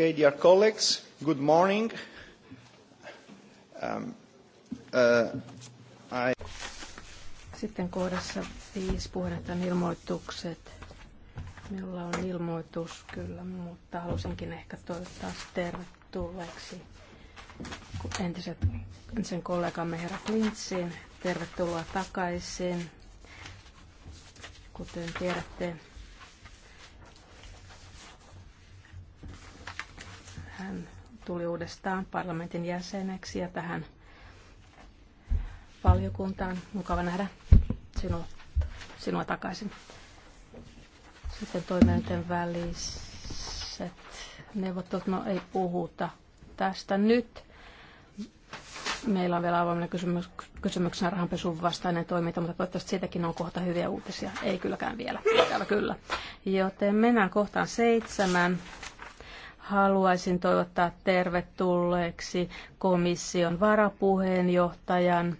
Okay, dear colleagues, good morning. Um, uh, I... Sitten kohdassa viisi puheenjohtajan ilmoitukset. Minulla on ilmoitus kyllä, mutta halusinkin ehkä toivottaa tervetulleeksi entiset, sen kollegamme herra Klintsin. Tervetuloa takaisin. Kuten tiedätte, tuli uudestaan parlamentin jäseneksi ja tähän valiokuntaan. Mukava nähdä sinua, sinua takaisin. Sitten toimijoiden väliset neuvottelut, no ei puhuta tästä nyt. Meillä on vielä avoimena kysymys, kysymyksenä rahanpesun vastainen toiminta, mutta toivottavasti siitäkin on kohta hyviä uutisia. Ei kylläkään vielä, täällä kyllä. Joten mennään kohtaan seitsemän. Haluaisin toivottaa tervetulleeksi komission varapuheenjohtajan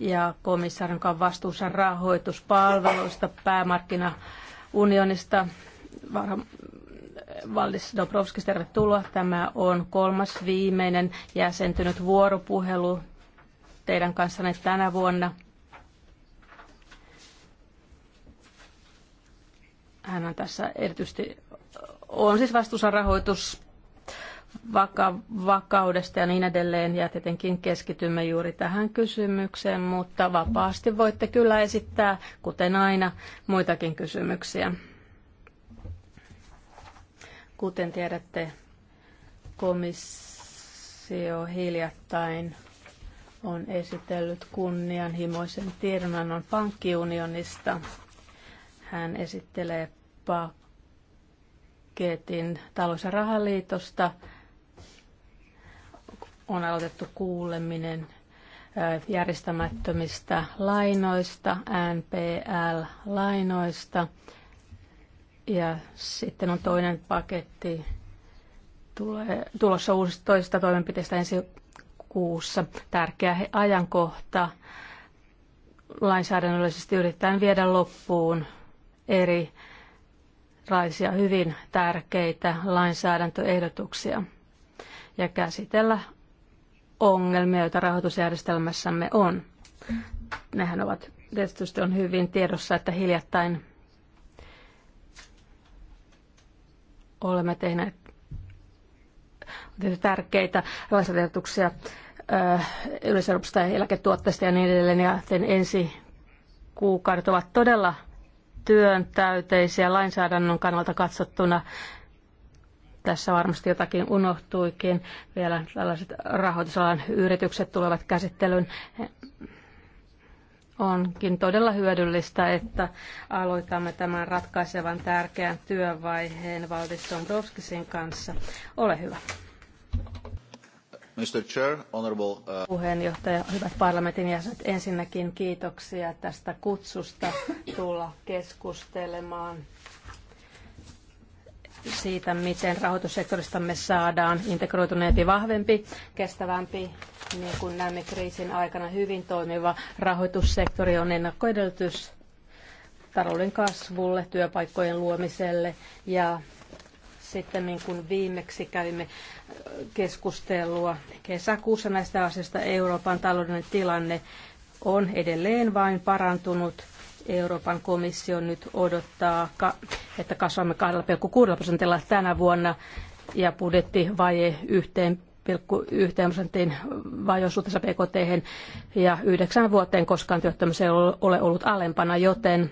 ja komissaarin, joka on vastuussa rahoituspalveluista, päämarkkinaunionista. Valdis Dobrovskis, tervetuloa. Tämä on kolmas viimeinen jäsentynyt vuoropuhelu teidän kanssanne tänä vuonna. Hän on tässä erityisesti on siis vastuussa rahoitus vaka- vakaudesta ja niin edelleen. Ja tietenkin keskitymme juuri tähän kysymykseen, mutta vapaasti voitte kyllä esittää, kuten aina, muitakin kysymyksiä. Kuten tiedätte, komissio hiljattain on esitellyt kunnianhimoisen tiedonannon pankkiunionista. Hän esittelee pakko paketin talous- ja rahaliitosta. On aloitettu kuuleminen äh, järjestämättömistä lainoista, NPL-lainoista. Ja sitten on toinen paketti tulee, tulossa uusista toisista toimenpiteistä ensi kuussa. Tärkeä ajankohta lainsäädännöllisesti yritetään viedä loppuun eri raisia hyvin tärkeitä lainsäädäntöehdotuksia ja käsitellä ongelmia, joita rahoitusjärjestelmässämme on. Nehän ovat tietysti on hyvin tiedossa, että hiljattain olemme tehneet tärkeitä lainsäädäntöehdotuksia yleiseurooppista eläketuotteista ja niin edelleen. Ja ensi kuukaudet ovat todella työntäyteisiä lainsäädännön kannalta katsottuna. Tässä varmasti jotakin unohtuikin. Vielä tällaiset rahoitusalan yritykset tulevat käsittelyyn. Onkin todella hyödyllistä, että aloitamme tämän ratkaisevan tärkeän työvaiheen Valdis Dombrovskisin kanssa. Ole hyvä. Mr. Chair, honorable, uh, Puheenjohtaja, hyvät parlamentin jäsenet, ensinnäkin kiitoksia tästä kutsusta tulla keskustelemaan siitä, miten rahoitussektoristamme saadaan integroituneempi, vahvempi, kestävämpi. Niin kuin näemme kriisin aikana, hyvin toimiva rahoitussektori on ennakkoedellytys talouden kasvulle, työpaikkojen luomiselle ja sitten kun viimeksi kävimme äh, keskustelua kesäkuussa näistä asioista, Euroopan talouden tilanne on edelleen vain parantunut. Euroopan komissio nyt odottaa, että kasvamme 2,6 prosentilla tänä vuonna ja budjettivaje yhteen 1,1 prosentin vajoisuutensa BKT ja yhdeksän vuoteen koskaan työttömyys ei ole ollut alempana, joten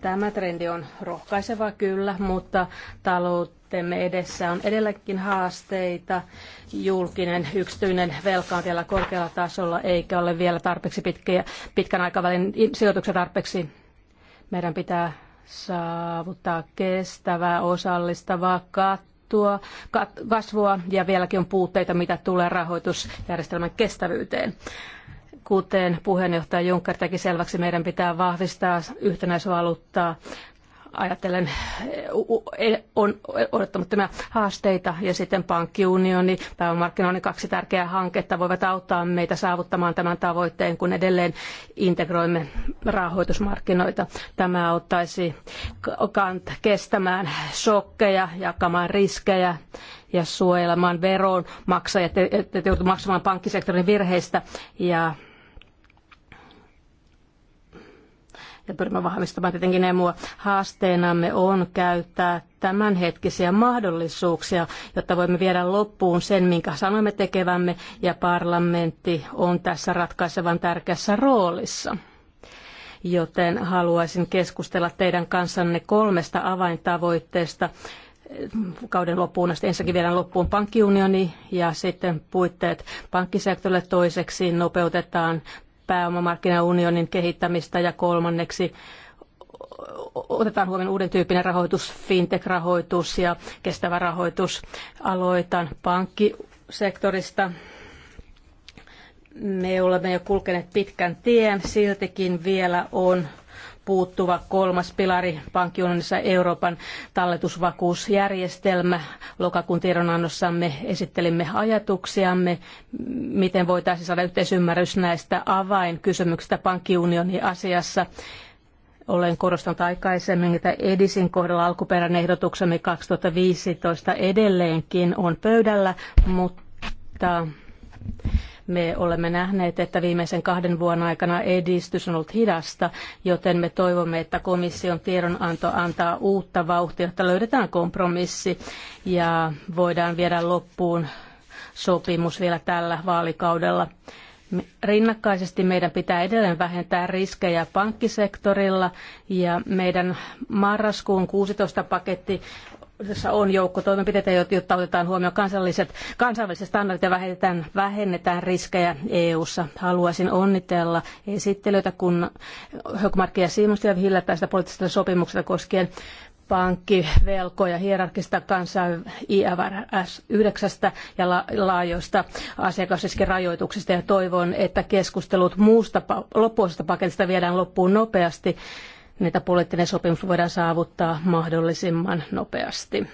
tämä trendi on rohkaiseva kyllä, mutta taloutta tavoitteemme edessä on edelläkin haasteita. Julkinen, yksityinen velka on vielä korkealla tasolla, eikä ole vielä tarpeeksi pitkiä, pitkän aikavälin sijoituksia tarpeeksi. Meidän pitää saavuttaa kestävää, osallistavaa, kattua, kasvua ja vieläkin on puutteita, mitä tulee rahoitusjärjestelmän kestävyyteen kuten puheenjohtaja Juncker teki selväksi, meidän pitää vahvistaa yhtenäisvaluuttaa, ajatellen eh, eh, on odottamattomia haasteita ja sitten pankkiunioni, pääomarkkinoinnin kaksi tärkeää hanketta voivat auttaa meitä saavuttamaan tämän tavoitteen, kun edelleen integroimme rahoitusmarkkinoita. Tämä auttaisi kant kestämään shokkeja, jakamaan riskejä ja suojelemaan veron maksajat, että joutuu maksamaan pankkisektorin virheistä ja ja pyrimme vahvistamaan tietenkin emua. Haasteenamme on käyttää tämänhetkisiä mahdollisuuksia, jotta voimme viedä loppuun sen, minkä sanoimme tekevämme, ja parlamentti on tässä ratkaisevan tärkeässä roolissa joten haluaisin keskustella teidän kanssanne kolmesta avaintavoitteesta kauden loppuun asti. Ensinnäkin viedään loppuun pankkiunioni ja sitten puitteet pankkisektorille toiseksi nopeutetaan pääomamarkkinaunionin kehittämistä ja kolmanneksi otetaan huomioon uuden tyyppinen rahoitus, fintech-rahoitus ja kestävä rahoitus. Aloitan pankkisektorista. Me olemme jo kulkeneet pitkän tien, siltikin vielä on puuttuva kolmas pilari pankkiunionissa Euroopan talletusvakuusjärjestelmä. Lokakuun tiedonannossamme esittelimme ajatuksiamme, miten voitaisiin saada yhteisymmärrys näistä avainkysymyksistä pankkiunionin asiassa. Olen korostanut aikaisemmin, että Edisin kohdalla alkuperäinen ehdotuksemme 2015 edelleenkin on pöydällä, mutta me olemme nähneet, että viimeisen kahden vuoden aikana edistys on ollut hidasta, joten me toivomme, että komission tiedonanto antaa uutta vauhtia, että löydetään kompromissi ja voidaan viedä loppuun sopimus vielä tällä vaalikaudella. Rinnakkaisesti meidän pitää edelleen vähentää riskejä pankkisektorilla ja meidän marraskuun 16 paketti tässä on joukko toimenpiteitä, jotta otetaan huomioon kansalliset, kansainväliset standardit ja vähennetään, vähennetään riskejä EU-ssa. Haluaisin onnitella esittelyitä, kun Hökmark ja Siimosta ja sitä poliittisesta sopimuksesta koskien pankkivelkoja hierarkista kansaa IFRS 9 ja la- laajoista asiakasriskirajoituksista ja toivon, että keskustelut muusta loppuosasta paketista viedään loppuun nopeasti mitä poliittinen sopimus voidaan saavuttaa mahdollisimman nopeasti.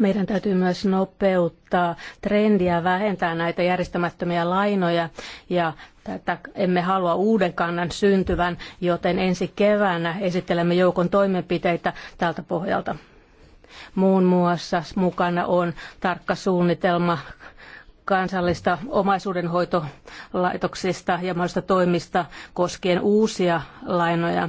Meidän täytyy myös nopeuttaa trendiä, vähentää näitä järjestämättömiä lainoja ja tätä emme halua uuden kannan syntyvän, joten ensi keväänä esittelemme joukon toimenpiteitä tältä pohjalta. Muun muassa mukana on tarkka suunnitelma kansallista omaisuudenhoitolaitoksista ja mahdollisista toimista koskien uusia lainoja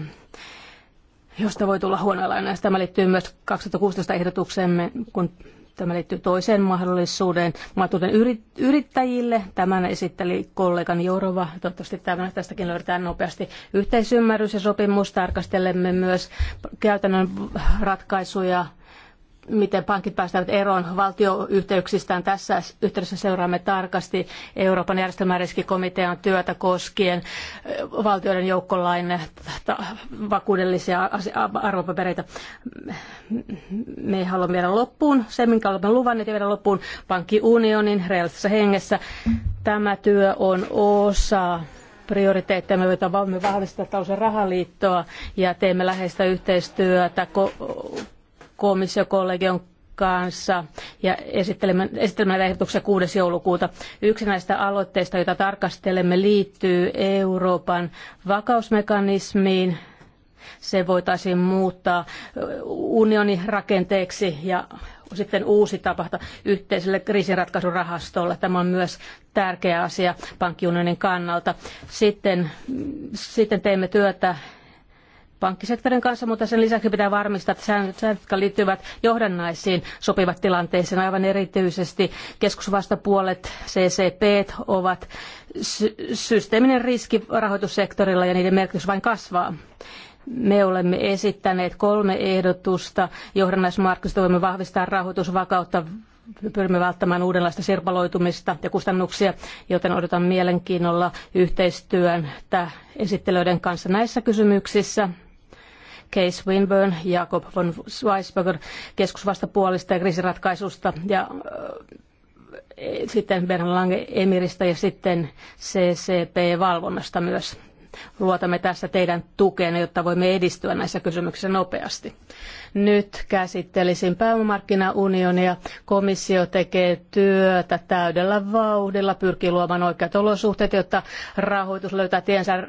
josta voi tulla huonoilla. Tämä liittyy myös 2016 ehdotukseemme, kun tämä liittyy toiseen mahdollisuuteen maatuuden yrittäjille. Tämän esitteli kollegan Jourova. Toivottavasti tämän tästäkin löydetään nopeasti yhteisymmärrys ja sopimus. Tarkastelemme myös käytännön ratkaisuja miten pankit päästävät eroon valtioyhteyksistään. Tässä yhteydessä seuraamme tarkasti Euroopan järjestelmäriskikomitean työtä koskien eh, valtioiden joukkolain vakuudellisia arvopapereita. Me haluamme viedä loppuun se, minkä olemme luvanneet ja viedä loppuun pankkiunionin reaalisessa hengessä. Tämä työ on osa prioriteetteja. Me voimme vahvistaa talous- ja rahaliittoa ja teemme läheistä yhteistyötä komissiokollegion kanssa ja esittelemme, esittelemme ehdotuksia 6. joulukuuta. Yksi näistä aloitteista, joita tarkastelemme, liittyy Euroopan vakausmekanismiin. Se voitaisiin muuttaa unionirakenteeksi ja sitten uusi tapahta yhteiselle kriisinratkaisurahastolle. Tämä on myös tärkeä asia pankkiunionin kannalta. Sitten, sitten teemme työtä pankkisektorin kanssa, mutta sen lisäksi pitää varmistaa, että säännöt, jotka liittyvät johdannaisiin, sopivat tilanteeseen. Aivan erityisesti keskusvastapuolet, CCP, ovat sy- systeeminen riski rahoitussektorilla ja niiden merkitys vain kasvaa. Me olemme esittäneet kolme ehdotusta. Johdannaismarkkinoista voimme vahvistaa rahoitusvakautta pyrimme välttämään uudenlaista sirpaloitumista ja kustannuksia, joten odotan mielenkiinnolla yhteistyön esittelyiden kanssa näissä kysymyksissä. Kay Winburn, Jakob von Weisberger keskusvastapuolista ja kriisiratkaisusta ja äh, sitten Bernard Lange Emiristä ja sitten CCP-valvonnasta myös. Luotamme tässä teidän tukeen, jotta voimme edistyä näissä kysymyksissä nopeasti. Nyt käsittelisin pääomamarkkinaunionia. Komissio tekee työtä täydellä vauhdilla, pyrkii luomaan oikeat olosuhteet, jotta rahoitus löytää tiensä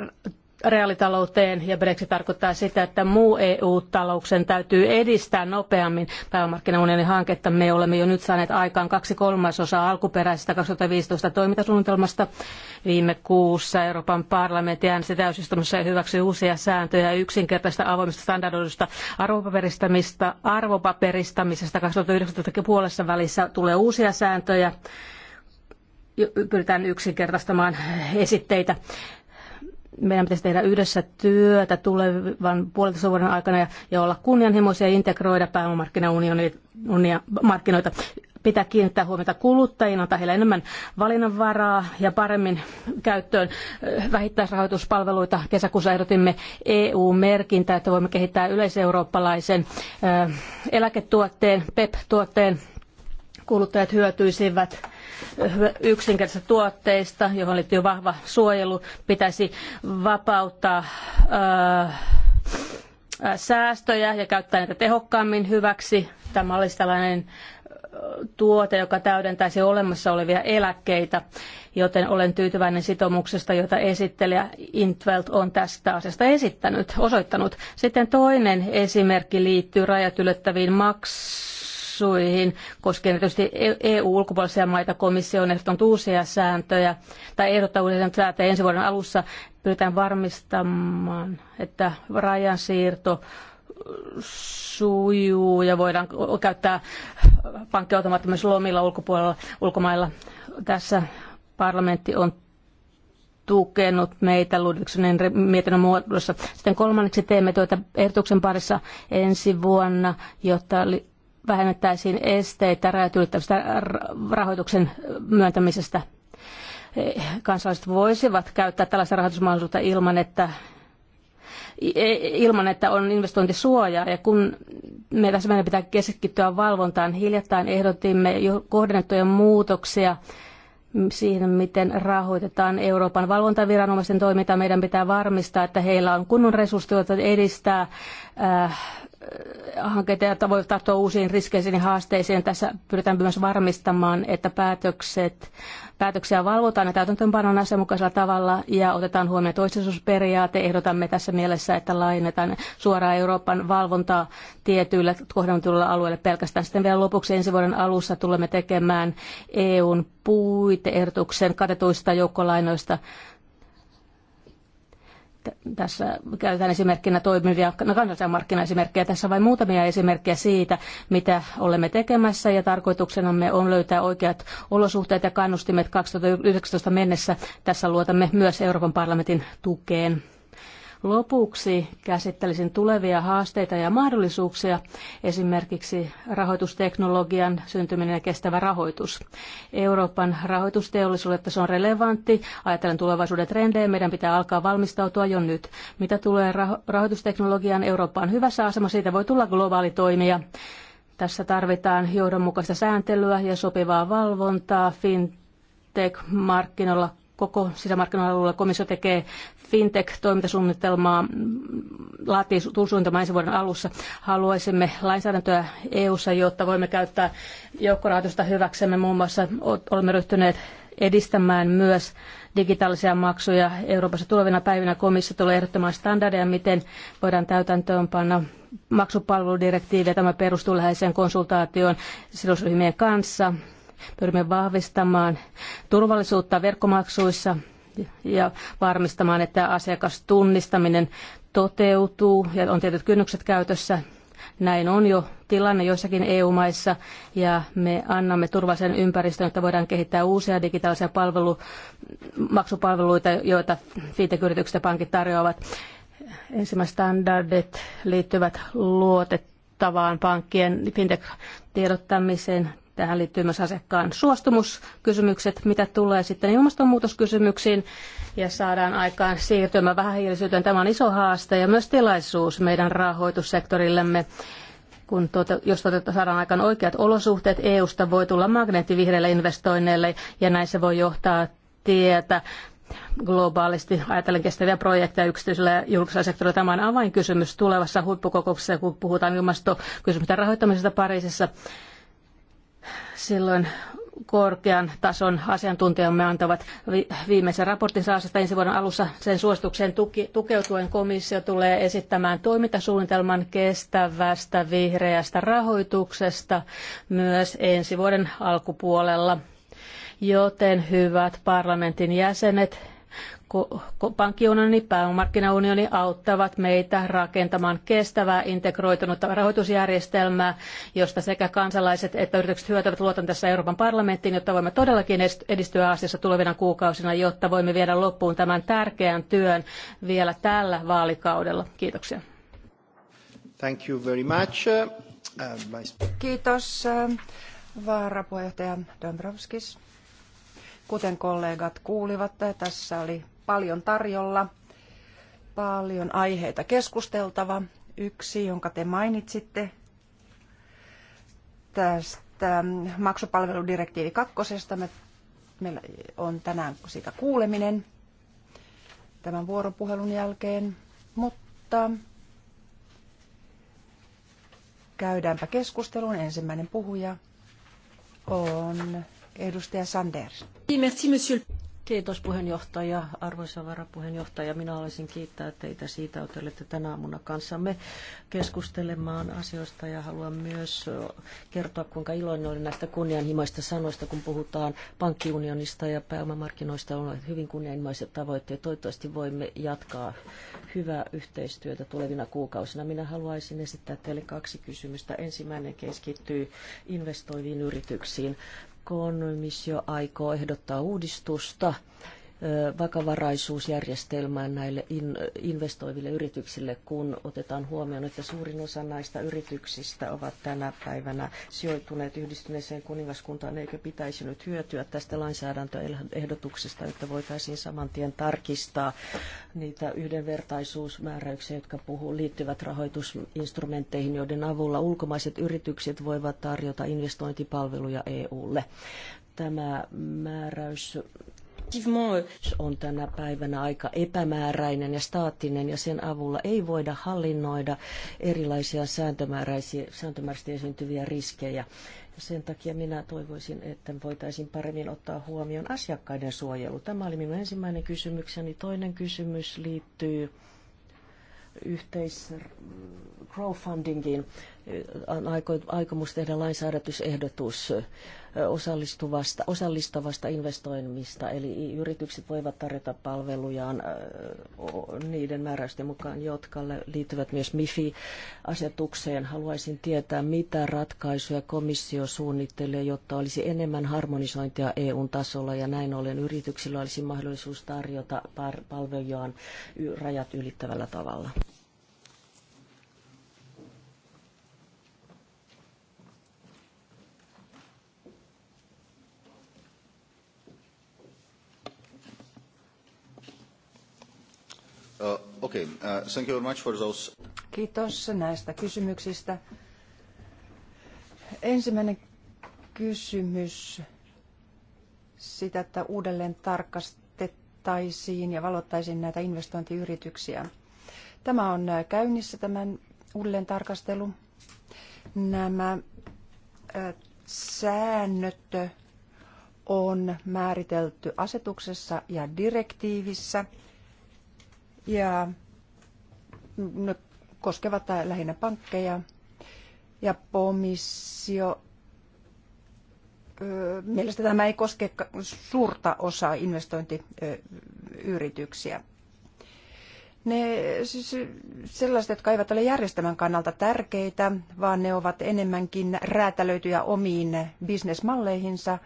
reaalitalouteen ja Brexit tarkoittaa sitä, että muu EU-talouksen täytyy edistää nopeammin pääomarkkinaunionin hanketta. Me olemme jo nyt saaneet aikaan kaksi kolmasosaa alkuperäisestä 2015 toimintasuunnitelmasta. Viime kuussa Euroopan parlamentti äänesti täysistunnossa ja hyväksyi uusia sääntöjä yksinkertaisesta avoimesta standardoidusta arvopaperistamista, arvopaperistamisesta 2019 puolessa välissä tulee uusia sääntöjä pyritään yksinkertaistamaan esitteitä meidän pitäisi tehdä yhdessä työtä tulevan puolitoista vuoden aikana ja, ja olla kunnianhimoisia ja integroida pääomamarkkinoita. Pitää kiinnittää huomiota kuluttajina, antaa heille enemmän valinnanvaraa ja paremmin käyttöön eh, vähittäisrahoituspalveluita. Kesäkuussa ehdotimme EU-merkintää, että voimme kehittää yleiseurooppalaisen eh, eläketuotteen, PEP-tuotteen. Kuluttajat hyötyisivät yksinkertaisista tuotteista, johon liittyy vahva suojelu, pitäisi vapauttaa säästöjä ja käyttää niitä tehokkaammin hyväksi. Tämä olisi tällainen tuote, joka täydentäisi olemassa olevia eläkkeitä, joten olen tyytyväinen sitoumuksesta, jota esittelijä Intveld on tästä asiasta esittänyt, osoittanut. Sitten toinen esimerkki liittyy rajat ylittäviin maksuihin maksuihin, koskien tietysti e- EU-ulkopuolisia maita. Komissio on ehdottanut uusia sääntöjä tai ehdottaa uusia sääntöjä ensi vuoden alussa. Pyritään varmistamaan, että rajansiirto sujuu ja voidaan käyttää myös lomilla ulkopuolella ulkomailla. Tässä parlamentti on tukenut meitä Ludvigsonin mietinnön muodossa. Sitten kolmanneksi teemme tuota ehdotuksen parissa ensi vuonna, jotta vähennettäisiin esteitä rajat rahoituksen myöntämisestä. Kansalaiset voisivat käyttää tällaista rahoitusmahdollisuutta ilman, että ilman, että on investointisuojaa. Ja kun me tässä meidän pitää keskittyä valvontaan, hiljattain ehdotimme jo kohdennettuja muutoksia siihen, miten rahoitetaan Euroopan valvontaviranomaisten toimintaa. Meidän pitää varmistaa, että heillä on kunnon resurssit, joita edistää äh, hankkeita, jotta voi tarttua uusiin riskeisiin ja haasteisiin. Tässä pyritään myös varmistamaan, että päätökset, päätöksiä valvotaan ja täytäntöönpanon asianmukaisella tavalla ja otetaan huomioon toisellisuusperiaate. Ehdotamme tässä mielessä, että laajennetaan suoraan Euroopan valvontaa tietyillä kohdennetuilla alueille pelkästään. Sitten vielä lopuksi ensi vuoden alussa tulemme tekemään EUn puiteehdotuksen katetuista joukkolainoista tässä käytetään esimerkkinä toimivia no, kansallisia markkinaesimerkkejä. Tässä on vain muutamia esimerkkejä siitä, mitä olemme tekemässä ja tarkoituksenamme on löytää oikeat olosuhteet ja kannustimet 2019 mennessä. Tässä luotamme myös Euroopan parlamentin tukeen. Lopuksi käsittelisin tulevia haasteita ja mahdollisuuksia, esimerkiksi rahoitusteknologian syntyminen ja kestävä rahoitus. Euroopan rahoitusteollisuudelle se on relevantti. Ajatellen tulevaisuuden trendejä, meidän pitää alkaa valmistautua jo nyt. Mitä tulee raho- rahoitusteknologiaan, Eurooppa on hyvässä asemassa, siitä voi tulla globaali toimija. Tässä tarvitaan johdonmukaista sääntelyä ja sopivaa valvontaa fintech-markkinoilla koko sisämarkkinoilla komissio tekee fintech-toimintasuunnitelmaa laatii suunnitelma ensi vuoden alussa. Haluaisimme lainsäädäntöä EU-ssa, jotta voimme käyttää joukkorahoitusta hyväksemme. Muun muassa olemme ryhtyneet edistämään myös digitaalisia maksuja. Euroopassa tulevina päivinä komissio tulee ehdottamaan standardeja, miten voidaan täytäntöönpanna maksupalveludirektiiviä. Tämä perustuu läheiseen konsultaatioon sidosryhmien kanssa. Pyrimme vahvistamaan turvallisuutta verkkomaksuissa ja varmistamaan, että asiakastunnistaminen toteutuu ja on tietyt kynnykset käytössä. Näin on jo tilanne joissakin EU-maissa ja me annamme turvallisen ympäristön, että voidaan kehittää uusia digitaalisia palvelu, maksupalveluita, joita fintech-yritykset ja pankit tarjoavat. Ensimmäiset standardit liittyvät luotettavaan pankkien fintech-tiedottamiseen. Tähän liittyy myös asiakkaan suostumuskysymykset, mitä tulee sitten ilmastonmuutoskysymyksiin ja saadaan aikaan siirtymä vähähiilisyyteen. Tämä on iso haaste ja myös tilaisuus meidän rahoitussektorillemme. Kun tuota, jos tuota saadaan aikaan oikeat olosuhteet, EUsta voi tulla magneetti vihreille investoinneille ja näissä voi johtaa tietä globaalisti ajatellen kestäviä projekteja yksityisellä ja julkisella sektorilla. Tämä on avainkysymys tulevassa huippukokouksessa, kun puhutaan ilmastokysymysten rahoittamisesta Pariisissa. Silloin korkean tason asiantuntijamme antavat viimeisen raporttinsa asiasta ensi vuoden alussa. Sen suositukseen tukeutuen komissio tulee esittämään toimintasuunnitelman kestävästä vihreästä rahoituksesta myös ensi vuoden alkupuolella. Joten hyvät parlamentin jäsenet, ja pääomamarkkinaunioni auttavat meitä rakentamaan kestävää integroitunutta rahoitusjärjestelmää, josta sekä kansalaiset että yritykset hyötyvät luotan tässä Euroopan parlamenttiin, jotta voimme todellakin edistyä asiassa tulevina kuukausina, jotta voimme viedä loppuun tämän tärkeän työn vielä tällä vaalikaudella. Kiitoksia. Thank you very much. Uh, Kiitos uh, varapuheenjohtaja Dombrovskis. Kuten kollegat kuulivat, tässä oli paljon tarjolla, paljon aiheita keskusteltava. Yksi, jonka te mainitsitte tästä maksupalveludirektiivi kakkosesta. Me, meillä on tänään siitä kuuleminen tämän vuoropuhelun jälkeen, mutta käydäänpä keskusteluun. Ensimmäinen puhuja on edustaja Sanders. Merci, monsieur. Kiitos puheenjohtaja, arvoisa varapuheenjohtaja. Minä haluaisin kiittää teitä siitä, että olette tänä aamuna kanssamme keskustelemaan asioista ja haluan myös kertoa, kuinka iloinen olen näistä kunnianhimoista sanoista, kun puhutaan pankkiunionista ja pääomamarkkinoista. On hyvin kunnianhimoiset tavoitteet. Toivottavasti voimme jatkaa hyvää yhteistyötä tulevina kuukausina. Minä haluaisin esittää teille kaksi kysymystä. Ensimmäinen keskittyy investoiviin yrityksiin komissio aikoo ehdottaa uudistusta vakavaraisuusjärjestelmään näille investoiville yrityksille, kun otetaan huomioon, että suurin osa näistä yrityksistä ovat tänä päivänä sijoittuneet yhdistyneeseen kuningaskuntaan, eikö pitäisi nyt hyötyä tästä lainsäädäntöehdotuksesta, että voitaisiin saman tien tarkistaa niitä yhdenvertaisuusmääräyksiä, jotka puhuu, liittyvät rahoitusinstrumentteihin, joiden avulla ulkomaiset yritykset voivat tarjota investointipalveluja EUlle. Tämä määräys on tänä päivänä aika epämääräinen ja staattinen ja sen avulla ei voida hallinnoida erilaisia sääntömääräisesti esiintyviä riskejä. Ja sen takia minä toivoisin, että voitaisiin paremmin ottaa huomioon asiakkaiden suojelu. Tämä oli minun ensimmäinen kysymykseni. Toinen kysymys liittyy yhteis crowdfundingiin. On aikomus tehdä lainsäädäntöehdotus osallistuvasta, osallistavasta investoinnista, eli yritykset voivat tarjota palvelujaan niiden määräysten mukaan, jotka liittyvät myös MIFI-asetukseen. Haluaisin tietää, mitä ratkaisuja komissio suunnittelee, jotta olisi enemmän harmonisointia eu tasolla ja näin ollen yrityksillä olisi mahdollisuus tarjota palvelujaan rajat ylittävällä tavalla. okay. uh, thank you very much for those. Kiitos näistä kysymyksistä. Ensimmäinen kysymys sitä, että uudelleen tarkastettaisiin ja valottaisiin näitä investointiyrityksiä. Tämä on äh, käynnissä tämän uudelleen tarkastelu. Nämä äh, säännöt on määritelty asetuksessa ja direktiivissä – ja ne no, koskevat lähinnä pankkeja ja komissio Mielestäni tämä ei koske suurta osaa investointiyrityksiä. Ne siis sellaiset, jotka eivät ole järjestelmän kannalta tärkeitä, vaan ne ovat enemmänkin räätälöityjä omiin bisnesmalleihinsa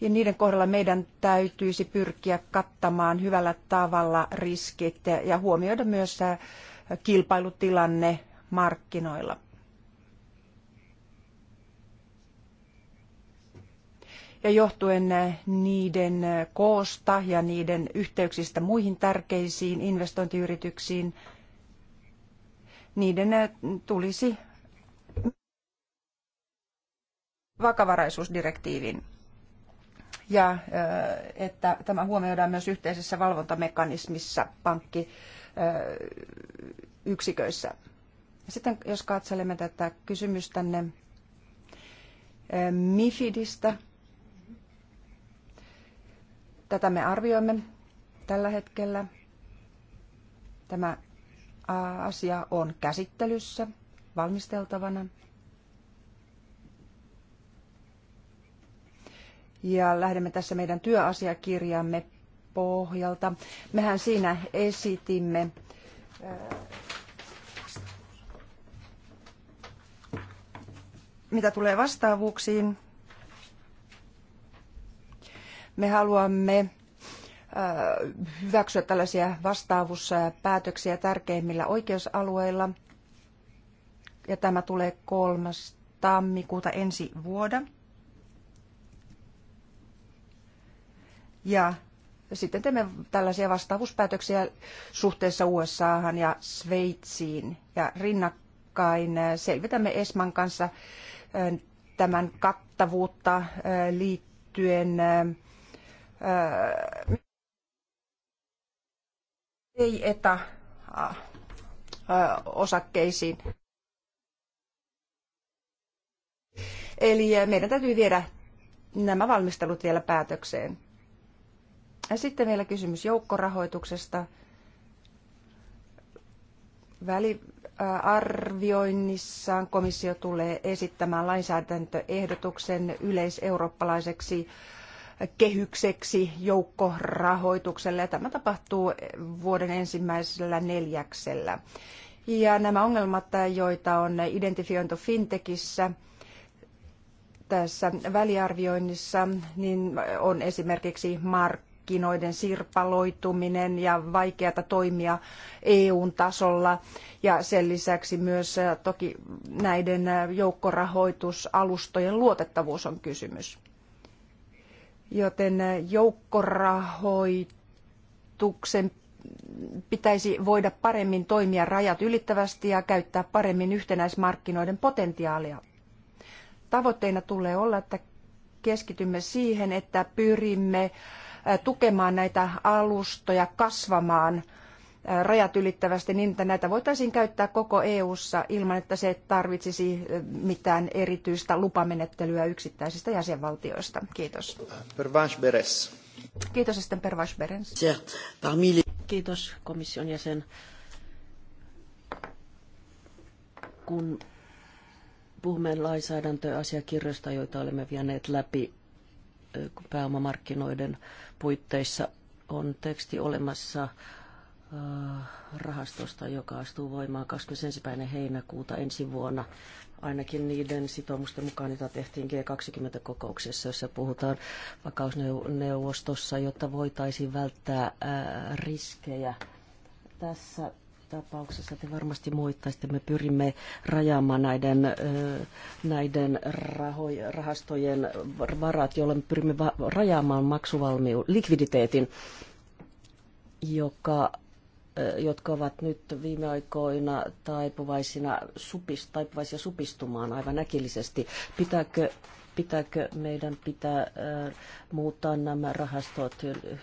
ja niiden kohdalla meidän täytyisi pyrkiä kattamaan hyvällä tavalla riskit ja huomioida myös kilpailutilanne markkinoilla. Ja johtuen niiden koosta ja niiden yhteyksistä muihin tärkeisiin investointiyrityksiin, niiden tulisi vakavaraisuusdirektiivin ja äh, että tämä huomioidaan myös yhteisessä valvontamekanismissa pankkiyksiköissä. Sitten jos katselemme tätä kysymystänne äh, MIFIDistä, tätä me arvioimme tällä hetkellä. Tämä asia on käsittelyssä valmisteltavana ja lähdemme tässä meidän työasiakirjamme pohjalta. Mehän siinä esitimme äh, mitä tulee vastaavuuksiin, me haluamme äh, hyväksyä tällaisia vastaavuuspäätöksiä tärkeimmillä oikeusalueilla. Ja tämä tulee 3. tammikuuta ensi vuoden. ja sitten teemme tällaisia vastaavuuspäätöksiä suhteessa USAhan ja Sveitsiin ja rinnakkain äh, selvitämme Esman kanssa äh, tämän kattavuutta äh, liittyen ei eta osakkeisiin. Eli meidän täytyy viedä nämä valmistelut vielä päätökseen. Ja sitten vielä kysymys joukkorahoituksesta. Väliarvioinnissaan äh, komissio tulee esittämään lainsäädäntöehdotuksen yleiseurooppalaiseksi kehykseksi joukkorahoitukselle ja tämä tapahtuu vuoden ensimmäisellä neljäksellä. Ja nämä ongelmat, joita on identifiointu fintekissä, tässä väliarvioinnissa niin on esimerkiksi mark markkinoiden sirpaloituminen ja vaikeata toimia EUn tasolla ja sen lisäksi myös toki näiden joukkorahoitusalustojen luotettavuus on kysymys. Joten joukkorahoituksen pitäisi voida paremmin toimia rajat ylittävästi ja käyttää paremmin yhtenäismarkkinoiden potentiaalia. Tavoitteena tulee olla, että keskitymme siihen, että pyrimme tukemaan näitä alustoja kasvamaan rajat ylittävästi niin, että näitä voitaisiin käyttää koko EU:ssa ilman, että se tarvitsisi mitään erityistä lupamenettelyä yksittäisistä jäsenvaltioista. Kiitos. Beres. Kiitos sitten Pervanche Beres. Kiitos komission jäsen. Kun puhumme lainsäädäntöasiakirjoista, joita olemme vieneet läpi pääomamarkkinoiden puitteissa on teksti olemassa äh, rahastosta, joka astuu voimaan 21. heinäkuuta ensi vuonna. Ainakin niiden sitoumusten mukaan, joita tehtiin G20-kokouksessa, jossa puhutaan vakausneuvostossa, jotta voitaisiin välttää äh, riskejä. Tässä tapauksessa te varmasti muittaisitte, me pyrimme rajaamaan näiden, näiden rahastojen varat, joilla me pyrimme rajaamaan maksuvalmiu, likviditeetin, joka jotka ovat nyt viime aikoina taipuvaisina supist, taipuvaisia supistumaan aivan äkillisesti. Pitääkö pitääkö meidän pitää muuttaa nämä rahastot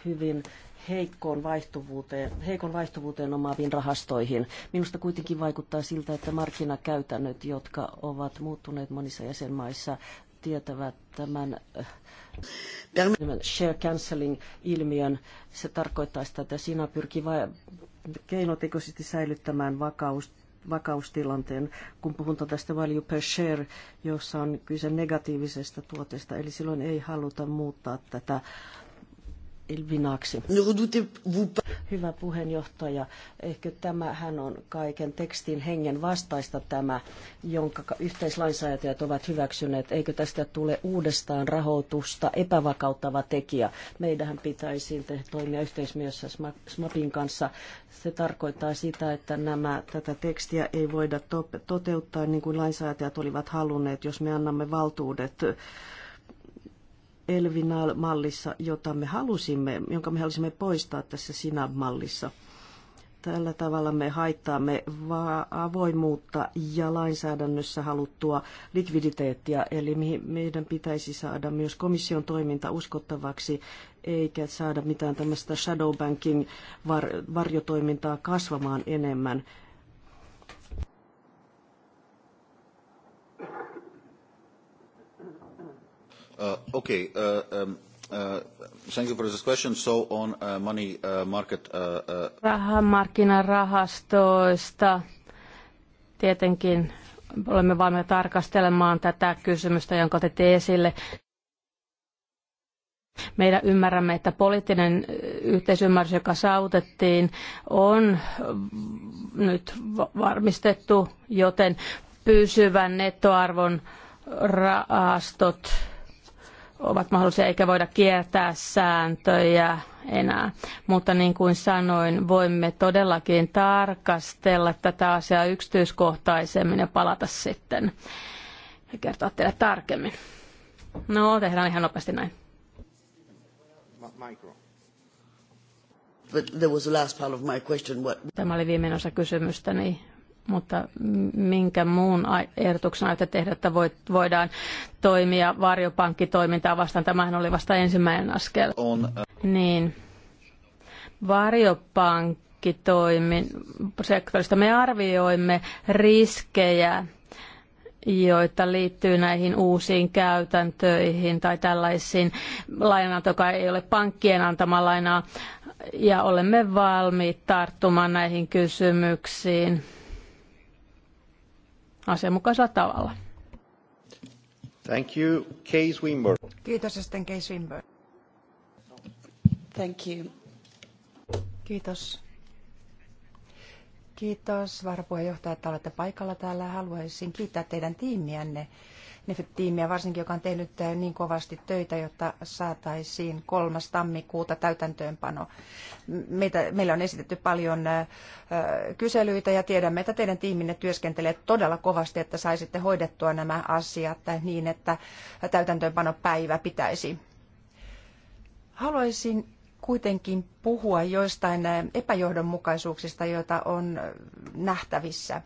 hyvin heikkoon vaihtuvuuteen, heikon vaihtuvuuteen omaaviin rahastoihin. Minusta kuitenkin vaikuttaa siltä, että markkinakäytännöt, jotka ovat muuttuneet monissa jäsenmaissa, tietävät tämän share cancelling-ilmiön. Se tarkoittaa sitä, että Sina pyrkii keinotekoisesti säilyttämään vakaus, vakaustilanteen, kun puhutaan tästä tuota value per share, jossa on kyse negatiivisesta tuotteesta, eli silloin ei haluta muuttaa tätä vinaksi. Hyvä puheenjohtaja, ehkä tämähän on kaiken tekstin hengen vastaista tämä, jonka yhteislainsäätäjät ovat hyväksyneet. Eikö tästä tule uudestaan rahoitusta epävakauttava tekijä? Meidän pitäisi toimia yhteismiössä SMAPin kanssa. Se tarkoittaa sitä, että nämä, tätä tekstiä ei voida toteuttaa niin kuin lainsäätäjät olivat halunneet, jos me annamme valtuudet Elvinal-mallissa, jota me halusimme, jonka me halusimme poistaa tässä Sinab-mallissa. Tällä tavalla me haittaamme avoimuutta ja lainsäädännössä haluttua likviditeettiä, eli meidän pitäisi saada myös komission toiminta uskottavaksi, eikä saada mitään tämmöistä shadow banking varjotoimintaa kasvamaan enemmän. Uh, okay. Uh, um, uh, thank you for this question. So on uh, money uh, market... Uh, Rahamarkkinarahastoista tietenkin olemme valmiita tarkastelemaan tätä kysymystä, jonka otitte esille. Meidän ymmärrämme, että poliittinen yhteisymmärrys, joka saavutettiin, on nyt varmistettu, joten pysyvän nettoarvon rahastot ovat mahdollisia, eikä voida kiertää sääntöjä enää. Mutta niin kuin sanoin, voimme todellakin tarkastella tätä asiaa yksityiskohtaisemmin ja palata sitten ja kertoa teille tarkemmin. No, tehdään ihan nopeasti näin. Tämä oli viimeinen osa kysymystäni. Niin mutta minkä muun ehdotuksen aiotte tehdä, että voidaan toimia varjopankkitoimintaa vastaan? Tämähän oli vasta ensimmäinen askel. On. Niin. Varjopankkitoimin sektorista me arvioimme riskejä joita liittyy näihin uusiin käytäntöihin tai tällaisiin lainat, joka ei ole pankkien antama lainaa, ja olemme valmiit tarttumaan näihin kysymyksiin asianmukaisella tavalla. Thank you, Kay Swinburne. Kiitos sitten Kay Swinburne. Thank you. Kiitos. Kiitos varapuheenjohtaja, että olette paikalla täällä. Haluaisin kiittää teidän tiimiänne NEFET-tiimiä varsinkin, joka on tehnyt eh, niin kovasti töitä, jotta saataisiin 3. tammikuuta täytäntöönpano. Meitä, meillä on esitetty paljon eh, eh, kyselyitä ja tiedämme, että teidän tiiminne työskentelee todella kovasti, että saisitte hoidettua nämä asiat niin, että täytäntöönpanopäivä pitäisi. Haluaisin kuitenkin puhua joistain epäjohdonmukaisuuksista, joita on nähtävissä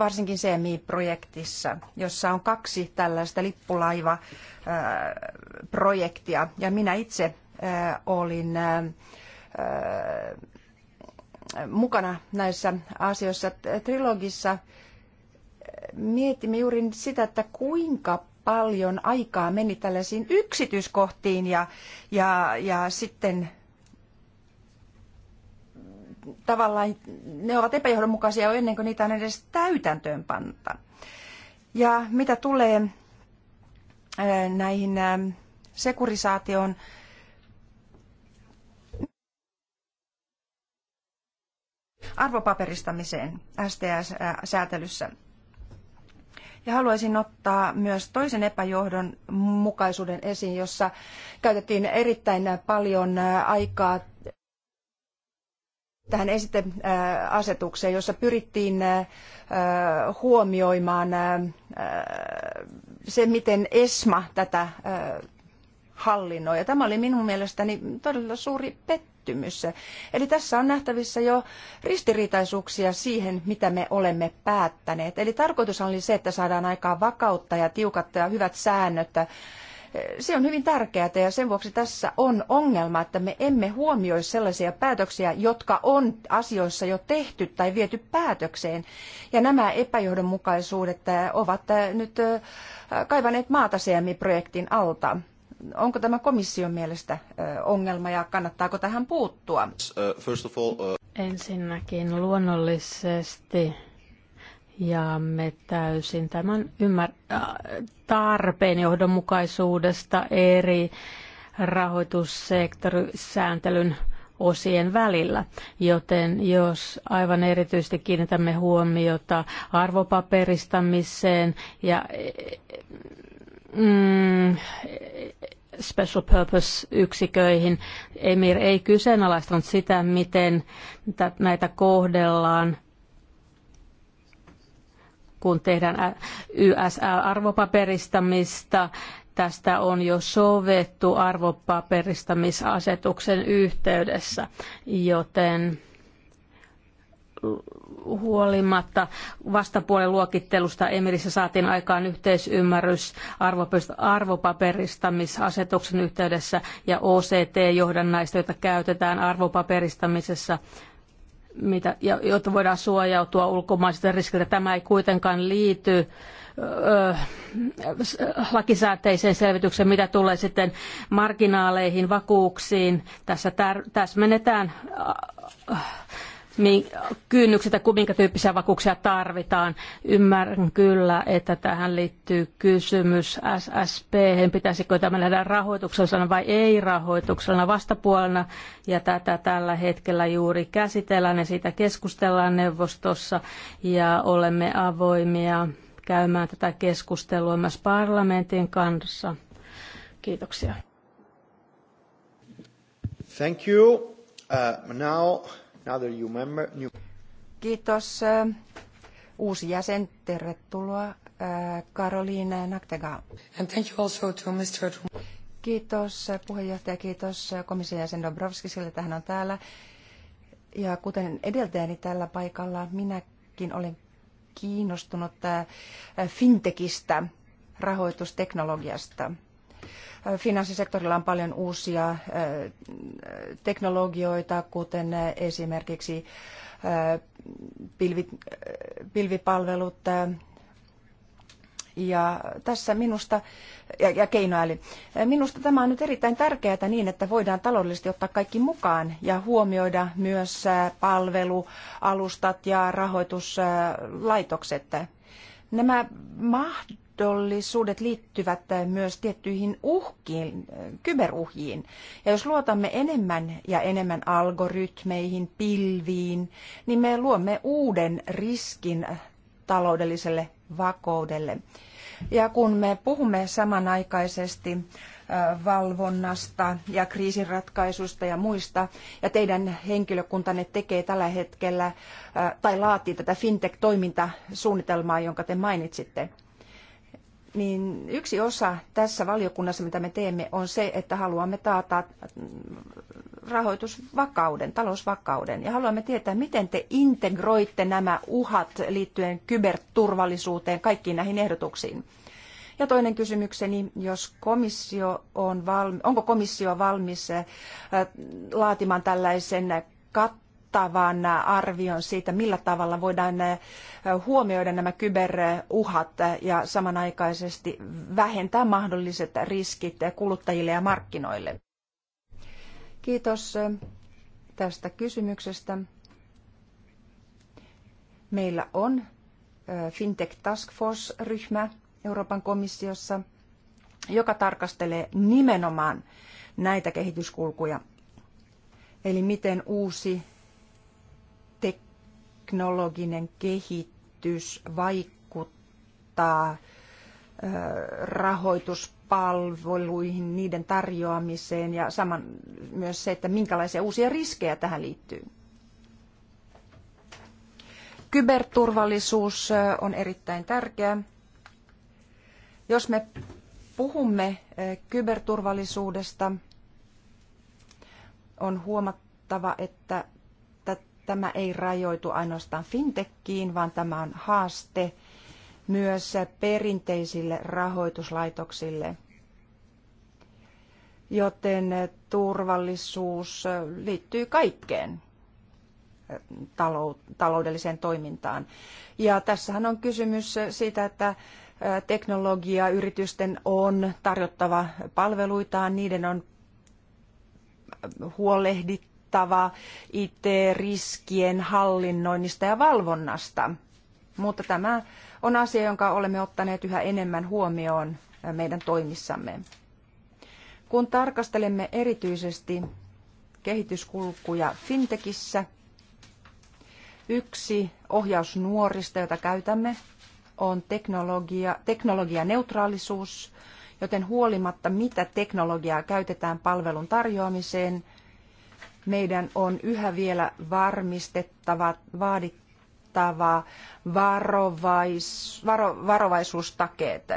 varsinkin CMI-projektissa, jossa on kaksi tällaista lippulaiva-projektia. Ja minä itse olin mukana näissä asioissa trilogissa. Mietimme juuri sitä, että kuinka paljon aikaa meni tällaisiin yksityiskohtiin ja, ja, ja sitten tavallaan ne ovat epäjohdonmukaisia jo ennen kuin niitä on edes täytäntöön panta. Ja mitä tulee näihin sekurisaatioon, arvopaperistamiseen STS-säätelyssä. Ja haluaisin ottaa myös toisen mukaisuuden esiin, jossa käytettiin erittäin paljon aikaa tähän esiteasetukseen, äh, jossa pyrittiin äh, huomioimaan äh, se, miten ESMA tätä hallinnoi. Ja tämä oli minun mielestäni todella suuri pettymys. Eli tässä on nähtävissä jo ristiriitaisuuksia siihen, mitä me olemme päättäneet. Eli tarkoitus oli se, että saadaan aikaan vakautta ja tiukat ja hyvät säännöt se on hyvin tärkeää ja sen vuoksi tässä on ongelma, että me emme huomioi sellaisia päätöksiä, jotka on asioissa jo tehty tai viety päätökseen. Ja nämä epäjohdonmukaisuudet äh, ovat äh, nyt äh, kaivaneet maata CMI-projektin alta. Onko tämä komission mielestä ongelma ja kannattaako tähän puuttua? Uh, uh, Ensinnäkin luonnollisesti ja me täysin tämän ymmär- äh, tarpeen johdonmukaisuudesta eri rahoitussektorisääntelyn osien välillä. Joten jos aivan erityisesti kiinnitämme huomiota arvopaperistamiseen ja mm, special purpose-yksiköihin, Emir ei kyseenalaistanut sitä, miten näitä kohdellaan kun tehdään YSL-arvopaperistamista. Tästä on jo sovittu arvopaperistamisasetuksen yhteydessä, joten huolimatta vastapuolen luokittelusta Emirissä saatiin aikaan yhteisymmärrys arvopaperistamisasetuksen yhteydessä ja OCT-johdannaista, käytetään arvopaperistamisessa, mitä, jotta voidaan suojautua ulkomaisilta riskiltä. Tämä ei kuitenkaan liity lakisääteiseen selvitykseen, mitä tulee sitten marginaaleihin, vakuuksiin. Tässä täsmennetään kynnykset ja minkä tyyppisiä vakuuksia tarvitaan. Ymmärrän kyllä, että tähän liittyy kysymys SSP, pitäisikö tämä nähdä rahoituksella vai ei rahoituksella vastapuolena, ja tätä tällä hetkellä juuri käsitellään ja siitä keskustellaan neuvostossa, ja olemme avoimia käymään tätä keskustelua myös parlamentin kanssa. Kiitoksia. Thank you. Uh, now Kiitos. Eh, uusi jäsen, tervetuloa. Eh, Karoliina Naktegaal. And thank you also to Mr. Kiitos eh, puheenjohtaja, kiitos komission jäsen Dombrovskisille, että hän on täällä. Ja kuten edeltäjäni tällä paikalla, minäkin olen kiinnostunut fintechistä, rahoitusteknologiasta. Finanssisektorilla on paljon uusia äh, teknologioita, kuten esimerkiksi äh, äh, pilvipalvelut ja tässä minusta, ja, ja keinoäly, minusta tämä on nyt erittäin tärkeää niin, että voidaan taloudellisesti ottaa kaikki mukaan ja huomioida myös palvelualustat ja rahoituslaitokset. Nämä mahdollisesti mahdollisuudet liittyvät myös tiettyihin uhkiin, kyberuhjiin. Ja jos luotamme enemmän ja enemmän algoritmeihin, pilviin, niin me luomme uuden riskin taloudelliselle vakoudelle. Ja kun me puhumme samanaikaisesti valvonnasta ja kriisinratkaisusta ja muista, ja teidän henkilökuntanne tekee tällä hetkellä tai laatii tätä fintech-toimintasuunnitelmaa, jonka te mainitsitte, niin yksi osa tässä valiokunnassa, mitä me teemme, on se, että haluamme taata rahoitusvakauden, talousvakauden. Ja haluamme tietää, miten te integroitte nämä uhat liittyen kyberturvallisuuteen kaikkiin näihin ehdotuksiin. Ja toinen kysymykseni, jos komissio on valmi, onko komissio valmis äh, laatimaan tällaisen kat, kattavan arvion siitä, millä tavalla voidaan eh, huomioida nämä kyberuhat ja samanaikaisesti vähentää mahdolliset riskit kuluttajille ja markkinoille. Kiitos eh, tästä kysymyksestä. Meillä on eh, Fintech Task Force-ryhmä Euroopan komissiossa, joka tarkastelee nimenomaan näitä kehityskulkuja. Eli miten uusi teknologinen kehitys vaikuttaa rahoituspalveluihin, niiden tarjoamiseen ja saman myös se, että minkälaisia uusia riskejä tähän liittyy. Kyberturvallisuus on erittäin tärkeä. Jos me puhumme kyberturvallisuudesta, on huomattava, että tämä ei rajoitu ainoastaan fintekkiin, vaan tämä on haaste myös perinteisille rahoituslaitoksille. Joten turvallisuus liittyy kaikkeen taloudelliseen toimintaan. Ja tässähän on kysymys siitä, että teknologia-yritysten on tarjottava palveluitaan, niiden on huolehdittava kattava IT-riskien hallinnoinnista ja valvonnasta. Mutta tämä on asia, jonka olemme ottaneet yhä enemmän huomioon meidän toimissamme. Kun tarkastelemme erityisesti kehityskulkuja fintekissä, yksi ohjausnuorista, jota käytämme, on teknologia, teknologianeutraalisuus, joten huolimatta mitä teknologiaa käytetään palvelun tarjoamiseen – meidän on yhä vielä varmistettava, vaadittava varovais, varo, varovaisuustakeet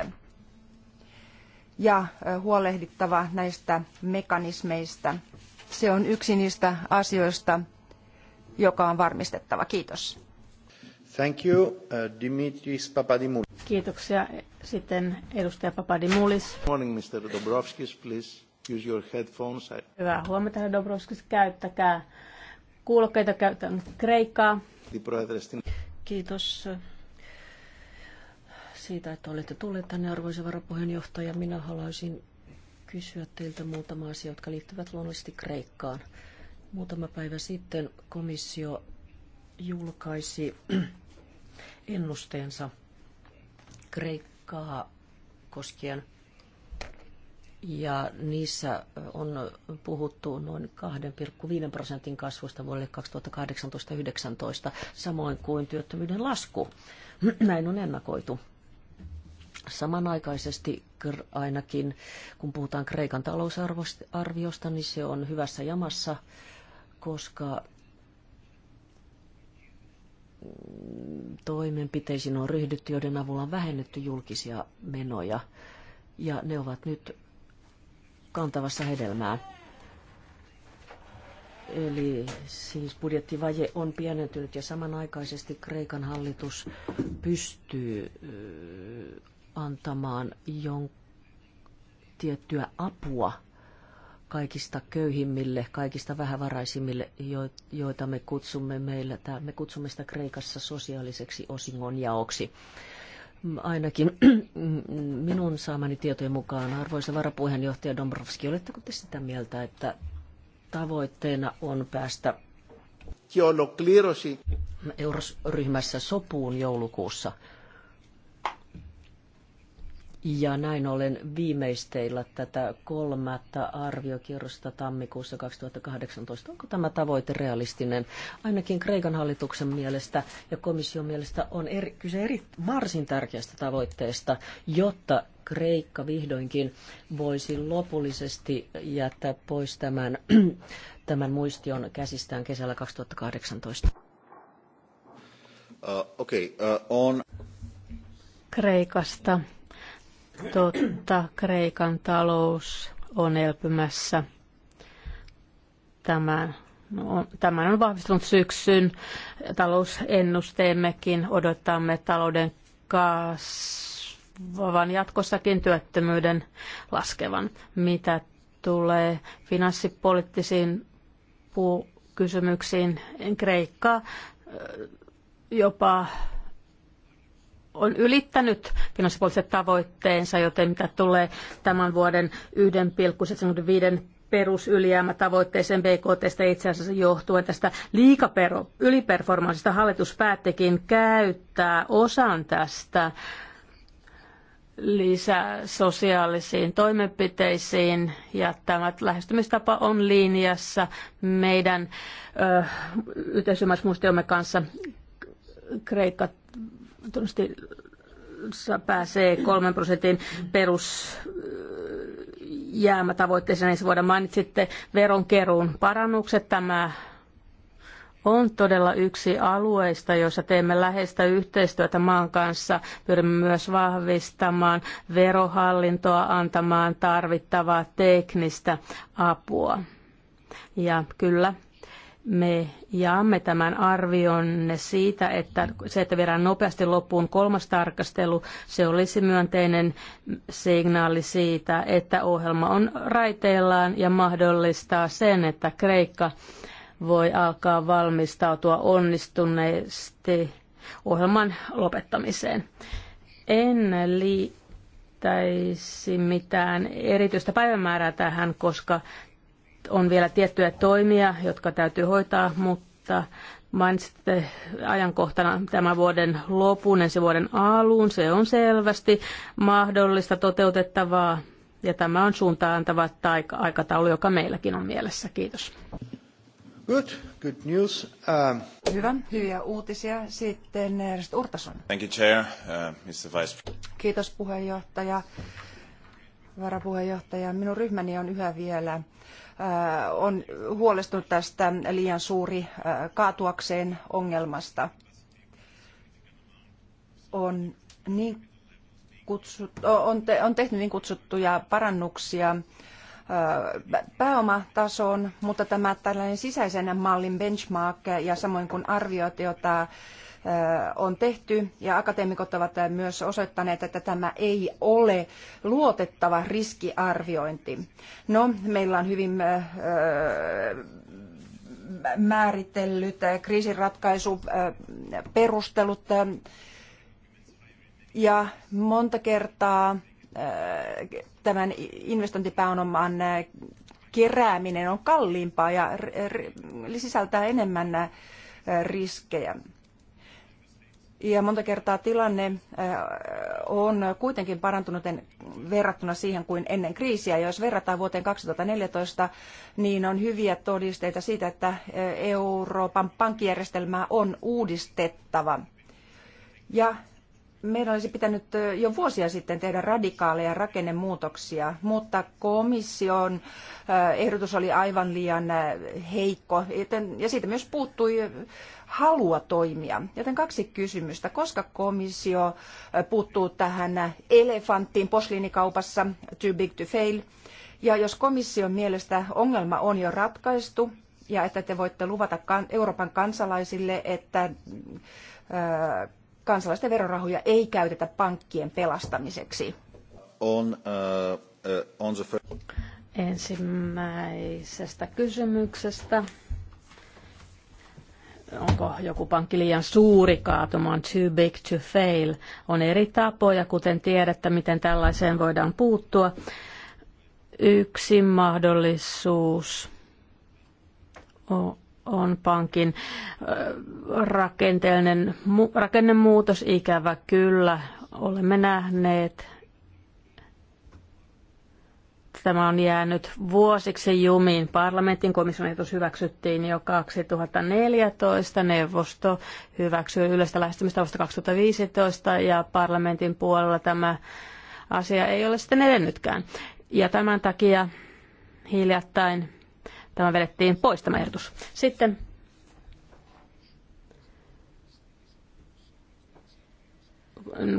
ja huolehdittava näistä mekanismeista. Se on yksi niistä asioista, joka on varmistettava. Kiitos. Thank you, uh, Dimitris Papadimoulis. Kiitoksia. Sitten edustaja Papadimoulis. Morning, Mr. Dobrovskis, please. Use your headphones. Hyvää huomenta, Dobrovskis. Käyttäkää kuulokkeita, käytän kreikkaa. Kiitos siitä, että olette tulleet tänne, arvoisa varapuheenjohtaja. Minä haluaisin kysyä teiltä muutama asia, jotka liittyvät luonnollisesti Kreikkaan. Muutama päivä sitten komissio julkaisi ennusteensa Kreikkaa koskien ja niissä on puhuttu noin 2,5 prosentin kasvusta vuodelle 2018-2019, samoin kuin työttömyyden lasku. Näin on ennakoitu. Samanaikaisesti ainakin, kun puhutaan Kreikan talousarviosta, niin se on hyvässä jamassa, koska toimenpiteisiin on ryhdytty, joiden avulla on vähennetty julkisia menoja. Ja ne ovat nyt kantavassa hedelmää. Eli siis budjettivaje on pienentynyt ja samanaikaisesti Kreikan hallitus pystyy antamaan jon tiettyä apua kaikista köyhimmille, kaikista vähävaraisimmille, joita me kutsumme meillä, me kutsumme sitä Kreikassa sosiaaliseksi osingonjaoksi. Ainakin minun saamani tietojen mukaan, arvoisa varapuheenjohtaja Dombrovski, oletteko te sitä mieltä, että tavoitteena on päästä Eurosryhmässä sopuun joulukuussa – ja näin ollen viimeisteillä tätä kolmatta arviokierrosta tammikuussa 2018. Onko tämä tavoite realistinen? Ainakin Kreikan hallituksen mielestä ja komission mielestä on eri, kyse eri varsin tärkeästä tavoitteesta, jotta Kreikka vihdoinkin voisi lopullisesti jättää pois tämän, tämän muistion käsistään kesällä 2018. Uh, okay, uh, on... Kreikasta Totta, Kreikan talous on elpymässä. Tämän No, tämän on vahvistunut syksyn talousennusteemmekin. Odotamme talouden kasvavan jatkossakin työttömyyden laskevan. Mitä tulee finanssipoliittisiin kysymyksiin, Kreikka jopa on ylittänyt finanssipoliittiset tavoitteensa, joten mitä tulee tämän vuoden 1,75 perusylijäämätavoitteeseen BKTstä itse asiassa johtuen tästä liikapero, yliperformanssista hallitus päättikin käyttää osan tästä lisäsosiaalisiin toimenpiteisiin ja tämä lähestymistapa on linjassa meidän yhteisymmärrysmuistiomme kanssa Kreikka tunnusti pääsee kolmen prosentin perus äh, jäämätavoitteeseen niin ensi vuoden. Mainitsitte veronkeruun parannukset. Tämä on todella yksi alueista, joissa teemme läheistä yhteistyötä maan kanssa. Pyrimme myös vahvistamaan verohallintoa antamaan tarvittavaa teknistä apua. Ja kyllä, me jaamme tämän arvionne siitä, että se, että viedään nopeasti loppuun kolmas tarkastelu, se olisi myönteinen signaali siitä, että ohjelma on raiteillaan ja mahdollistaa sen, että Kreikka voi alkaa valmistautua onnistuneesti ohjelman lopettamiseen. En liittäisi mitään erityistä päivämäärää tähän, koska on vielä tiettyjä toimia, jotka täytyy hoitaa, mutta mainitsitte ajankohtana tämän vuoden lopun, ensi vuoden alun. Se on selvästi mahdollista toteutettavaa ja tämä on antava aikataulu, joka meilläkin on mielessä. Kiitos. Good, good news. Uh... Hyvä, hyviä uutisia. Sitten Ernst Urtason. Thank you, Chair, uh, Mr. Vice. Kiitos puheenjohtaja, varapuheenjohtaja. Minun ryhmäni on yhä vielä Äh, on huolestunut tästä liian suuri äh, kaatuakseen ongelmasta. On, niin kutsut, on, te, on niin kutsuttuja parannuksia äh, pääomatasoon, mutta tämä tällainen sisäisen mallin benchmark ja samoin kuin arviot, jota on tehty ja akateemikot ovat myös osoittaneet, että tämä ei ole luotettava riskiarviointi. No, meillä on hyvin määritellyt kriisinratkaisuperustelut ja monta kertaa tämän investointipääoman kerääminen on kalliimpaa ja sisältää enemmän riskejä. Ja monta kertaa tilanne äh, on kuitenkin parantunut verrattuna siihen kuin ennen kriisiä. Jos verrataan vuoteen 2014, niin on hyviä todisteita siitä, että äh, Euroopan pankkijärjestelmää on uudistettava. Ja meidän olisi pitänyt jo vuosia sitten tehdä radikaaleja rakennemuutoksia, mutta komission ehdotus oli aivan liian heikko ja siitä myös puuttui halua toimia. Joten kaksi kysymystä. Koska komissio puuttuu tähän elefanttiin posliinikaupassa, too big to fail, ja jos komission mielestä ongelma on jo ratkaistu, ja että te voitte luvata Euroopan kansalaisille, että kansalaisten verorahoja ei käytetä pankkien pelastamiseksi. On, uh, uh, on the first... Ensimmäisestä kysymyksestä. Onko joku pankki liian suuri kaatumaan, too big to fail? On eri tapoja, kuten tiedätte, miten tällaiseen voidaan puuttua. Yksi mahdollisuus on pankin rakenteellinen rakennemuutos ikävä kyllä. Olemme nähneet, tämä on jäänyt vuosiksi jumiin. Parlamentin komission ehdotus hyväksyttiin jo 2014, neuvosto hyväksyi yleistä lähestymistavasta 2015 ja parlamentin puolella tämä asia ei ole sitten edennytkään. Ja tämän takia hiljattain Tämä vedettiin pois tämä ehdotus. Sitten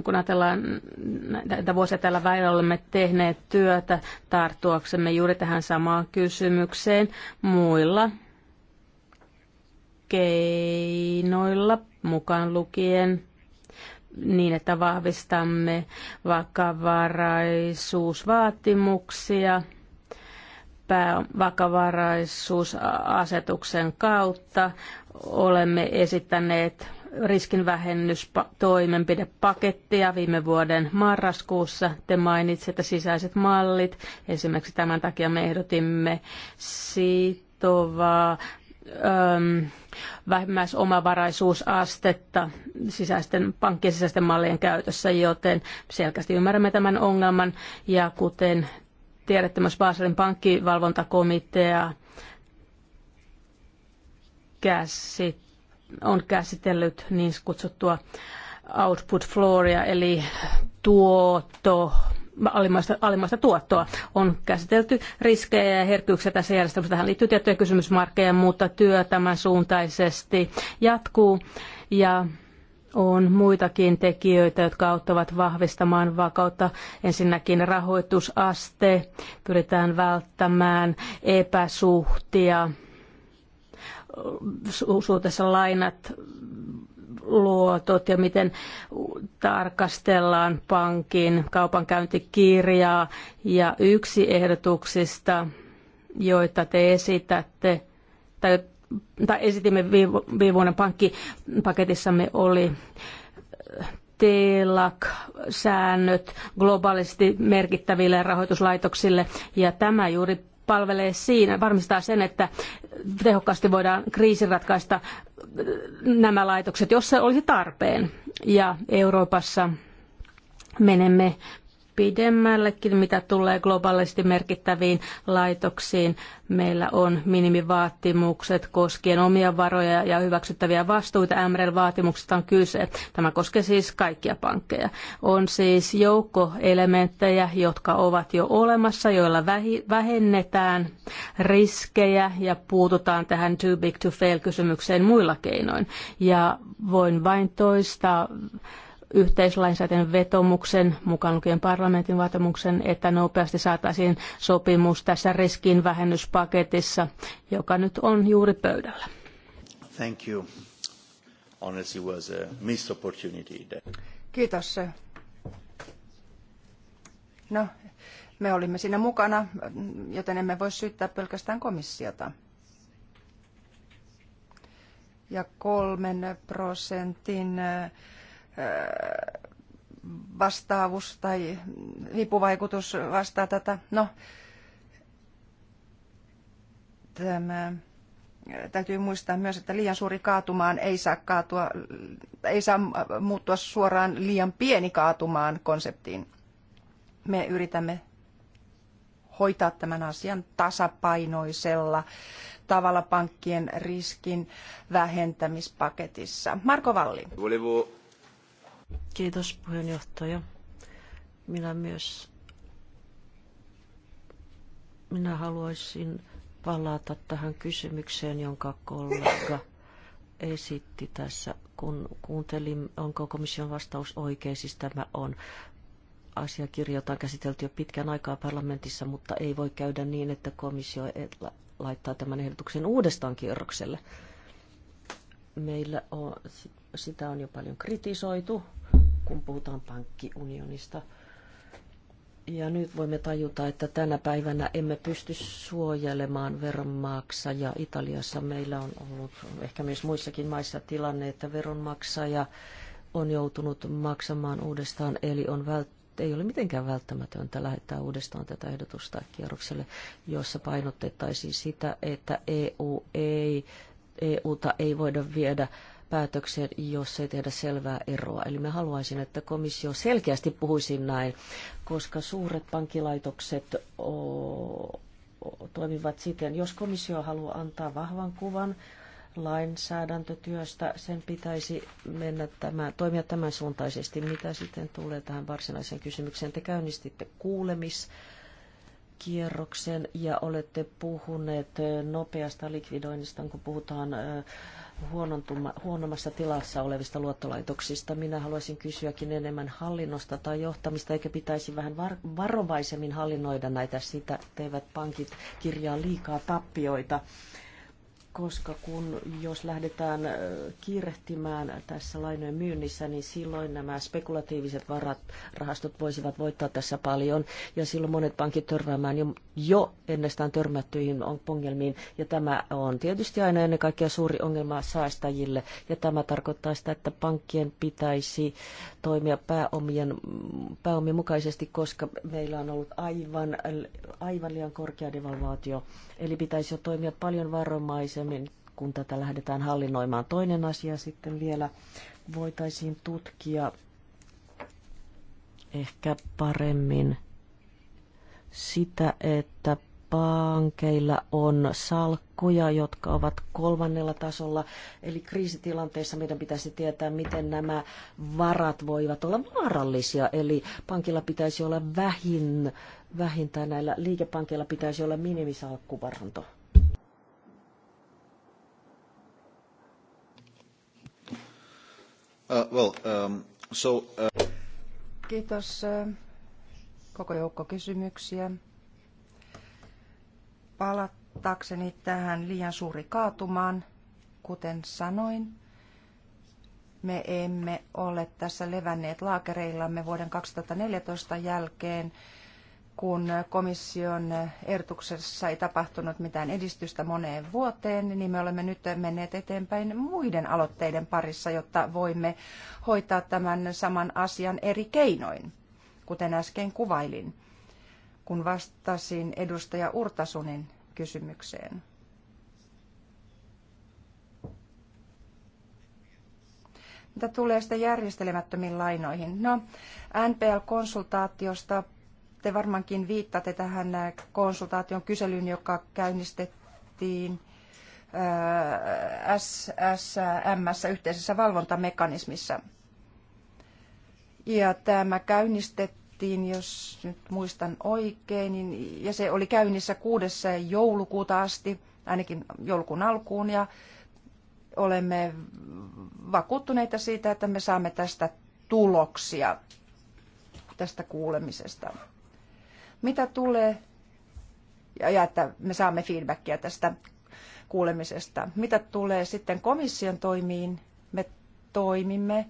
kun ajatellaan näitä vuosia tällä väillä olemme tehneet työtä tarttuaksemme juuri tähän samaan kysymykseen muilla keinoilla mukaan lukien niin, että vahvistamme vakavaraisuusvaatimuksia päävakavaraisuusasetuksen kautta. Olemme esittäneet riskinvähennystoimenpidepakettia viime vuoden marraskuussa. Te mainitsitte sisäiset mallit. Esimerkiksi tämän takia me ehdotimme sitovaa öm, vähimmäisomavaraisuusastetta sisäisten, pankkien sisäisten mallien käytössä, joten selkeästi ymmärrämme tämän ongelman. Ja kuten tiedätte myös Baselin pankkivalvontakomitea käsit, on käsitellyt niin kutsuttua output flooria, eli tuotto, alimmaista, alimmaista tuottoa. On käsitelty riskejä ja herkkyyksiä tässä järjestelmässä. Tähän liittyy tiettyjä kysymysmarkkeja, mutta työ tämän suuntaisesti jatkuu. Ja on muitakin tekijöitä, jotka auttavat vahvistamaan vakautta. Ensinnäkin rahoitusaste, pyritään välttämään epäsuhtia, suhteessa lainat, luotot ja miten tarkastellaan pankin kaupankäyntikirjaa. Ja yksi ehdotuksista, joita te esitätte, tai tai esitimme viime vuonna pankkipaketissamme oli äh, TELAC-säännöt globaalisti merkittäville rahoituslaitoksille, ja tämä juuri palvelee siinä, varmistaa sen, että tehokkaasti voidaan kriisin ratkaista äh, nämä laitokset, jos se olisi tarpeen. Ja Euroopassa menemme pidemmällekin, mitä tulee globaalisti merkittäviin laitoksiin. Meillä on minimivaatimukset koskien omia varoja ja hyväksyttäviä vastuita. MREL-vaatimuksista on kyse. Tämä koskee siis kaikkia pankkeja. On siis joukko elementtejä, jotka ovat jo olemassa, joilla vähennetään riskejä ja puututaan tähän too big to fail kysymykseen muilla keinoin. Ja voin vain toistaa yhteislainsäädännön vetomuksen, mukaan lukien parlamentin vaatimuksen, että nopeasti saataisiin sopimus tässä riskin vähennyspaketissa, joka nyt on juuri pöydällä. Thank you. Honestly was a missed opportunity. Kiitos. No, me olimme siinä mukana, joten emme voi syyttää pelkästään komissiota. Ja kolmen prosentin vastaavuus tai vipuvaikutus vastaa tätä. No, tämä, täytyy muistaa myös, että liian suuri kaatumaan ei saa, kaatua, ei saa muuttua suoraan liian pieni kaatumaan konseptiin. Me yritämme hoitaa tämän asian tasapainoisella tavalla pankkien riskin vähentämispaketissa. Marko Valli. Volevo Kiitos puheenjohtaja. Minä myös minä haluaisin palata tähän kysymykseen, jonka kollega esitti tässä, kun kuuntelin, onko komission vastaus oikein, siis tämä on asiakirja, jota on käsitelty jo pitkän aikaa parlamentissa, mutta ei voi käydä niin, että komissio laittaa tämän ehdotuksen uudestaan kierrokselle. Meillä on, sitä on jo paljon kritisoitu, kun puhutaan pankkiunionista. Ja nyt voimme tajuta, että tänä päivänä emme pysty suojelemaan veronmaksajia. Italiassa meillä on ollut, ehkä myös muissakin maissa tilanne, että veronmaksaja on joutunut maksamaan uudestaan, eli on vält- ei ole mitenkään välttämätöntä lähettää uudestaan tätä ehdotusta kierrokselle, jossa painotettaisiin sitä, että EU ei EUta ei voida viedä päätökseen, jos ei tehdä selvää eroa. Eli me haluaisin, että komissio selkeästi puhuisi näin, koska suuret pankilaitokset toimivat siten, jos komissio haluaa antaa vahvan kuvan lainsäädäntötyöstä, sen pitäisi mennä tämä, toimia tämän suuntaisesti. Mitä sitten tulee tähän varsinaiseen kysymykseen? Te käynnistitte kuulemis kierroksen ja olette puhuneet nopeasta likvidoinnista, kun puhutaan huonommassa tilassa olevista luottolaitoksista. Minä haluaisin kysyäkin enemmän hallinnosta tai johtamista, eikä pitäisi vähän varovaisemmin hallinnoida näitä sitä, etteivät pankit kirjaa liikaa tappioita koska kun jos lähdetään kiirehtimään tässä lainojen myynnissä, niin silloin nämä spekulatiiviset varat, rahastot voisivat voittaa tässä paljon, ja silloin monet pankit törmäämään jo, jo ennestään törmättyihin ongelmiin, ja tämä on tietysti aina ennen kaikkea suuri ongelma saastajille, ja tämä tarkoittaa sitä, että pankkien pitäisi toimia pääomien, pääomien mukaisesti, koska meillä on ollut aivan, aivan liian korkea devalvaatio, eli pitäisi jo toimia paljon varomaisemmin, aikaisemmin, kun tätä lähdetään hallinnoimaan. Toinen asia sitten vielä voitaisiin tutkia ehkä paremmin sitä, että pankeilla on salkkuja, jotka ovat kolmannella tasolla. Eli kriisitilanteessa meidän pitäisi tietää, miten nämä varat voivat olla vaarallisia. Eli pankilla pitäisi olla vähin, vähintään näillä liikepankeilla pitäisi olla minimisalkkuvaranto. Uh, um, uh, Kiitos. Uh, koko joukko kysymyksiä. Palattaakseni tähän liian suuri kaatumaan, kuten sanoin, me emme ole tässä levänneet laakereillamme vuoden 2014 jälkeen kun komission ehdotuksessa ei tapahtunut mitään edistystä moneen vuoteen, niin me olemme nyt menneet eteenpäin muiden aloitteiden parissa, jotta voimme hoitaa tämän saman asian eri keinoin, kuten äsken kuvailin, kun vastasin edustaja Urtasunin kysymykseen. Mitä tulee sitten järjestelemättömiin lainoihin? No, NPL-konsultaatiosta te varmaankin viittaatte tähän äh, konsultaation kyselyyn, joka käynnistettiin äh, SSMssä yhteisessä valvontamekanismissa. Ja tämä käynnistettiin, jos nyt muistan oikein, niin, ja se oli käynnissä kuudessa joulukuuta asti, ainakin joulukuun alkuun, ja olemme vakuuttuneita siitä, että me saamme tästä tuloksia tästä kuulemisesta. Mitä tulee, ja että me saamme feedbackia tästä kuulemisesta. Mitä tulee sitten komission toimiin, me toimimme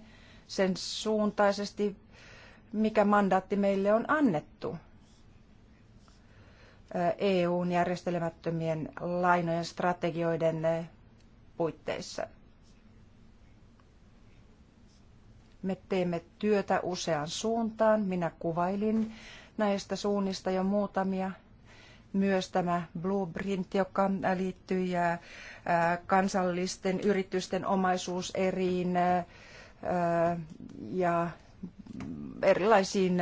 sen suuntaisesti, mikä mandaatti meille on annettu. EUn järjestelemättömien lainojen strategioiden puitteissa. Me teemme työtä useaan suuntaan. Minä kuvailin näistä suunnista jo muutamia. Myös tämä blueprint, joka liittyy kansallisten yritysten omaisuuseriin ja erilaisiin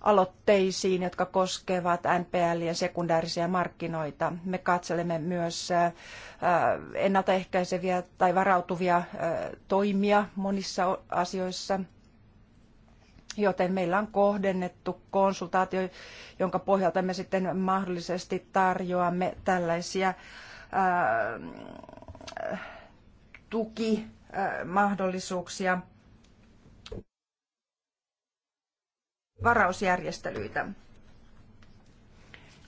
aloitteisiin, jotka koskevat NPL- ja sekundäärisiä markkinoita. Me katselemme myös ennaltaehkäiseviä tai varautuvia toimia monissa asioissa – Joten meillä on kohdennettu konsultaatio, jonka pohjalta me sitten mahdollisesti tarjoamme tällaisia ää, äh, tukimahdollisuuksia, varausjärjestelyitä.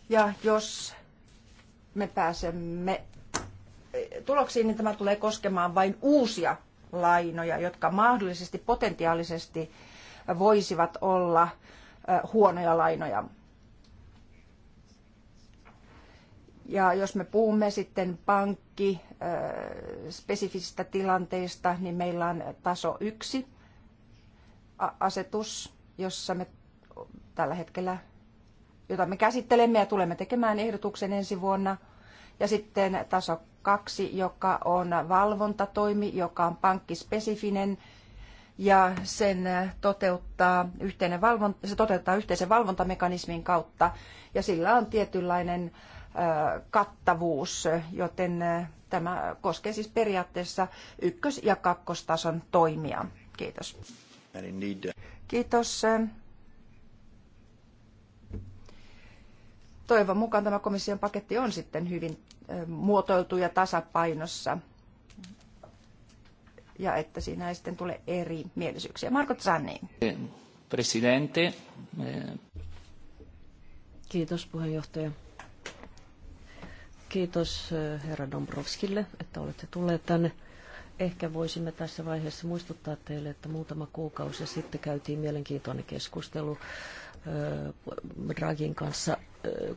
Ja jos me pääsemme tuloksiin, niin tämä tulee koskemaan vain uusia lainoja, jotka mahdollisesti potentiaalisesti voisivat olla huonoja lainoja. Ja jos me puhumme sitten pankki spesifisistä tilanteista, niin meillä on taso yksi asetus, jossa me tällä hetkellä, jota me käsittelemme ja tulemme tekemään ehdotuksen ensi vuonna. Ja sitten taso kaksi, joka on valvontatoimi, joka on pankkispesifinen spesifinen ja sen äh, toteuttaa yhteinen valvonta, se toteuttaa yhteisen valvontamekanismin kautta ja sillä on tietynlainen äh, kattavuus, joten äh, tämä koskee siis periaatteessa ykkös- ja kakkostason toimia. Kiitos. Kiitos. Toivon mukaan tämä komission paketti on sitten hyvin muotoiltu ja tasapainossa ja että siinä ei sitten tule eri mielisyyksiä. Marko Zanni. Presidente. Eh, Kiitos puheenjohtaja. Kiitos eh, herra Dombrovskille, että olette tulleet tänne. Ehkä voisimme tässä vaiheessa muistuttaa teille, että muutama kuukausi sitten käytiin mielenkiintoinen keskustelu eh, Dragin kanssa,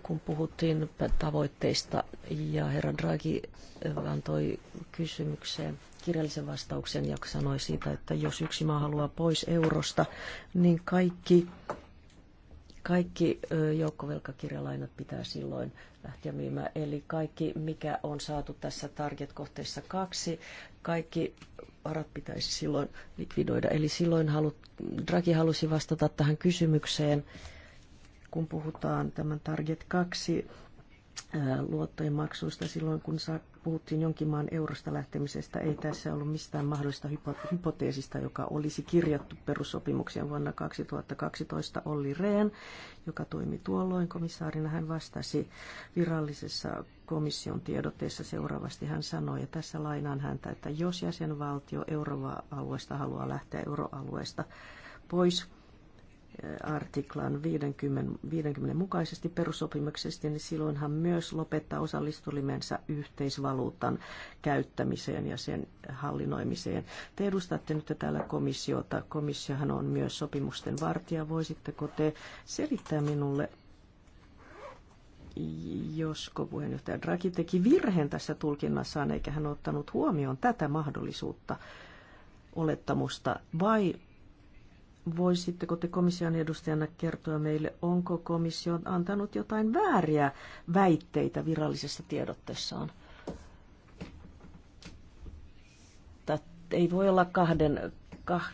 kun puhuttiin tavoitteista, ja herra Draghi antoi kysymykseen kirjallisen vastauksen, ja sanoi siitä, että jos yksi maa haluaa pois eurosta, niin kaikki, kaikki joukkovelkakirjalainat pitää silloin lähteä myymään. Eli kaikki, mikä on saatu tässä target-kohteessa kaksi, kaikki varat pitäisi silloin likvidoida. Eli silloin halut, Draghi halusi vastata tähän kysymykseen, kun puhutaan tämän Target 2 luottojen maksuista silloin, kun puhuttiin jonkin maan eurosta lähtemisestä. Ei tässä ollut mistään mahdollista hypoteesista, joka olisi kirjattu perussopimuksen vuonna 2012 Olli Rehn, joka toimi tuolloin komissaarina. Hän vastasi virallisessa komission tiedotteessa seuraavasti. Hän sanoi, ja tässä lainaan häntä, että jos jäsenvaltio euroalueesta haluaa lähteä euroalueesta pois, artiklan 50, 50 mukaisesti perussopimuksesta, niin silloin hän myös lopettaa osallistulimensa yhteisvaluutan käyttämiseen ja sen hallinnoimiseen. Te edustatte nyt täällä komissiota. Komissiohan on myös sopimusten vartija. Voisitteko te selittää minulle, josko puheenjohtaja Draghi teki virheen tässä tulkinnassaan, eikä hän ottanut huomioon tätä mahdollisuutta olettamusta, vai Voisitteko te komission edustajana kertoa meille, onko komissio antanut jotain vääriä väitteitä virallisessa tiedotteessaan? Tätä ei voi olla kahden,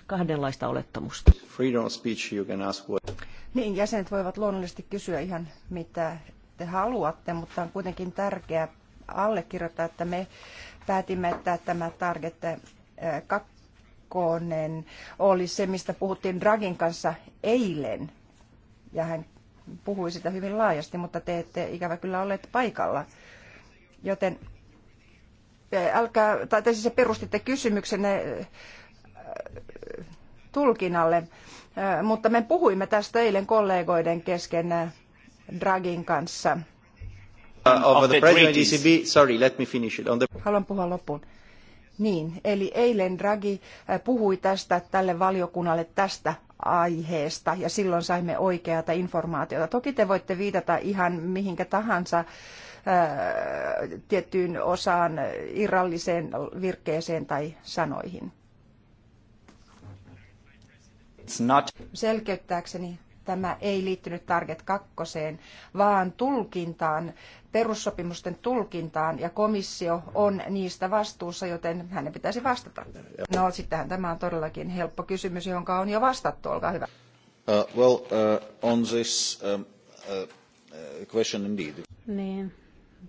kahdenlaista olettamusta. Freedom of speech, you can ask what... Niin, jäsenet voivat luonnollisesti kysyä ihan mitä te haluatte, mutta on kuitenkin tärkeää allekirjoittaa, että me päätimme, että tämä Target eh, Kakkonen oli se, mistä puhuttiin Dragin kanssa eilen. Ja hän puhui sitä hyvin laajasti, mutta te ette ikävä kyllä olleet paikalla. Joten eh, älkää, tai te siis perustitte kysymyksenne eh, tulkinnalle, eh, mutta me puhuimme tästä eilen kollegoiden kesken Dragin kanssa. Haluan puhua loppuun. Niin, eli eilen Draghi puhui tästä tälle valiokunnalle tästä aiheesta ja silloin saimme oikeata informaatiota. Toki te voitte viitata ihan mihinkä tahansa tiettyyn osaan irralliseen virkkeeseen tai sanoihin. Selkeyttääkseni tämä ei liittynyt Target 2, vaan tulkintaan perussopimusten tulkintaan ja komissio on niistä vastuussa, joten hänen pitäisi vastata. No sittenhän tämä on todellakin helppo kysymys, johon on jo vastattu. Olkaa hyvä. Uh, well, uh, on this um, uh, question indeed. Niin,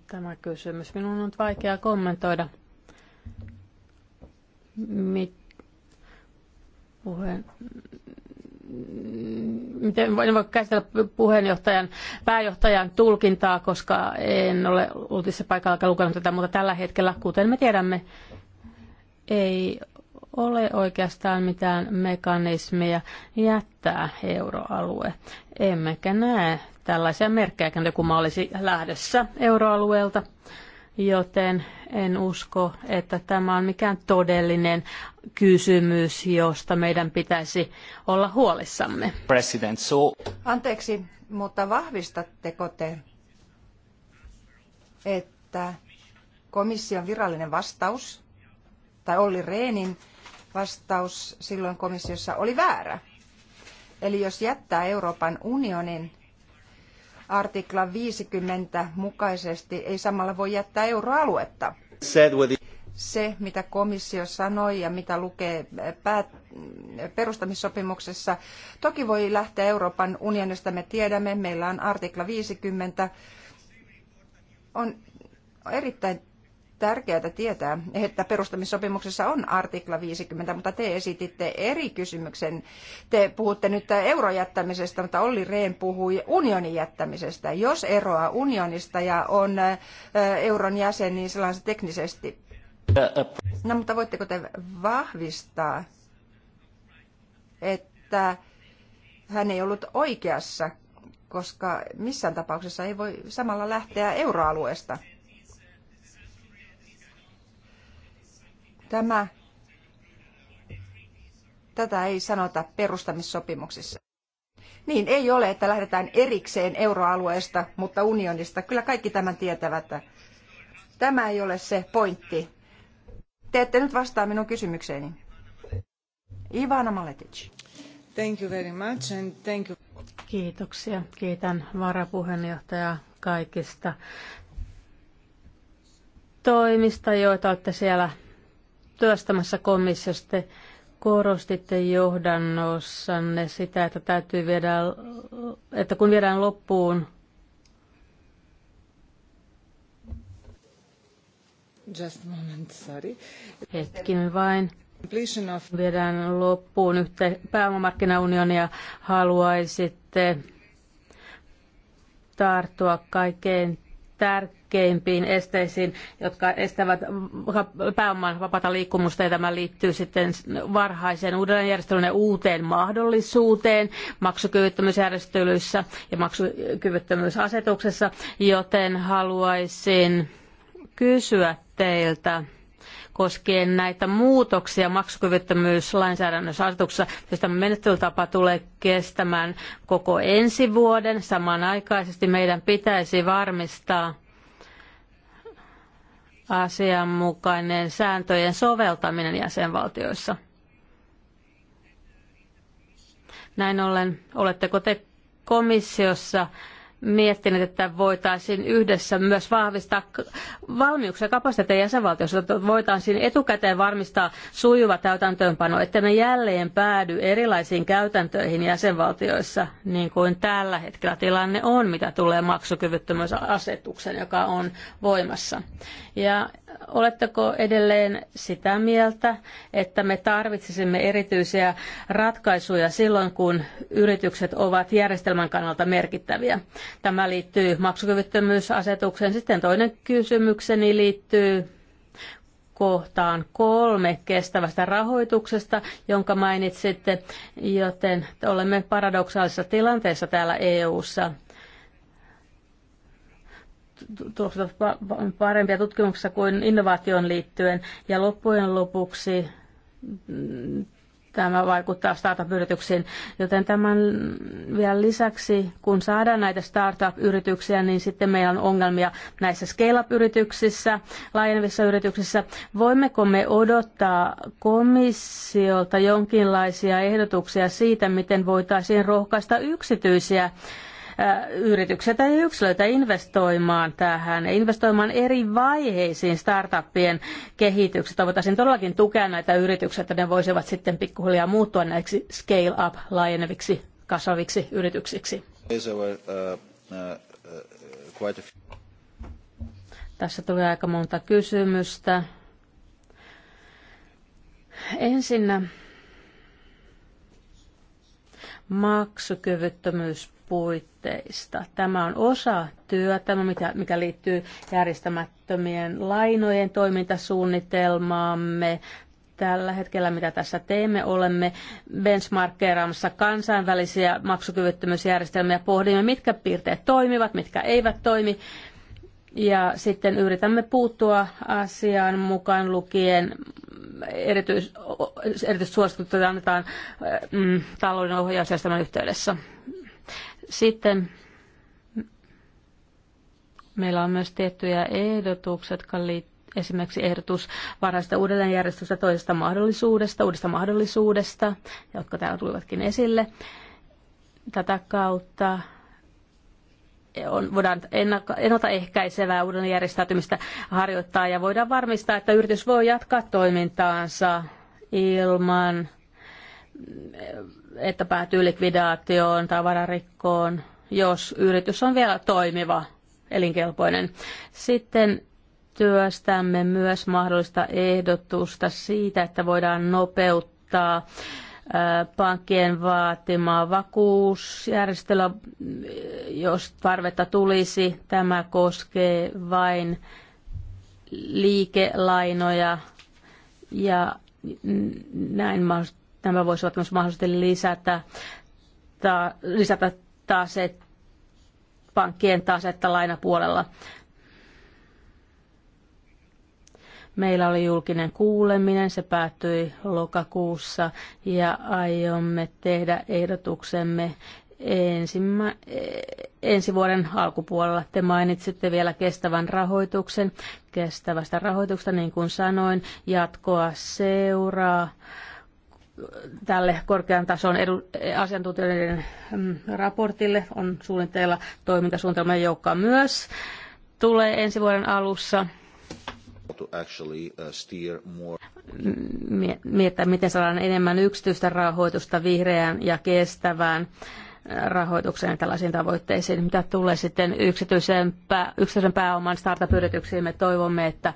tämä kysymys. Minun on vaikea kommentoida. Mit, puheen miten en voi käsitellä puheenjohtajan, pääjohtajan tulkintaa, koska en ole uutisessa paikalla lukenut tätä, mutta tällä hetkellä, kuten me tiedämme, ei ole oikeastaan mitään mekanismeja jättää euroalue. Emmekä näe tällaisia merkkejä, kun mä olisi lähdössä euroalueelta joten en usko, että tämä on mikään todellinen kysymys, josta meidän pitäisi olla huolissamme. President, so... Anteeksi, mutta vahvistatteko te, että komission virallinen vastaus tai Olli Reenin vastaus silloin komissiossa oli väärä? Eli jos jättää Euroopan unionin artiklan 50 mukaisesti, ei samalla voi jättää euroaluetta se, mitä komissio sanoi ja mitä lukee päät- perustamissopimuksessa. Toki voi lähteä Euroopan unionista, me tiedämme, meillä on artikla 50. On erittäin tärkeää tietää, että perustamissopimuksessa on artikla 50, mutta te esititte eri kysymyksen. Te puhutte nyt eurojättämisestä, mutta Olli Rehn puhui unionin jättämisestä. Jos eroaa unionista ja on euron jäsen, niin sellainen teknisesti No, mutta voitteko te vahvistaa, että hän ei ollut oikeassa, koska missään tapauksessa ei voi samalla lähteä euroalueesta? Tämä, tätä ei sanota perustamissopimuksissa. Niin, ei ole, että lähdetään erikseen euroalueesta, mutta unionista. Kyllä kaikki tämän tietävät. Tämä ei ole se pointti te ette nyt vastaa minun kysymykseeni. Ivana Maletic. Thank you very much and thank you. Kiitoksia. Kiitän varapuheenjohtaja kaikista toimista, joita olette siellä työstämässä komissiossa. korostitte johdannossanne sitä, että täytyy viedä, että kun viedään loppuun Hetkinen vain. Viedään loppuun yhteen pääomamarkkinaunionia. Haluaisitte tarttua kaikkein tärkeimpiin esteisiin, jotka estävät pääoman vapaata liikkumusta, ja tämä liittyy sitten varhaiseen uudelleenjärjestelyyn ja uuteen mahdollisuuteen maksukyvyttömyysjärjestelyissä ja maksukyvyttömyysasetuksessa, joten haluaisin kysyä teiltä koskien näitä muutoksia maksukyvyttömyyslainsäädännössä asetuksessa. Tämä menettelytapa tulee kestämään koko ensi vuoden. Samanaikaisesti meidän pitäisi varmistaa asianmukainen sääntöjen soveltaminen jäsenvaltioissa. Näin ollen, oletteko te komissiossa miettineet, että voitaisiin yhdessä myös vahvistaa valmiuksia ja kapasiteetteja jäsenvaltioissa, että voitaisiin etukäteen varmistaa sujuva täytäntöönpano, että me jälleen päädy erilaisiin käytäntöihin jäsenvaltioissa, niin kuin tällä hetkellä tilanne on, mitä tulee maksukyvyttömyysasetuksen, joka on voimassa. Ja Oletteko edelleen sitä mieltä, että me tarvitsisimme erityisiä ratkaisuja silloin, kun yritykset ovat järjestelmän kannalta merkittäviä? Tämä liittyy maksukyvyttömyysasetukseen. Sitten toinen kysymykseni liittyy kohtaan kolme kestävästä rahoituksesta, jonka mainitsitte, joten olemme paradoksaalisessa tilanteessa täällä EU:ssa. ssa tulokset ovat parempia tutkimuksessa kuin innovaatioon liittyen. Ja loppujen lopuksi mm, tämä vaikuttaa startup-yrityksiin. Joten tämän vielä lisäksi, kun saadaan näitä startup-yrityksiä, niin sitten meillä on ongelmia näissä scale-up-yrityksissä, laajenevissa yrityksissä. Voimmeko me odottaa komissiolta jonkinlaisia ehdotuksia siitä, miten voitaisiin rohkaista yksityisiä yrityksiä ja yksilöitä investoimaan tähän, investoimaan eri vaiheisiin startuppien kehityksestä. Voitaisiin todellakin tukea näitä yrityksiä, että ne voisivat sitten pikkuhiljaa muuttua näiksi scale up laajeneviksi kasvaviksi yrityksiksi. Tässä tuli aika monta kysymystä. Ensinnä maksukyvyttömyys puitteista. Tämä on osa työtä, mikä liittyy järjestämättömien lainojen toimintasuunnitelmaamme. Tällä hetkellä, mitä tässä teemme, olemme benchmarkkeeraamassa kansainvälisiä maksukyvyttömyysjärjestelmiä. Pohdimme, mitkä piirteet toimivat, mitkä eivät toimi. Ja sitten yritämme puuttua asiaan mukaan lukien erityis, erityis annetaan mm, talouden ohjausjärjestelmän yhteydessä. Sitten meillä on myös tiettyjä ehdotuksia, jotka liittyvät esimerkiksi ehdotus varhaisesta uudelleenjärjestystä toisesta mahdollisuudesta, uudesta mahdollisuudesta, jotka täällä tulivatkin esille. Tätä kautta on, voidaan ennaltaehkäisevää uuden harjoittaa ja voidaan varmistaa, että yritys voi jatkaa toimintaansa ilman että päätyy likvidaatioon, tavararikkoon, jos yritys on vielä toimiva, elinkelpoinen. Sitten työstämme myös mahdollista ehdotusta siitä, että voidaan nopeuttaa pankkien vaatimaa vakuusjärjestelyä, jos tarvetta tulisi. Tämä koskee vain liikelainoja ja näin mahdollisesti Nämä voisivat myös mahdollisesti lisätä, ta, lisätä tase, pankkien tasetta lainapuolella. Meillä oli julkinen kuuleminen, se päättyi lokakuussa ja aiomme tehdä ehdotuksemme ensimmä, e, ensi vuoden alkupuolella. Te mainitsitte vielä kestävän rahoituksen, kestävästä rahoituksesta, niin kuin sanoin, jatkoa seuraa tälle korkean tason edu, asiantuntijoiden mm, raportille on suunnitteilla toimintasuunnitelma joukkoa myös. Tulee ensi vuoden alussa uh, miettiä, miten saadaan enemmän yksityistä rahoitusta vihreään ja kestävään äh, rahoitukseen tällaisiin tavoitteisiin. Mitä tulee sitten yksityisen, pää, yksityisen pääoman startup-yrityksiin, me toivomme, että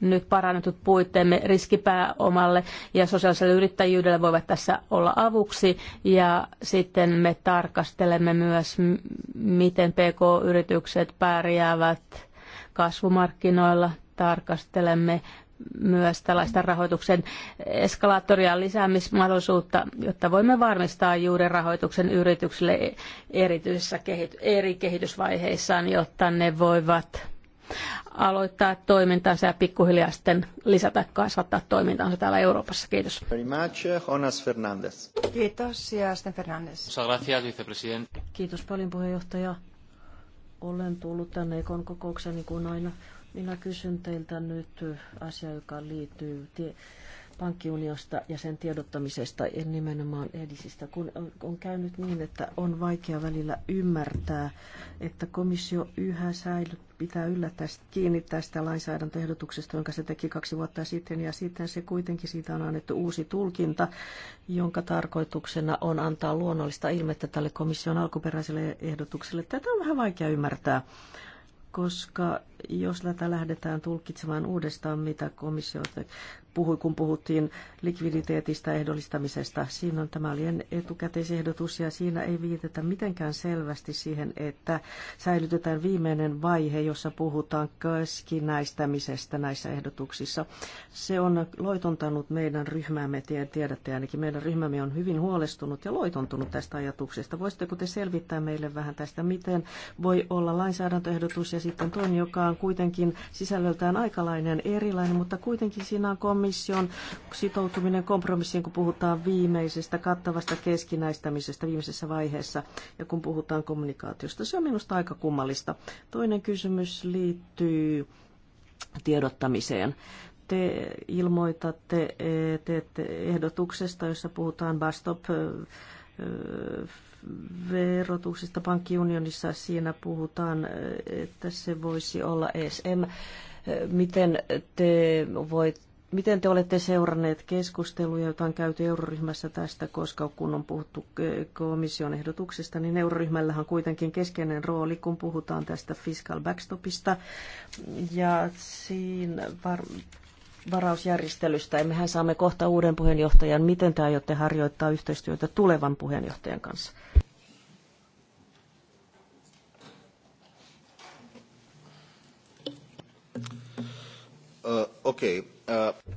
nyt parannetut puitteemme riskipääomalle ja sosiaaliselle yrittäjyydelle voivat tässä olla avuksi. Ja sitten me tarkastelemme myös, miten PK-yritykset pärjäävät kasvumarkkinoilla. Tarkastelemme myös tällaista rahoituksen eskalaattoria lisäämismahdollisuutta, jotta voimme varmistaa juuri rahoituksen yrityksille erityisissä kehity- eri kehitysvaiheissaan, jotta ne voivat aloittaa toimintansa ja pikkuhiljaa sitten lisätä kasvattaa toimintansa täällä Euroopassa. Kiitos. Very much, eh, Jonas Fernandes. Kiitos ja sitten Kiitos paljon puheenjohtaja. Olen tullut tänne Ekon kokoukseen niin kuin aina. Minä kysyn teiltä nyt eh, asia, joka liittyy tie- pankkiuniosta ja sen tiedottamisesta ja nimenomaan edisistä, kun on, käynyt niin, että on vaikea välillä ymmärtää, että komissio yhä säilyt pitää yllä tästä, kiinni tästä lainsäädäntöehdotuksesta, jonka se teki kaksi vuotta sitten, ja sitten se kuitenkin siitä on annettu uusi tulkinta, jonka tarkoituksena on antaa luonnollista ilmettä tälle komission alkuperäiselle ehdotukselle. Tätä on vähän vaikea ymmärtää koska jos tätä lähdetään tulkitsemaan uudestaan, mitä komissio puhui, kun puhuttiin likviditeetistä ehdollistamisesta. Siinä on tämä liian etukäteisehdotus ja siinä ei viitetä mitenkään selvästi siihen, että säilytetään viimeinen vaihe, jossa puhutaan keskinäistämisestä näissä ehdotuksissa. Se on loitontanut meidän ryhmämme, tiedätte ainakin, meidän ryhmämme on hyvin huolestunut ja loitontunut tästä ajatuksesta. Voisitteko te selvittää meille vähän tästä, miten voi olla lainsäädäntöehdotus ja sitten toinen, joka on kuitenkin sisällöltään aikalainen erilainen, mutta kuitenkin siinä on komission sitoutuminen kompromissiin, kun puhutaan viimeisestä kattavasta keskinäistämisestä viimeisessä vaiheessa ja kun puhutaan kommunikaatiosta. Se on minusta aika kummallista. Toinen kysymys liittyy tiedottamiseen te ilmoitatte teette ehdotuksesta, jossa puhutaan Bastop verotuksesta pankkiunionissa siinä puhutaan, että se voisi olla ESM. Miten te, voit, miten te olette seuranneet keskusteluja, joita on käyty euroryhmässä tästä, koska kun on puhuttu komission ehdotuksesta, niin euroryhmällähän on kuitenkin keskeinen rooli, kun puhutaan tästä fiscal backstopista. Ja siinä var- varausjärjestelystä. Mehän saamme kohta uuden puheenjohtajan. Miten te aiotte harjoittaa yhteistyötä tulevan puheenjohtajan kanssa? Uh, okay. uh.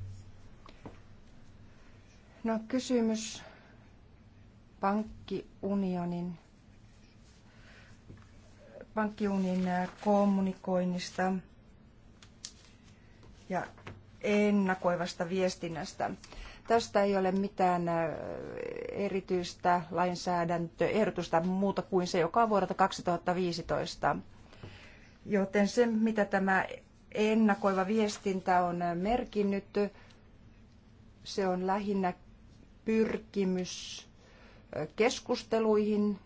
No kysymys pankkiunionin, pankkiunin uh, kommunikoinnista ja ennakoivasta viestinnästä. Tästä ei ole mitään äh, erityistä lainsäädäntöehdotusta muuta kuin se, joka on vuodelta 2015. Joten se, mitä tämä ennakoiva viestintä on äh, merkinnyt, se on lähinnä pyrkimys äh, keskusteluihin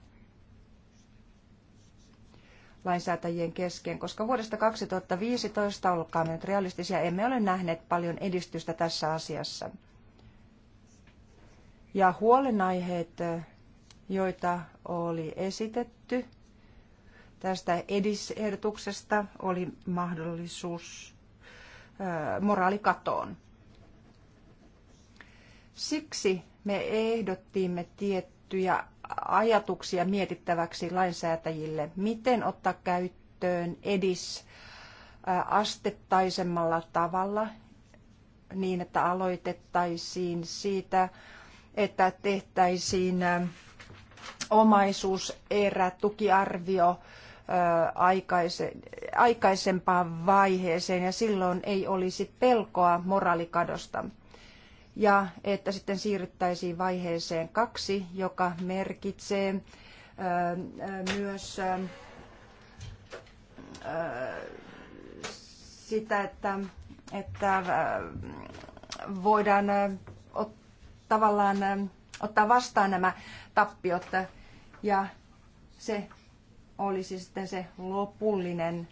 lainsäätäjien kesken, koska vuodesta 2015, olkaamme nyt realistisia, emme ole nähneet paljon edistystä tässä asiassa. Ja huolenaiheet, joita oli esitetty tästä edisehdotuksesta, oli mahdollisuus moraalikatoon. Siksi me ehdottiimme tiettyä tiettyjä ajatuksia mietittäväksi lainsäätäjille, miten ottaa käyttöön edis astettaisemmalla tavalla niin, että aloitettaisiin siitä, että tehtäisiin omaisuuserä, tukiarvio aikaisempaan vaiheeseen ja silloin ei olisi pelkoa moraalikadosta ja että sitten siirryttäisiin vaiheeseen kaksi, joka merkitsee myös sitä, että, että voidaan ot, tavallaan ottaa vastaan nämä tappiot ja se olisi sitten se lopullinen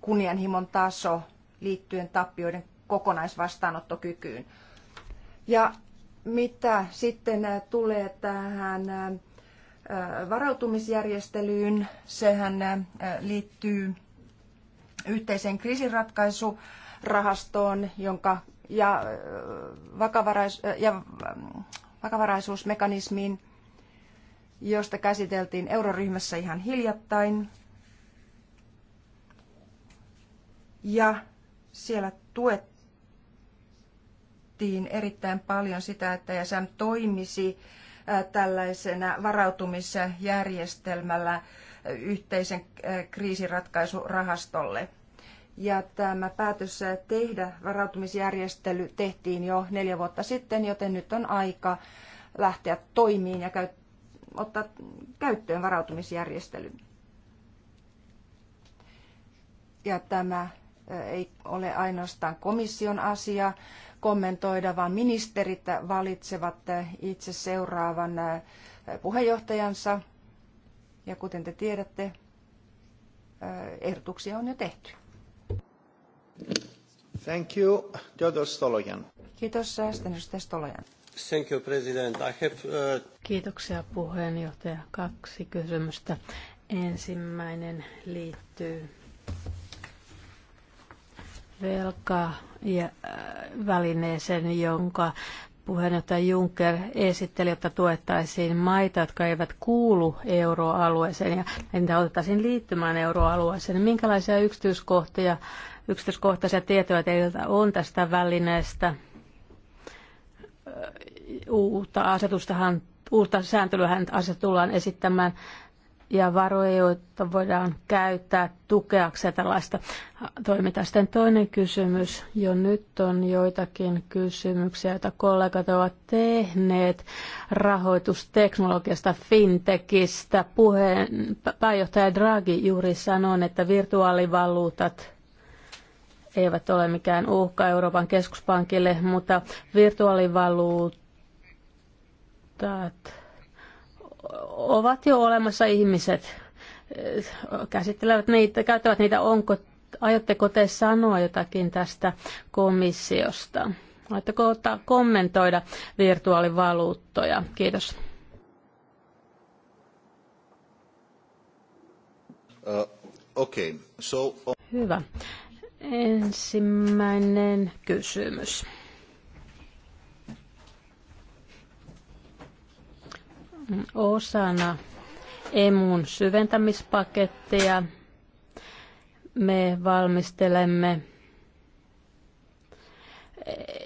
kunnianhimon taso liittyen tappioiden kokonaisvastaanottokykyyn. Ja mitä sitten äh, tulee tähän äh, varautumisjärjestelyyn, sehän äh, liittyy yhteiseen kriisinratkaisurahastoon, jonka ja, vakavarais, ja mm, vakavaraisuusmekanismiin, josta käsiteltiin euroryhmässä ihan hiljattain. Ja siellä tuettiin erittäin paljon sitä, että ESM toimisi tällaisena varautumisjärjestelmällä yhteisen kriisiratkaisurahastolle. Ja tämä päätös tehdä varautumisjärjestely tehtiin jo neljä vuotta sitten, joten nyt on aika lähteä toimiin ja käy, ottaa käyttöön varautumisjärjestely. Ja tämä ei ole ainoastaan komission asia kommentoida, vaan ministerit valitsevat itse seuraavan äh, puheenjohtajansa. Ja kuten te tiedätte, äh, ehdotuksia on jo tehty. Thank you, Theodor Stolojan. Kiitos, äh, Stenedustaja Stolojan. Thank you, President. I have, uh... Kiitoksia puheenjohtaja. Kaksi kysymystä. Ensimmäinen liittyy velkavälineeseen, äh, jonka puheenjohtaja Juncker esitteli, että tuettaisiin maita, jotka eivät kuulu euroalueeseen ja niitä otettaisiin liittymään euroalueeseen. Minkälaisia yksityiskohtia, yksityiskohtaisia tietoja teiltä on tästä välineestä? Äh, uutta asetustahan uutta sääntelyä asia tullaan esittämään ja varoja, joita voidaan käyttää tukeakseen tällaista toimintaa. Sitten toinen kysymys. Jo nyt on joitakin kysymyksiä, joita kollegat ovat tehneet rahoitusteknologiasta, fintechistä. Puheen, pääjohtaja Draghi juuri sanoi, että virtuaalivaluutat eivät ole mikään uhka Euroopan keskuspankille, mutta virtuaalivaluutat ovat jo olemassa ihmiset, käsittelevät niitä, käyttävät niitä, onko, aiotteko te sanoa jotakin tästä komissiosta? Aiotteko ottaa, kommentoida virtuaalivaluuttoja? Kiitos. Uh, okay. so... Oh. Hyvä. Ensimmäinen kysymys. osana emun syventämispakettia. Me valmistelemme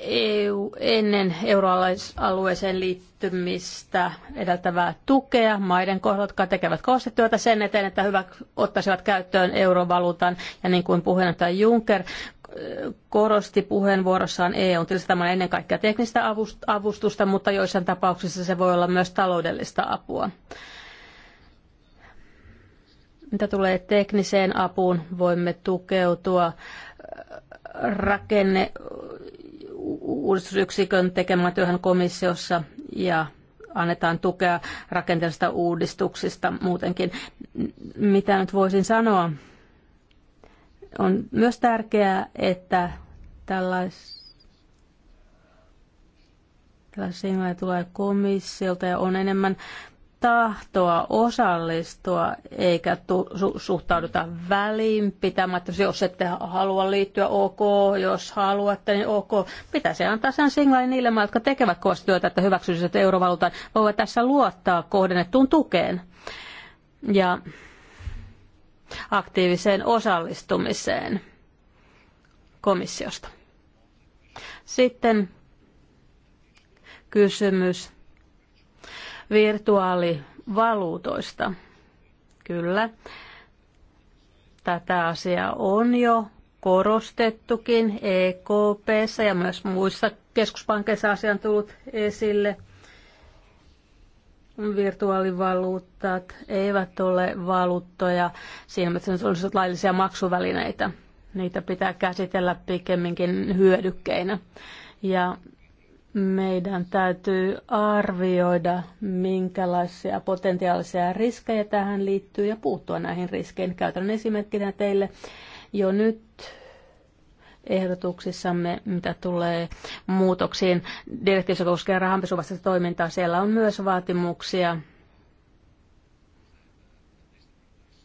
EU, ennen euroalueeseen liittymistä edeltävää tukea maiden kohdalla, jotka tekevät kostityötä sen eteen, että hyvä ottaisivat käyttöön eurovaluutan. Ja niin kuin puheenjohtaja Juncker korosti puheenvuorossaan EU. Tietysti tämä on ennen kaikkea teknistä avustusta, mutta joissain tapauksissa se voi olla myös taloudellista apua. Mitä tulee tekniseen apuun, voimme tukeutua äh, rakenne uudistusyksikön tekemään työhön komissiossa ja annetaan tukea rakenteellisista uudistuksista muutenkin. Mitä nyt voisin sanoa on myös tärkeää, että tällais, tällaisia signaaleja tulee komissiolta ja on enemmän tahtoa osallistua eikä tu- su- suhtauduta välinpitämättä. Jos ette halua liittyä, ok, jos haluatte, niin ok. Pitäisi antaa sen signaalin niille maille, jotka tekevät kovasti työtä, että hyväksyisivät eurovaluutan. Voivat tässä luottaa kohdennettuun tukeen. Ja aktiiviseen osallistumiseen komissiosta. Sitten kysymys virtuaalivaluutoista. Kyllä, tätä asiaa on jo korostettukin EKPssä ja myös muissa keskuspankeissa asia on tullut esille – virtuaalivaluuttat eivät ole valuuttoja siinä, että ne olisivat laillisia maksuvälineitä. Niitä pitää käsitellä pikemminkin hyödykkeinä. Ja meidän täytyy arvioida, minkälaisia potentiaalisia riskejä tähän liittyy ja puuttua näihin riskeihin. Käytän esimerkkinä teille jo nyt ehdotuksissamme, mitä tulee muutoksiin direktiivissä koskee rahanpesuvastaista toimintaa. Siellä on myös vaatimuksia,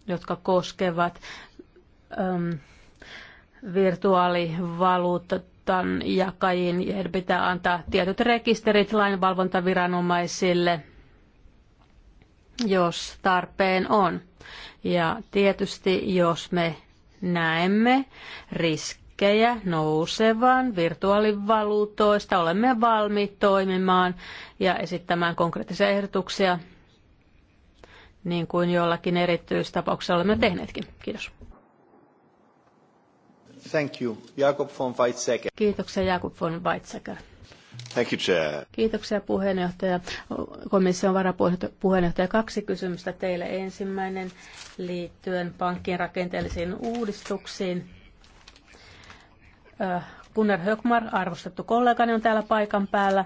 jotka koskevat äm, virtuaalivaluutan jakajiin. Heidän pitää antaa tietyt rekisterit lainvalvontaviranomaisille, jos tarpeen on. Ja tietysti, jos me näemme riskejä, riskejä nousevan virtuaalivaluutoista. Olemme valmiit toimimaan ja esittämään konkreettisia ehdotuksia, niin kuin jollakin erityistapauksessa olemme tehneetkin. Kiitos. Thank you. Jakob von Weizsäcker. Kiitoksia Jakob von Weizsäcker. Thank you, Chair. Kiitoksia puheenjohtaja. Komission varapuheenjohtaja, kaksi kysymystä teille. Ensimmäinen liittyen pankkien rakenteellisiin uudistuksiin Äh, Gunnar Högmar, arvostettu kollegani, on täällä paikan päällä.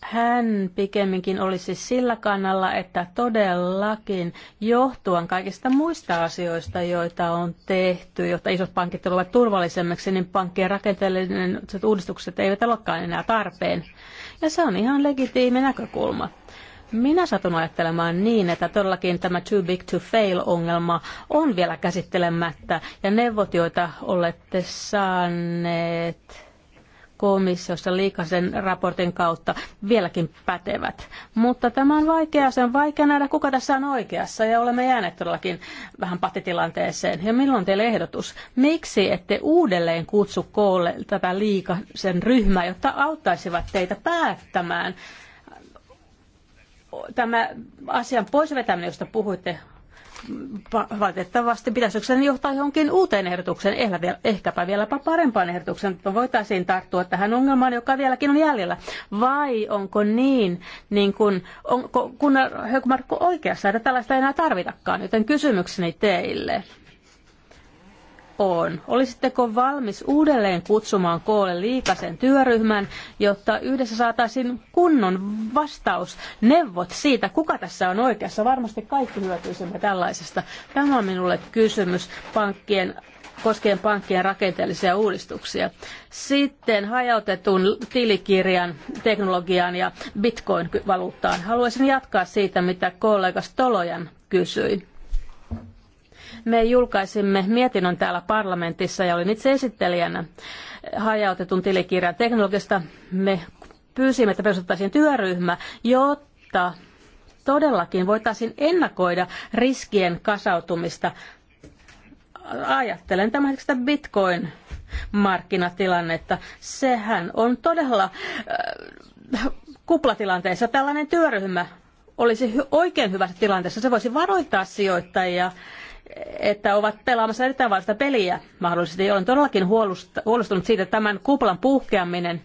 Hän pikemminkin olisi sillä kannalla, että todellakin johtuen kaikista muista asioista, joita on tehty, jotta isot pankit tulevat turvallisemmiksi, niin pankkien rakenteelliset uudistukset eivät olekaan enää tarpeen. Ja se on ihan legitiimi näkökulma minä satun ajattelemaan niin, että todellakin tämä too big to fail-ongelma on vielä käsittelemättä, ja neuvot, joita olette saaneet komissiossa liikasen raportin kautta vieläkin pätevät. Mutta tämä on vaikea, se on vaikea nähdä, kuka tässä on oikeassa, ja olemme jääneet todellakin vähän pattitilanteeseen. Ja milloin teille ehdotus? Miksi ette uudelleen kutsu koolle tätä liikasen ryhmää, jotta auttaisivat teitä päättämään tämä asian poisvetäminen, josta puhuitte, valitettavasti pitäisi johtaa johonkin uuteen ehdotukseen, ehkäpä vieläpä parempaan ehdotukseen, että voitaisiin tarttua tähän ongelmaan, joka vieläkin on jäljellä. Vai onko niin, niin kun, onko, kun Hökmarkku oikeassa, että tällaista ei enää tarvitakaan, joten kysymykseni teille – on. Olisitteko valmis uudelleen kutsumaan koolle liikasen työryhmän, jotta yhdessä saataisiin kunnon vastaus, neuvot siitä, kuka tässä on oikeassa. Varmasti kaikki hyötyisimme tällaisesta. Tämä on minulle kysymys pankkien koskien pankkien rakenteellisia uudistuksia. Sitten hajautetun tilikirjan teknologiaan ja bitcoin-valuuttaan. Haluaisin jatkaa siitä, mitä kollega Stolojan kysyi. Me julkaisimme mietinnön täällä parlamentissa ja olin itse esittelijänä hajautetun tilikirjan teknologista. Me pyysimme, että perustettaisiin työryhmä, jotta todellakin voitaisiin ennakoida riskien kasautumista. Ajattelen tämmöistä bitcoin markkinatilannetta. Sehän on todella äh, kuplatilanteessa. Tällainen työryhmä olisi oikein hyvässä tilanteessa. Se voisi varoittaa sijoittajia että ovat pelaamassa erittäin vaarallista peliä mahdollisesti. Olen todellakin huolestunut siitä, että tämän kuplan puhkeaminen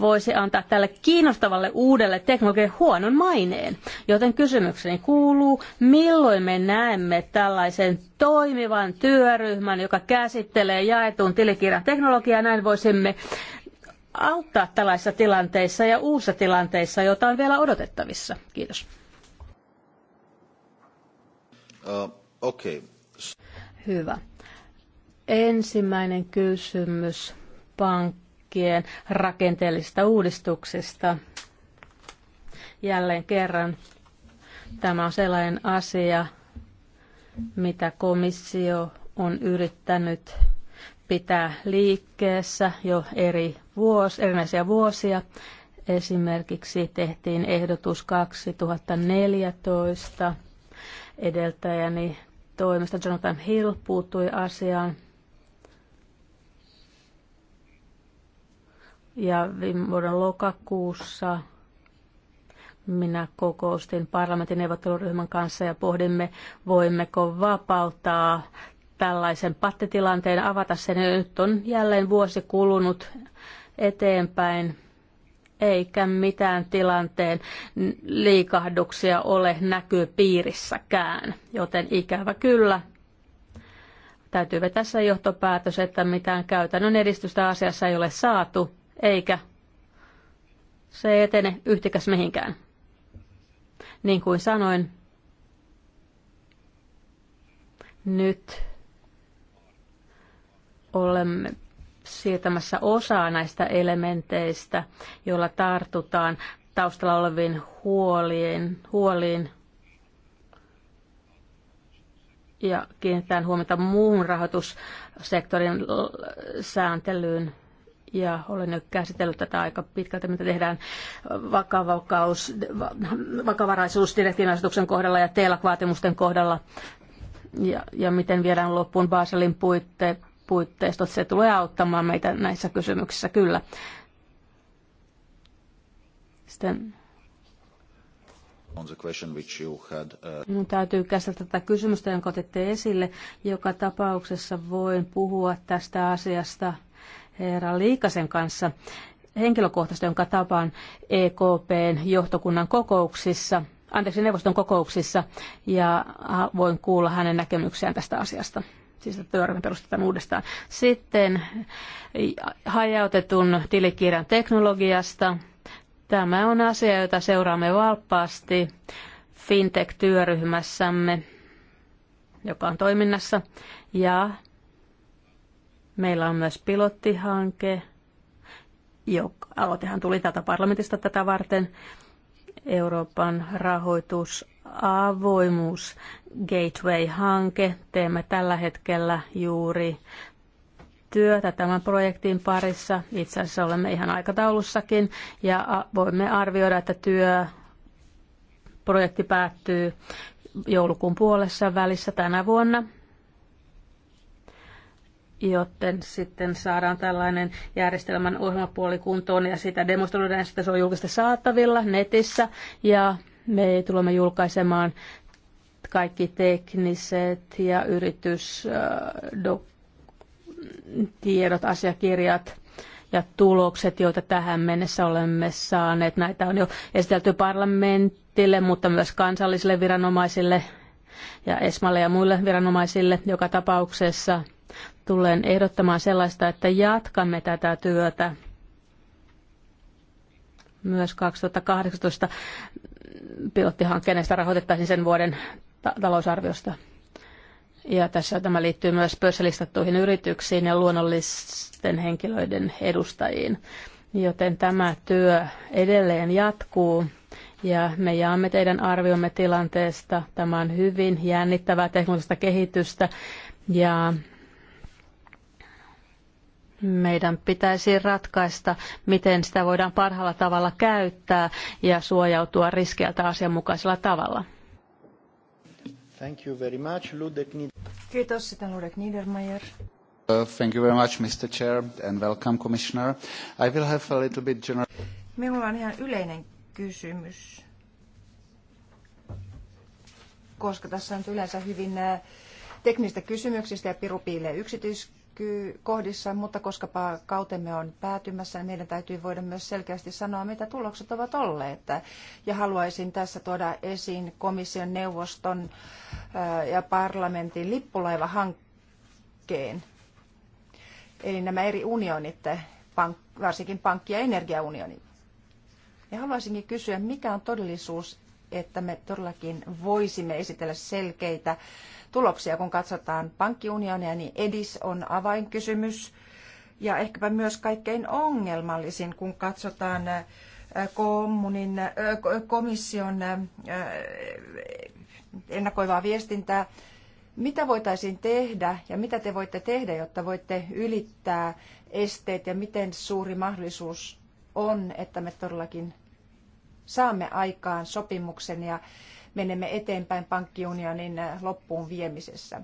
voisi antaa tälle kiinnostavalle uudelle teknologialle huonon maineen. Joten kysymykseni kuuluu, milloin me näemme tällaisen toimivan työryhmän, joka käsittelee jaetun tilikirjan teknologiaa, näin voisimme auttaa tällaisissa tilanteissa ja uusissa tilanteissa, joita on vielä odotettavissa. Kiitos. Uh. Okay. Hyvä. Ensimmäinen kysymys pankkien rakenteellisista uudistuksista. Jälleen kerran tämä on sellainen asia, mitä komissio on yrittänyt pitää liikkeessä jo eri vuos, erinäisiä vuosia. Esimerkiksi tehtiin ehdotus 2014 edeltäjäni toimesta Jonathan Hill puuttui asiaan. Ja viime vuoden lokakuussa minä kokoustin parlamentin neuvotteluryhmän kanssa ja pohdimme, voimmeko vapauttaa tällaisen pattitilanteen, avata sen. Ja nyt on jälleen vuosi kulunut eteenpäin eikä mitään tilanteen liikahduksia ole näköpiirissäkään. Joten ikävä kyllä, täytyy vetää se johtopäätös, että mitään käytännön edistystä asiassa ei ole saatu, eikä se etene yhtikäs mihinkään. Niin kuin sanoin, nyt olemme siirtämässä osaa näistä elementeistä, joilla tartutaan taustalla oleviin huoliin, huoliin ja kiinnitetään huomiota muun rahoitussektorin sääntelyyn. Ja olen jo käsitellyt tätä aika pitkälti, mitä tehdään vakavakaus, vakavaraisuusdirektiivin kohdalla ja telak kohdalla ja, ja miten viedään loppuun Baselin puitteet puitteistot. Se tulee auttamaan meitä näissä kysymyksissä, kyllä. Sitten on the question which you had, uh... Minun täytyy käsitellä tätä kysymystä, jonka otitte esille. Joka tapauksessa voin puhua tästä asiasta herra Liikasen kanssa henkilökohtaisesti, jonka tapaan EKPn johtokunnan kokouksissa, anteeksi neuvoston kokouksissa, ja voin kuulla hänen näkemyksiään tästä asiasta. Siis työryhmä perustetaan uudestaan. Sitten eh, hajautetun tilikirjan teknologiasta. Tämä on asia, jota seuraamme valppaasti fintech-työryhmässämme, joka on toiminnassa. Ja meillä on myös pilottihanke, joka aloitehan tuli täältä parlamentista tätä varten, Euroopan avoimuus Gateway-hanke. Teemme tällä hetkellä juuri työtä tämän projektin parissa. Itse asiassa olemme ihan aikataulussakin ja voimme arvioida, että työ projekti päättyy joulukuun puolessa välissä tänä vuonna joten sitten saadaan tällainen järjestelmän ohjelmapuoli kuntoon ja sitä demonstroidaan, että se on julkisesti saatavilla netissä ja me tulemme julkaisemaan kaikki tekniset ja yritystiedot, asiakirjat ja tulokset, joita tähän mennessä olemme saaneet. Näitä on jo esitelty parlamentille, mutta myös kansallisille viranomaisille ja ESMAlle ja muille viranomaisille joka tapauksessa – tulleen ehdottamaan sellaista, että jatkamme tätä työtä myös 2018 pilottihankkeesta rahoitettaisiin sen vuoden ta- talousarviosta. Ja tässä tämä liittyy myös pörssilistattuihin yrityksiin ja luonnollisten henkilöiden edustajiin. Joten tämä työ edelleen jatkuu ja me jaamme teidän arviomme tilanteesta. Tämä on hyvin jännittävää teknologista kehitystä ja meidän pitäisi ratkaista, miten sitä voidaan parhaalla tavalla käyttää ja suojautua riskeiltä asianmukaisella tavalla. Thank you very much, Ludek Kiitos, sitten Ludek Niedermayer. Uh, thank you very much, Mr. Chair, and welcome, Commissioner. I will have a little bit general... Minulla on ihan yleinen kysymys, koska tässä on yleensä hyvin äh, teknistä kysymyksistä ja piru piilee yksityiskohtia näkyy kohdissa, mutta koska kautemme on päätymässä, niin meidän täytyy voida myös selkeästi sanoa, mitä tulokset ovat olleet. Ja haluaisin tässä tuoda esiin komission neuvoston äh, ja parlamentin lippulaivahankkeen. Eli nämä eri unionit, varsinkin pankki- ja energiaunioni. Ja haluaisinkin kysyä, mikä on todellisuus, että me todellakin voisimme esitellä selkeitä tuloksia, kun katsotaan pankkiunionia, niin EDIS on avainkysymys ja ehkäpä myös kaikkein ongelmallisin, kun katsotaan äh, kommunin, äh, komission äh, ennakoivaa viestintää. Mitä voitaisiin tehdä ja mitä te voitte tehdä, jotta voitte ylittää esteet ja miten suuri mahdollisuus on, että me todellakin saamme aikaan sopimuksen ja menemme eteenpäin pankkiunionin äh, loppuun viemisessä.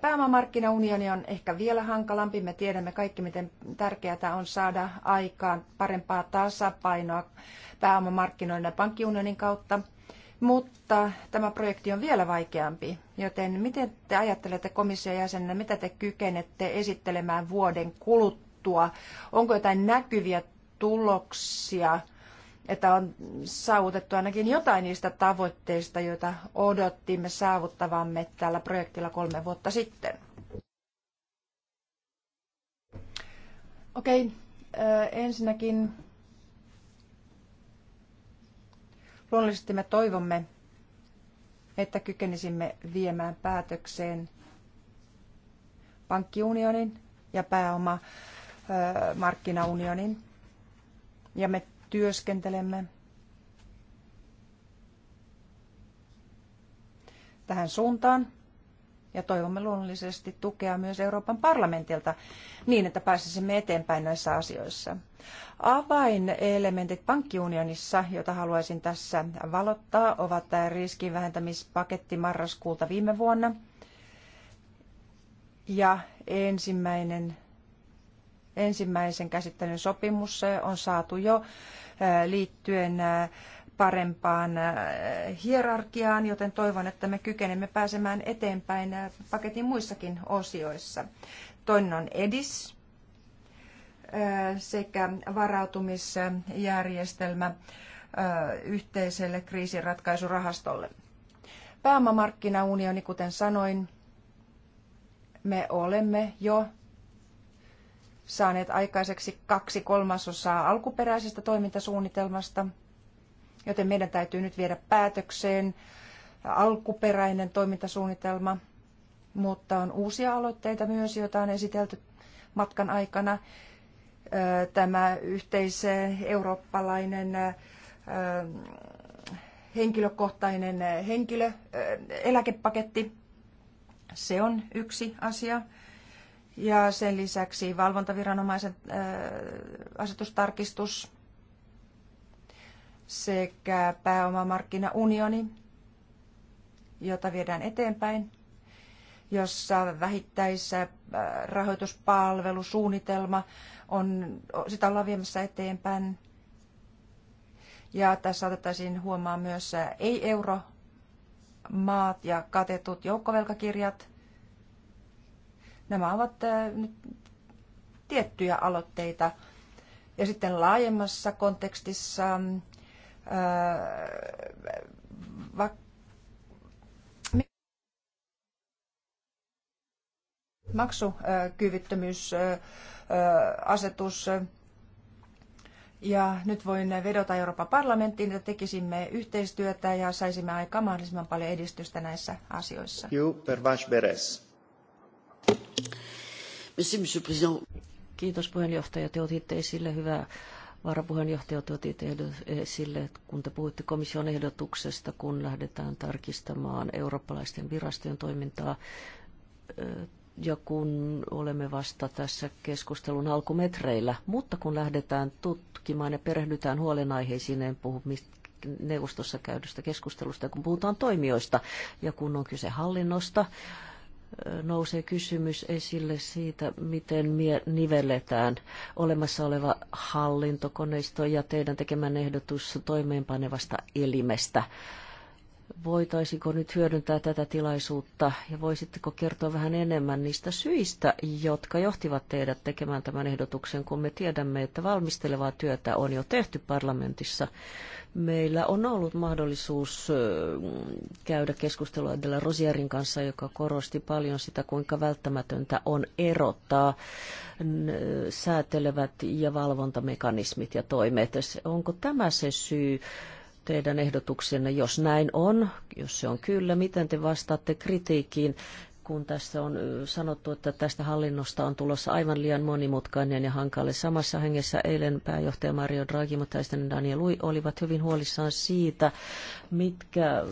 Pääomamarkkinaunioni on ehkä vielä hankalampi. Me tiedämme kaikki, miten tärkeää on saada aikaan parempaa tasapainoa pääomamarkkinoiden ja pankkiunionin kautta. Mutta tämä projekti on vielä vaikeampi, joten miten te ajattelette komission jäsenenä, mitä te kykenette esittelemään vuoden kuluttua? Onko jotain näkyviä tuloksia? että on saavutettu ainakin jotain niistä tavoitteista, joita odottimme saavuttavamme tällä projektilla kolme vuotta sitten. Okei, okay. ensinnäkin luonnollisesti me toivomme, että kykenisimme viemään päätökseen pankkiunionin ja pääoma markkinaunionin. Ja me työskentelemme tähän suuntaan ja toivomme luonnollisesti tukea myös Euroopan parlamentilta niin, että pääsisimme eteenpäin näissä asioissa. Avainelementit pankkiunionissa, jota haluaisin tässä valottaa, ovat tämä riskinvähentämispaketti marraskuulta viime vuonna ja ensimmäinen Ensimmäisen käsittelyn sopimus on saatu jo liittyen parempaan hierarkiaan, joten toivon, että me kykenemme pääsemään eteenpäin paketin muissakin osioissa. Toinen on EDIS sekä varautumisjärjestelmä yhteiselle kriisinratkaisurahastolle. Pääomamarkkinaunioni, kuten sanoin, me olemme jo saaneet aikaiseksi kaksi kolmasosaa alkuperäisestä toimintasuunnitelmasta, joten meidän täytyy nyt viedä päätökseen alkuperäinen toimintasuunnitelma, mutta on uusia aloitteita myös, joita on esitelty matkan aikana. Tämä yhteiseurooppalainen henkilökohtainen henkilö, eläkepaketti, se on yksi asia. Ja sen lisäksi valvontaviranomaisen äh, asetustarkistus sekä pääomamarkkinaunioni, jota viedään eteenpäin, jossa vähittäisessä äh, rahoituspalvelusuunnitelma on, sitä ollaan viemässä eteenpäin. Ja tässä otettaisiin huomaa myös äh, ei-euromaat ja katetut joukkovelkakirjat – Nämä ovat nyt tiettyjä aloitteita. Ja sitten laajemmassa kontekstissa va- maksukyvyttömyysasetus. Ja nyt voin vedota Euroopan parlamenttiin, että tekisimme yhteistyötä ja saisimme aikaan mahdollisimman paljon edistystä näissä asioissa. Kiitos, Kiitos puheenjohtaja. Te otitte esille hyvää varapuheenjohtaja otitte esille, kun te puhuitte komission ehdotuksesta, kun lähdetään tarkistamaan eurooppalaisten virastojen toimintaa. Ja kun olemme vasta tässä keskustelun alkumetreillä, mutta kun lähdetään tutkimaan ja perehdytään huolenaiheisiin, en puhu neuvostossa käydystä keskustelusta, kun puhutaan toimijoista ja kun on kyse hallinnosta, nousee kysymys esille siitä, miten mie nivelletään olemassa oleva hallintokoneisto ja teidän tekemän ehdotus toimeenpanevasta elimestä voitaisiko nyt hyödyntää tätä tilaisuutta ja voisitteko kertoa vähän enemmän niistä syistä, jotka johtivat teidät tekemään tämän ehdotuksen, kun me tiedämme, että valmistelevaa työtä on jo tehty parlamentissa. Meillä on ollut mahdollisuus käydä keskustelua Adela Rosierin kanssa, joka korosti paljon sitä, kuinka välttämätöntä on erottaa säätelevät ja valvontamekanismit ja toimet. Onko tämä se syy, teidän ehdotuksenne, jos näin on, jos se on kyllä, miten te vastaatte kritiikkiin, kun tässä on sanottu, että tästä hallinnosta on tulossa aivan liian monimutkainen ja hankale. Samassa hengessä eilen pääjohtaja Mario Draghi, mutta sitten Daniel Lui olivat hyvin huolissaan siitä, mitkä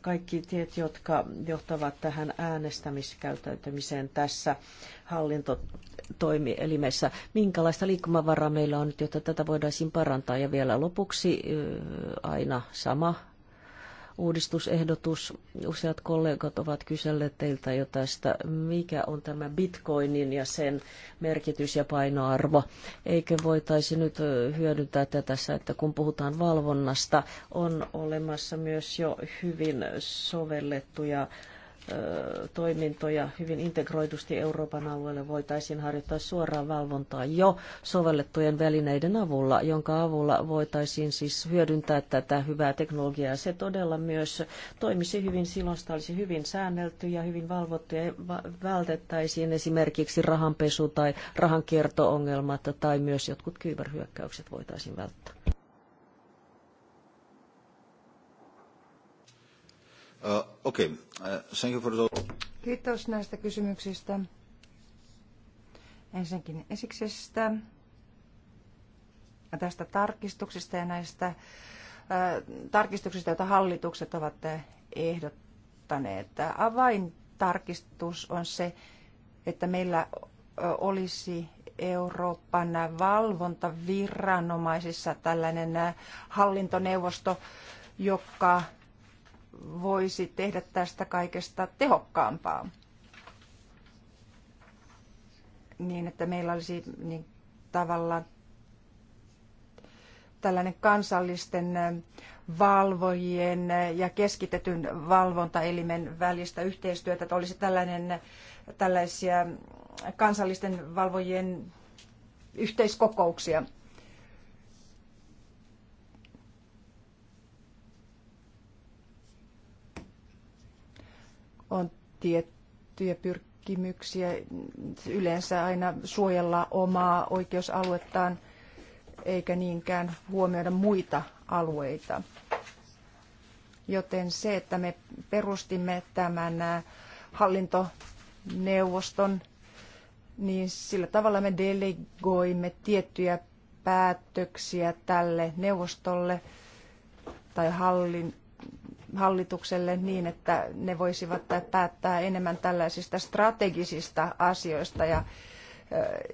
kaikki tiet, jotka johtavat tähän äänestämiskäyttäytymiseen tässä hallinto toimielimessä. Minkälaista liikkumavaraa meillä on nyt, jotta tätä voitaisiin parantaa? Ja vielä lopuksi aina sama uudistusehdotus. Useat kollegat ovat kyselleet teiltä jo tästä, mikä on tämä bitcoinin ja sen merkitys ja painoarvo. Eikö voitaisi nyt hyödyntää tätä tässä, että kun puhutaan valvonnasta, on olemassa myös jo hyvin sovellettuja toimintoja hyvin integroidusti Euroopan alueelle voitaisiin harjoittaa suoraan valvontaa jo sovellettujen välineiden avulla, jonka avulla voitaisiin siis hyödyntää tätä hyvää teknologiaa. Se todella myös toimisi hyvin, silloin sitä olisi hyvin säännelty ja hyvin valvottu ja vältettäisiin esimerkiksi rahanpesu tai rahankierto-ongelmat tai myös jotkut kyberhyökkäykset voitaisiin välttää. Uh, uh, Kiitos näistä kysymyksistä. Ensinnäkin esiksestä, tästä tarkistuksista ja näistä uh, tarkistuksista, joita hallitukset ovat ehdottaneet. Avaintarkistus on se, että meillä olisi Euroopan valvontaviranomaisissa tällainen hallintoneuvosto, joka voisi tehdä tästä kaikesta tehokkaampaa. Niin, että meillä olisi niin, tavallaan tällainen kansallisten valvojien ja keskitetyn valvontaelimen välistä yhteistyötä, että olisi tällainen, tällaisia kansallisten valvojien yhteiskokouksia – on tiettyjä pyrkimyksiä yleensä aina suojella omaa oikeusaluettaan eikä niinkään huomioida muita alueita. Joten se, että me perustimme tämän hallintoneuvoston, niin sillä tavalla me delegoimme tiettyjä päätöksiä tälle neuvostolle tai hallin, hallitukselle niin, että ne voisivat päättää enemmän tällaisista strategisista asioista. Ja,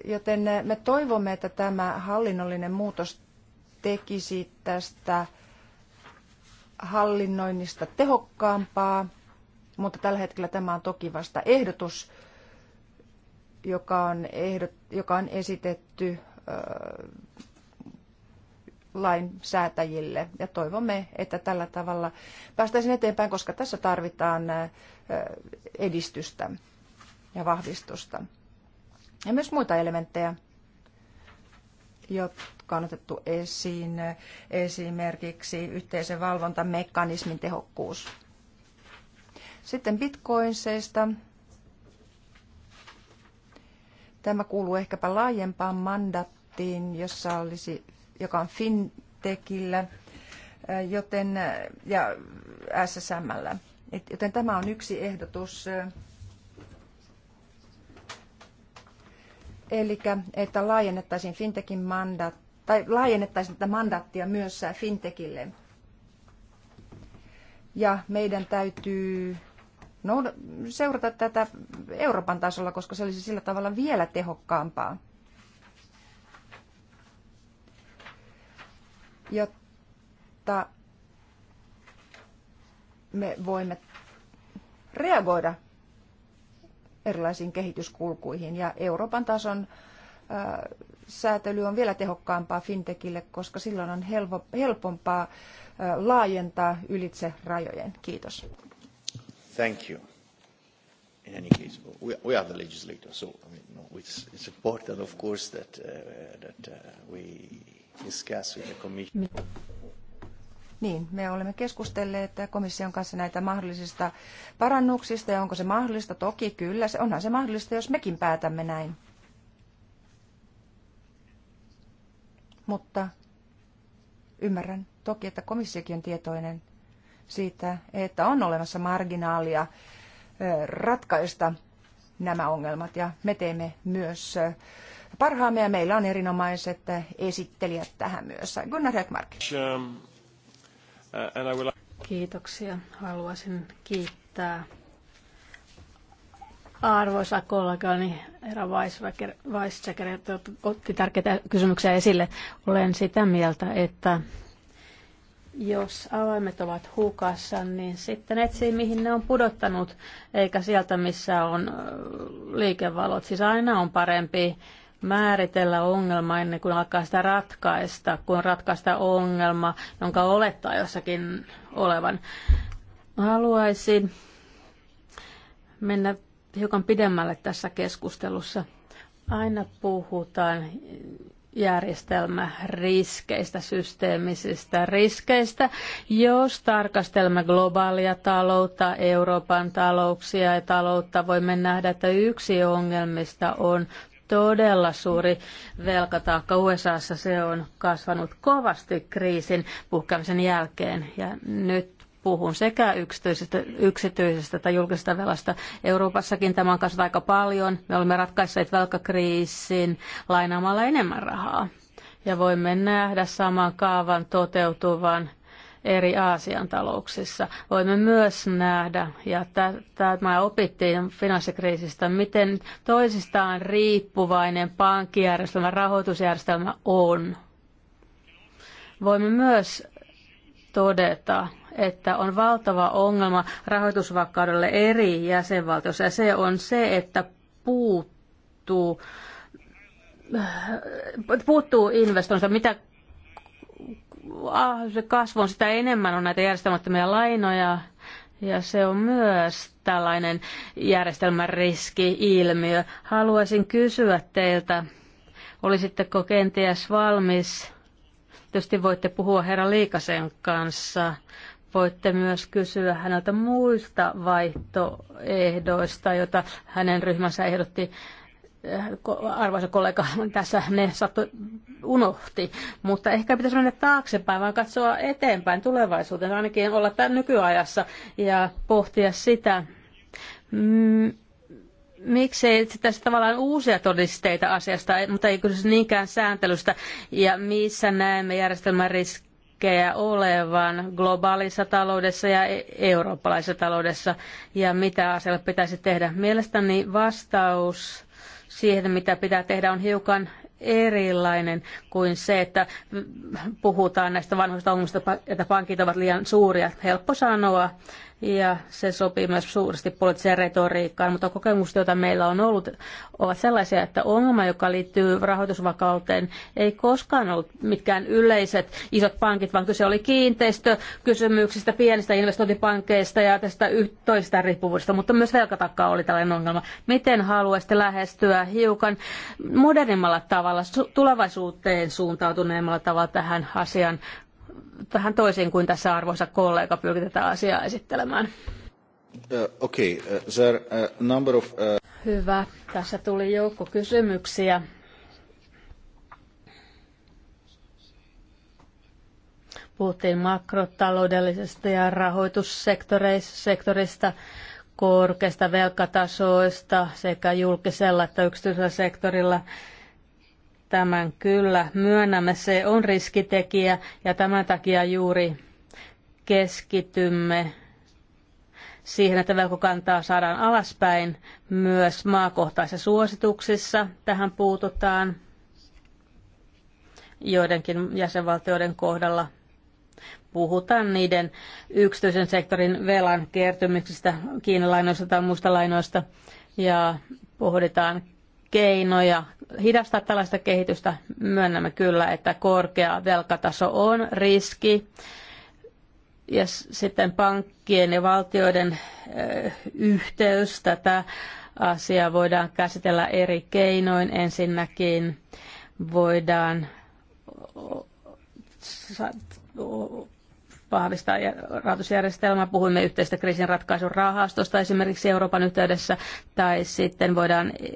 joten me toivomme, että tämä hallinnollinen muutos tekisi tästä hallinnoinnista tehokkaampaa, mutta tällä hetkellä tämä on toki vasta ehdotus, joka on, ehdot, joka on esitetty lainsäätäjille. Ja toivomme, että tällä tavalla päästäisiin eteenpäin, koska tässä tarvitaan edistystä ja vahvistusta. Ja myös muita elementtejä, jotka on otettu esiin, esimerkiksi yhteisen valvontamekanismin tehokkuus. Sitten bitcoinseista. Tämä kuuluu ehkäpä laajempaan mandaattiin, jossa olisi joka on FinTechillä, äh, joten, äh, ja SSMllä. Et, joten tämä on yksi ehdotus. Eli että laajennettaisiin FinTechin mandat, tai laajennettaisiin tätä mandaattia myös FinTechille. Ja meidän täytyy seurata tätä Euroopan tasolla, koska se olisi sillä tavalla vielä tehokkaampaa. jotta me voimme reagoida erilaisiin kehityskulkuihin. Ja Euroopan tason ää, säätely on vielä tehokkaampaa fintechille, koska silloin on helpo, helpompaa ää, laajentaa ylitse rajojen. Kiitos. Thank you. In any case, we, we are the legislator, so I mean, no, it's, it's important, of course, that, uh, that uh, we niin, me olemme keskustelleet komission kanssa näitä mahdollisista parannuksista ja onko se mahdollista? Toki kyllä, se onhan se mahdollista, jos mekin päätämme näin. Mutta ymmärrän toki, että komissiokin on tietoinen siitä, että on olemassa marginaalia ratkaista nämä ongelmat ja me teemme myös parhaamme ja meillä on erinomaiset esittelijät tähän myös. Gunnar Högmark. Um, uh, Kiitoksia. Haluaisin kiittää arvoisa kollegani Herra Weissäker, että otti tärkeitä kysymyksiä esille. Olen sitä mieltä, että jos avaimet ovat hukassa, niin sitten etsii, mihin ne on pudottanut, eikä sieltä, missä on liikevalot. Siis aina on parempi määritellä ongelma ennen kuin alkaa sitä ratkaista, kun ratkaista ongelma, jonka olettaa jossakin olevan. Haluaisin mennä hiukan pidemmälle tässä keskustelussa. Aina puhutaan järjestelmäriskeistä, systeemisistä riskeistä. Jos tarkastelemme globaalia taloutta, Euroopan talouksia ja taloutta, voimme nähdä, että yksi ongelmista on todella suuri velkataakka USAssa. Se on kasvanut kovasti kriisin puhkeamisen jälkeen ja nyt puhun sekä yksityisestä, yksityisestä tai julkisesta velasta. Euroopassakin tämä on kasvanut aika paljon. Me olemme ratkaisseet velkakriisin lainaamalla enemmän rahaa. Ja voimme nähdä saman kaavan toteutuvan eri Aasian talouksissa. Voimme myös nähdä, ja tämä opittiin finanssikriisistä, miten toisistaan riippuvainen pankkijärjestelmä, rahoitusjärjestelmä on. Voimme myös todeta, että on valtava ongelma rahoitusvakaudelle eri jäsenvaltioissa, ja se on se, että puuttuu puuttuu investoinnista, mitä Ah, kasvun, sitä enemmän on näitä järjestelmättömiä lainoja. Ja se on myös tällainen järjestelmäriski-ilmiö. Haluaisin kysyä teiltä, olisitteko kenties valmis, tietysti voitte puhua herra Liikasen kanssa, voitte myös kysyä häneltä muista vaihtoehdoista, joita hänen ryhmänsä ehdotti arvoisa kollega tässä ne sattu, unohti, mutta ehkä pitäisi mennä taaksepäin, vaan katsoa eteenpäin tulevaisuuteen, ainakin olla tämän nykyajassa ja pohtia sitä, mm, miksei tässä tavallaan uusia todisteita asiasta, mutta ei kyse niinkään sääntelystä ja missä näemme järjestelmän riskejä olevan globaalissa taloudessa ja e-, eurooppalaisessa taloudessa ja mitä asialle pitäisi tehdä. Mielestäni vastaus siihen, mitä pitää tehdä, on hiukan erilainen kuin se, että puhutaan näistä vanhoista ongelmista, että pankit ovat liian suuria. Helppo sanoa, ja se sopii myös suuresti poliittiseen retoriikkaan, mutta kokemukset, joita meillä on ollut, ovat sellaisia, että ongelma, joka liittyy rahoitusvakauteen, ei koskaan ollut mitkään yleiset isot pankit, vaan kyse oli kiinteistökysymyksistä, pienistä investointipankkeista ja tästä toista riippuvuudesta, mutta myös velkatakka oli tällainen ongelma. Miten haluaisitte lähestyä hiukan modernimmalla tavalla, tulevaisuuteen suuntautuneemmalla tavalla tähän asiaan? vähän toisin kuin tässä arvoisa kollega pyrki tätä asiaa esittelemään. Uh, okay. uh, there, uh, number of, uh... Hyvä. Tässä tuli joukko kysymyksiä. Puhuttiin makrotaloudellisesta ja rahoitussektorista, korkeista velkatasoista sekä julkisella että yksityisellä sektorilla. Uh, Tämän kyllä myönnämme, se on riskitekijä ja tämän takia juuri keskitymme siihen, että velkokantaa saadaan alaspäin. Myös maakohtaisissa suosituksissa tähän puututaan joidenkin jäsenvaltioiden kohdalla. Puhutaan niiden yksityisen sektorin velan kertymyksistä, kiinalainoista tai muista lainoista ja pohditaan keinoja hidastaa tällaista kehitystä. Myönnämme kyllä, että korkea velkataso on riski. Ja sitten pankkien ja valtioiden eh, yhteys tätä asiaa voidaan käsitellä eri keinoin. Ensinnäkin voidaan vahvistaa rahoitusjärjestelmää. Puhuimme yhteistä kriisinratkaisun rahastosta esimerkiksi Euroopan yhteydessä, tai sitten voidaan e-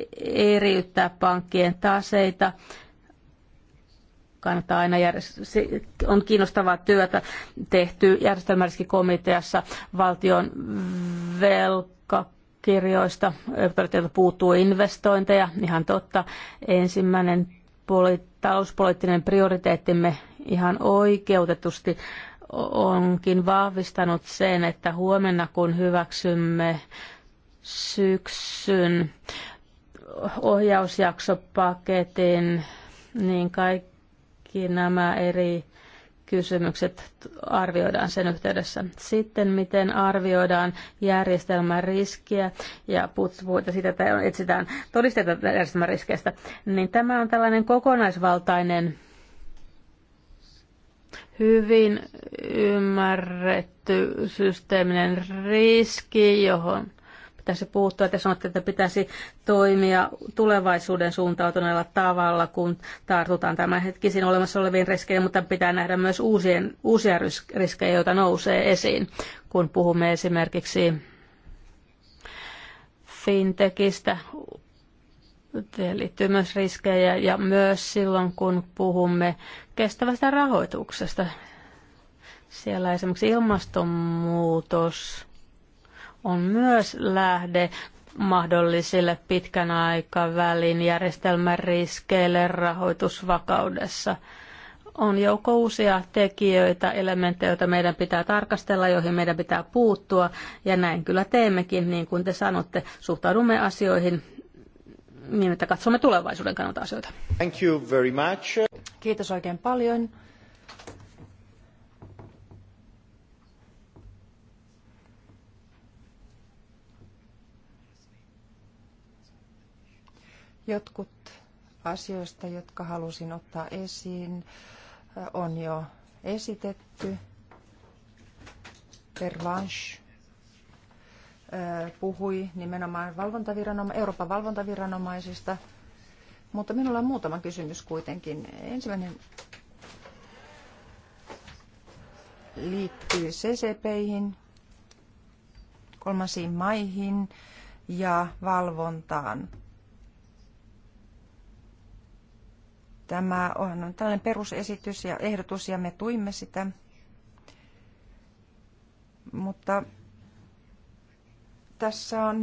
e- eriyttää pankkien taseita. Kannattaa aina järjest- on kiinnostavaa työtä tehty järjestelmäriskikomiteassa valtion velkakirjoista. kirjoista, puuttuu investointeja, ihan totta. Ensimmäinen poli- talouspoliittinen prioriteettimme ihan oikeutetusti onkin vahvistanut sen, että huomenna kun hyväksymme syksyn ohjausjaksopaketin, niin kaikki nämä eri kysymykset arvioidaan sen yhteydessä. Sitten miten arvioidaan järjestelmän riskiä ja putsvuita siitä, että etsitään todisteita järjestelmän riskeistä, niin tämä on tällainen kokonaisvaltainen hyvin ymmärretty systeeminen riski, johon pitäisi puuttua. Te sanotte, että pitäisi toimia tulevaisuuden suuntautuneella tavalla, kun tartutaan tämänhetkisiin olemassa oleviin riskeihin, mutta pitää nähdä myös uusien, uusia riskejä, joita nousee esiin, kun puhumme esimerkiksi fintechistä, Tähän liittyy myös riskejä ja myös silloin, kun puhumme kestävästä rahoituksesta. Siellä esimerkiksi ilmastonmuutos on myös lähde mahdollisille pitkän aikavälin riskeille rahoitusvakaudessa. On joukko uusia tekijöitä, elementtejä, joita meidän pitää tarkastella, joihin meidän pitää puuttua, ja näin kyllä teemmekin, niin kuin te sanotte, suhtaudumme asioihin niin, että katsomme tulevaisuuden kannalta asioita. Thank you very much. Kiitos oikein paljon. Jotkut asioista, jotka halusin ottaa esiin, äh, on jo esitetty. Pervanche puhui nimenomaan valvontaviranoma, Euroopan valvontaviranomaisista, mutta minulla on muutama kysymys kuitenkin. Ensimmäinen liittyy CCPihin, kolmansiin maihin ja valvontaan. Tämä on tällainen perusesitys ja ehdotus ja me tuimme sitä, mutta tässä on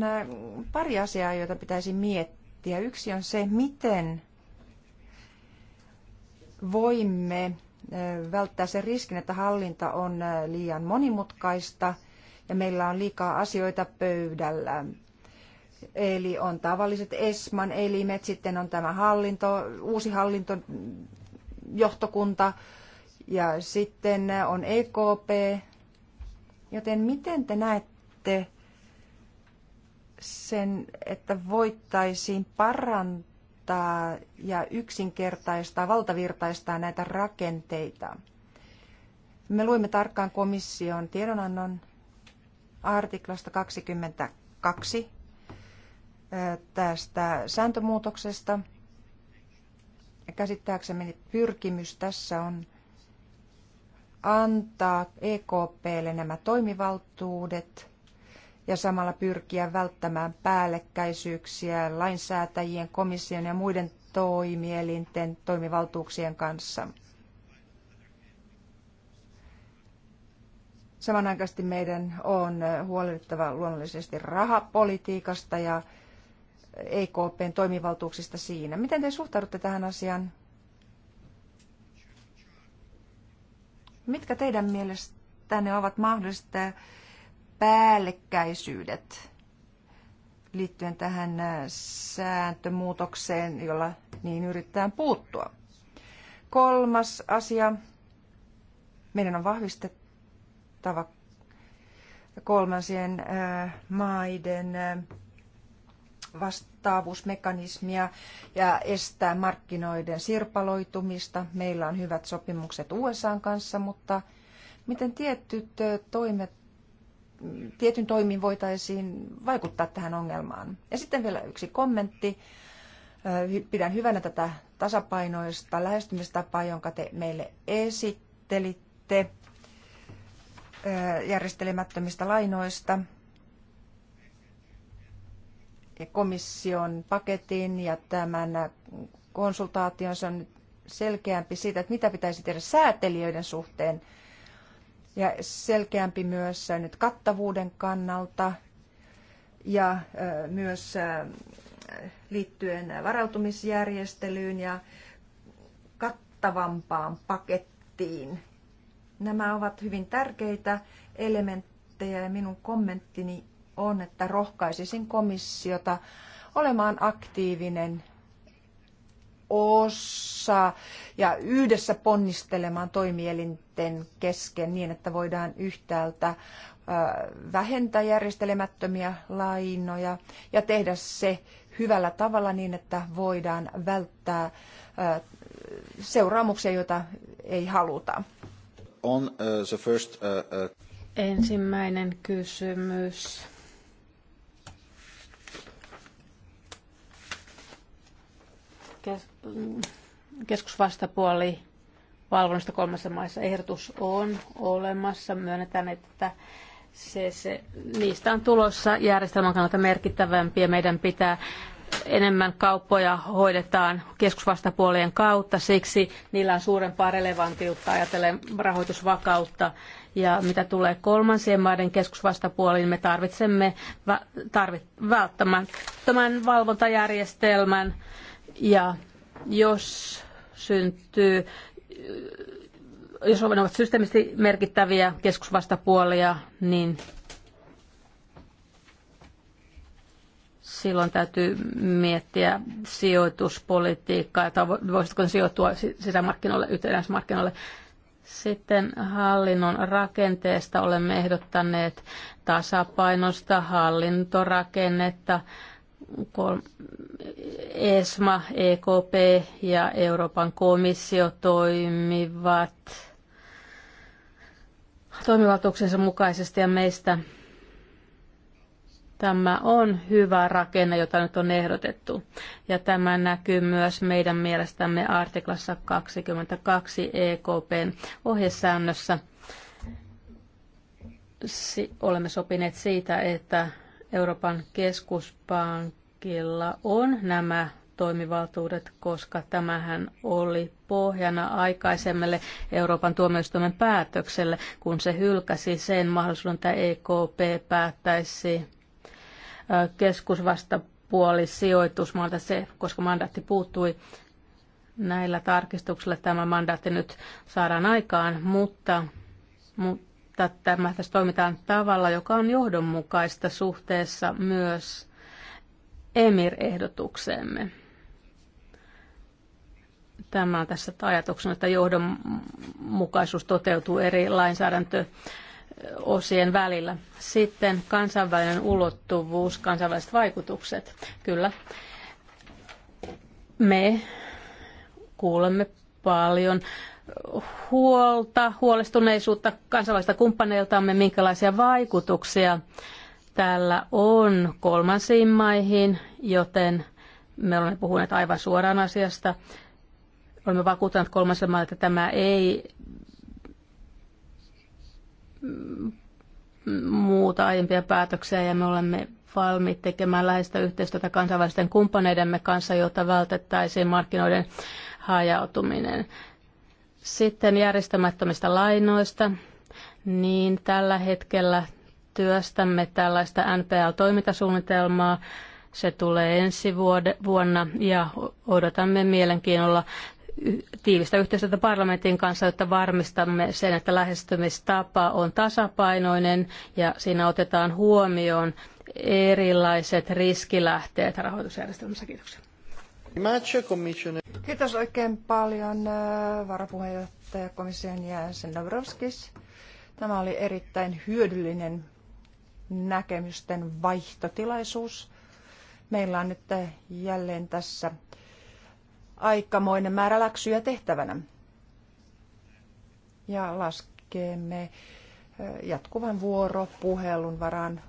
pari asiaa, joita pitäisi miettiä. Yksi on se, miten voimme välttää sen riskin, että hallinta on liian monimutkaista ja meillä on liikaa asioita pöydällä. Eli on tavalliset ESMAN elimet, sitten on tämä hallinto, uusi hallintojohtokunta ja sitten on EKP. Joten miten te näette sen, että voittaisiin parantaa ja yksinkertaistaa, valtavirtaistaa näitä rakenteita. Me luimme tarkkaan komission tiedonannon artiklasta 22 tästä sääntömuutoksesta. Käsittääkseni pyrkimys tässä on antaa EKPlle nämä toimivaltuudet – ja samalla pyrkiä välttämään päällekkäisyyksiä lainsäätäjien, komission ja muiden toimielinten toimivaltuuksien kanssa. Samanaikaisesti meidän on huolehdittava luonnollisesti rahapolitiikasta ja EKPn toimivaltuuksista siinä. Miten te suhtaudutte tähän asiaan? Mitkä teidän mielestänne ovat mahdollista päällekkäisyydet liittyen tähän äh, sääntömuutokseen, jolla niin yritetään puuttua. Kolmas asia. Meidän on vahvistettava kolmansien äh, maiden äh, vastaavuusmekanismia ja estää markkinoiden sirpaloitumista. Meillä on hyvät sopimukset USAn kanssa, mutta miten tietyt toimet tietyn toimin voitaisiin vaikuttaa tähän ongelmaan. Ja sitten vielä yksi kommentti. Pidän hyvänä tätä tasapainoista lähestymistapaa, jonka te meille esittelitte järjestelemättömistä lainoista ja komission paketin ja tämän konsultaation. Se on selkeämpi siitä, että mitä pitäisi tehdä säätelijöiden suhteen – ja selkeämpi myös äh, nyt kattavuuden kannalta ja äh, myös äh, liittyen varautumisjärjestelyyn ja kattavampaan pakettiin. Nämä ovat hyvin tärkeitä elementtejä ja minun kommenttini on, että rohkaisisin komissiota olemaan aktiivinen osa ja yhdessä ponnistelemaan toimielinten kesken niin, että voidaan yhtäältä vähentää järjestelemättömiä lainoja ja tehdä se hyvällä tavalla niin, että voidaan välttää seuraamuksia, joita ei haluta. On, uh, the first, uh, uh... Ensimmäinen kysymys. Kes- Mm, keskusvastapuoli valvonnasta kolmessa maissa ehdotus on olemassa. Myönnetään, että se, se, niistä on tulossa järjestelmän kannalta merkittävämpiä. Meidän pitää enemmän kauppoja hoidetaan keskusvastapuolien kautta, siksi niillä on suurempaa relevantiutta ajatellen rahoitusvakautta. Ja mitä tulee kolmansien maiden keskusvastapuoliin, me tarvitsemme vä- tarvit- välttämättömän valvontajärjestelmän ja jos syntyy jos ne ovat systeemisesti merkittäviä keskusvastapuolia, niin silloin täytyy miettiä sijoituspolitiikkaa, että voisitko sijoittua sisämarkkinoille, yhtenäismarkkinoille. Sitten hallinnon rakenteesta olemme ehdottaneet tasapainosta hallintorakennetta ESMA, EKP ja Euroopan komissio toimivat toimivaltuuksensa mukaisesti ja meistä tämä on hyvä rakenne, jota nyt on ehdotettu. Ja tämä näkyy myös meidän mielestämme artiklassa 22 EKPn ohjesäännössä. Olemme sopineet siitä, että Euroopan keskuspankki Tsekillä on nämä toimivaltuudet, koska tämähän oli pohjana aikaisemmalle Euroopan tuomioistuimen päätökselle, kun se hylkäsi sen mahdollisuuden, että EKP päättäisi keskusvastapuoli sijoitusmaalta se, koska mandaatti puuttui näillä tarkistuksilla tämä mandaatti nyt saadaan aikaan, mutta, mutta tämä, tässä toimitaan tavalla, joka on johdonmukaista suhteessa myös EMIR-ehdotukseemme. Tämä on tässä ajatuksena, että johdonmukaisuus toteutuu eri lainsäädäntöosien välillä. Sitten kansainvälinen ulottuvuus, kansainväliset vaikutukset. Kyllä, me kuulemme paljon huolta, huolestuneisuutta kansainvälistä kumppaneiltamme, minkälaisia vaikutuksia tällä on kolmansiin maihin, joten me olemme puhuneet aivan suoraan asiasta. Olemme vakuuttaneet kolmansille maille, että tämä ei muuta aiempia päätöksiä ja me olemme valmiit tekemään läheistä yhteistyötä kansainvälisten kumppaneidemme kanssa, jotta vältettäisiin markkinoiden hajautuminen. Sitten järjestämättömistä lainoista, niin tällä hetkellä työstämme tällaista NPL-toimintasuunnitelmaa. Se tulee ensi vuonna ja odotamme mielenkiinnolla tiivistä yhteistyötä parlamentin kanssa, jotta varmistamme sen, että lähestymistapa on tasapainoinen ja siinä otetaan huomioon erilaiset riskilähteet rahoitusjärjestelmässä. Kiitoksia. Kiitos oikein paljon äh, varapuheenjohtaja komission jäsen Dobrovskis. Tämä oli erittäin hyödyllinen näkemysten vaihtotilaisuus. Meillä on nyt jälleen tässä aikamoinen määrä läksyjä tehtävänä. Ja laskemme jatkuvan vuoropuhelun varaan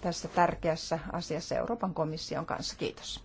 tässä tärkeässä asiassa Euroopan komission kanssa. Kiitos.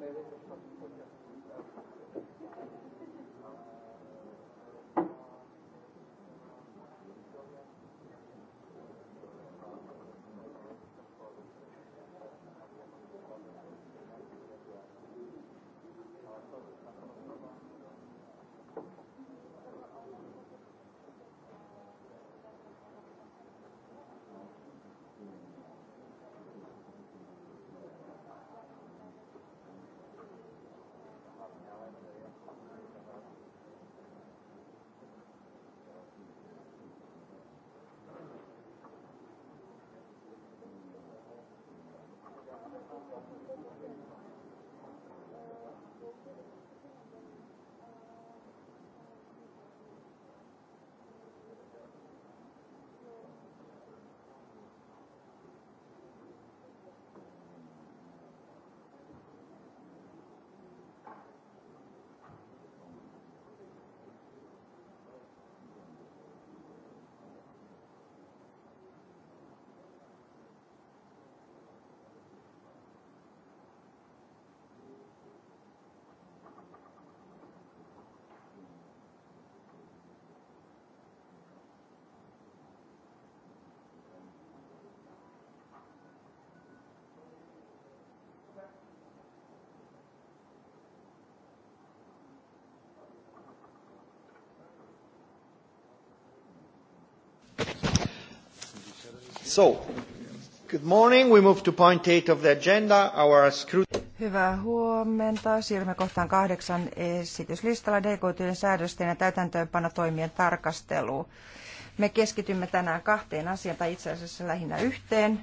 Thank you. good morning. We move to point eight of the agenda, our scrutiny. Hyvää huomenta. Siirrymme kohtaan kahdeksan esityslistalla dk säädösten ja täytäntöönpanotoimien tarkastelu. Me keskitymme tänään kahteen asiaan, tai itse asiassa lähinnä yhteen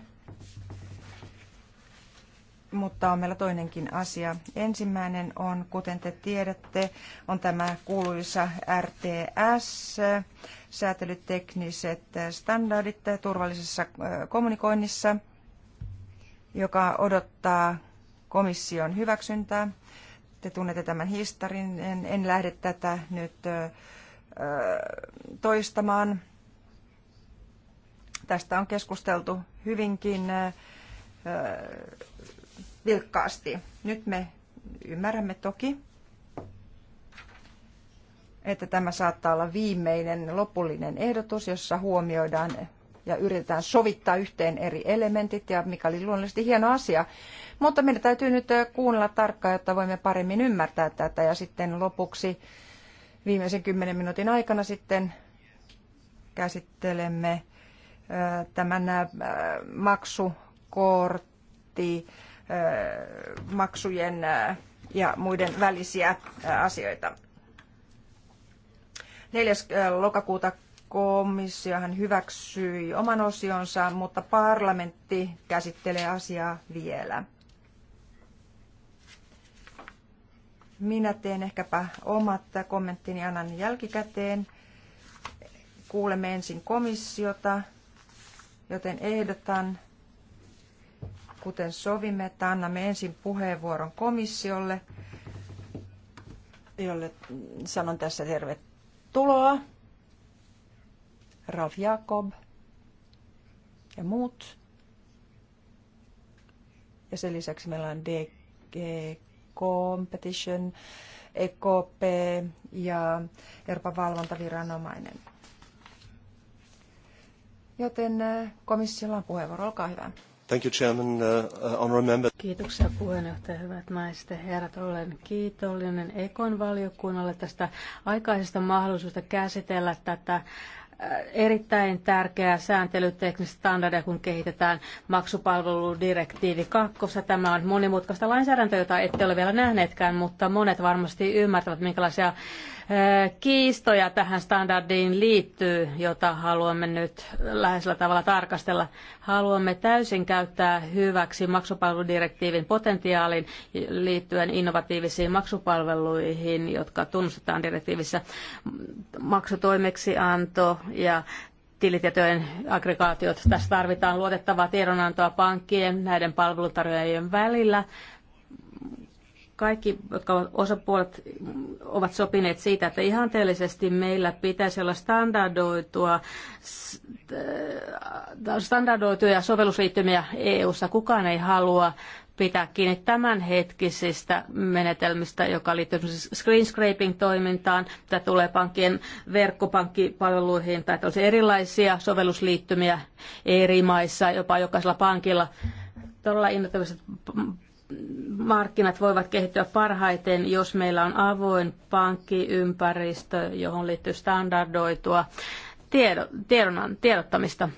mutta on meillä toinenkin asia. Ensimmäinen on, kuten te tiedätte, on tämä kuuluisa RTS, säätelytekniset standardit turvallisessa kommunikoinnissa, joka odottaa komission hyväksyntää. Te tunnette tämän historian, en, en lähde tätä nyt toistamaan. Tästä on keskusteltu hyvinkin vilkkaasti. Nyt me ymmärrämme toki, että tämä saattaa olla viimeinen lopullinen ehdotus, jossa huomioidaan ja yritetään sovittaa yhteen eri elementit, ja mikä oli luonnollisesti hieno asia. Mutta meidän täytyy nyt äh, kuunnella tarkkaan, jotta voimme paremmin ymmärtää tätä, ja sitten lopuksi viimeisen kymmenen minuutin aikana sitten käsittelemme äh, tämän äh, maksukortti maksujen ja muiden välisiä asioita. 4. lokakuuta komissiohan hyväksyi oman osionsa, mutta parlamentti käsittelee asiaa vielä. Minä teen ehkäpä omat kommenttini annan jälkikäteen. Kuulemme ensin komissiota, joten ehdotan, kuten sovimme, että annamme ensin puheenvuoron komissiolle, jolle sanon tässä tervetuloa. Ralf Jakob ja muut. Ja sen lisäksi meillä on DG Competition, EKP ja Euroopan valvontaviranomainen. Joten äh, komissiolla on puheenvuoro, olkaa hyvä. Thank you, Chairman. Uh, uh Kiitoksia puheenjohtaja, hyvät naiset ja herrat. Olen kiitollinen Ekon valiokunnalle tästä aikaisesta mahdollisuudesta käsitellä tätä äh, erittäin tärkeää sääntelyteknistä standardia, kun kehitetään maksupalveludirektiivi 2. Tämä on monimutkaista lainsäädäntöä, jota ette ole vielä nähneetkään, mutta monet varmasti ymmärtävät, minkälaisia kiistoja tähän standardiin liittyy, jota haluamme nyt läheisellä tavalla tarkastella. Haluamme täysin käyttää hyväksi maksupalveludirektiivin potentiaalin liittyen innovatiivisiin maksupalveluihin, jotka tunnustetaan direktiivissä maksutoimeksianto ja tilitietojen aggregaatiot. Tässä tarvitaan luotettavaa tiedonantoa pankkien, näiden palveluntarjoajien välillä, kaikki, jotka ovat osapuolet, ovat sopineet siitä, että ihanteellisesti meillä pitäisi olla standardoitua, äh, standardoituja sovellusliittymiä EU-ssa. Kukaan ei halua pitää kiinni tämänhetkisistä menetelmistä, joka liittyy screen scraping-toimintaan, mitä tulee pankkien verkkopankkipalveluihin tai erilaisia sovellusliittymiä eri maissa, jopa jokaisella pankilla todella innoittavissa markkinat voivat kehittyä parhaiten, jos meillä on avoin pankkiympäristö, johon liittyy standardoitua tiedon, tiedottamista.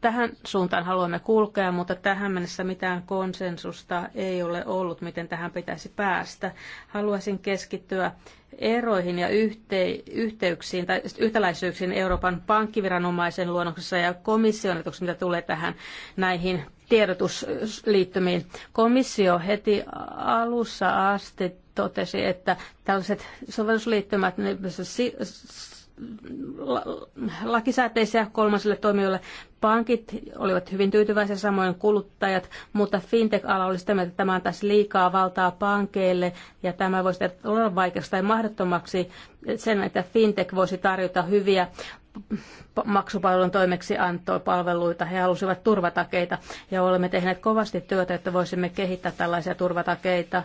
Tähän suuntaan haluamme kulkea, mutta tähän mennessä mitään konsensusta ei ole ollut, miten tähän pitäisi päästä. Haluaisin keskittyä eroihin ja yhte, yhteyksiin tai yhtäläisyyksiin Euroopan pankkiviranomaisen luonnoksessa ja komission mitä tulee tähän näihin tiedotusliittymiin. Komissio heti alussa asti totesi, että tällaiset sovellusliittymät ne lakisääteisiä kolmasille toimijoille. Pankit olivat hyvin tyytyväisiä, samoin kuluttajat, mutta fintech-ala oli sitä mieltä, että tämä antaisi liikaa valtaa pankeille ja tämä voisi olla vaikeaksi tai mahdottomaksi sen, että fintech voisi tarjota hyviä maksupalvelun toimeksi antoi palveluita. He halusivat turvatakeita ja olemme tehneet kovasti työtä, että voisimme kehittää tällaisia turvatakeita.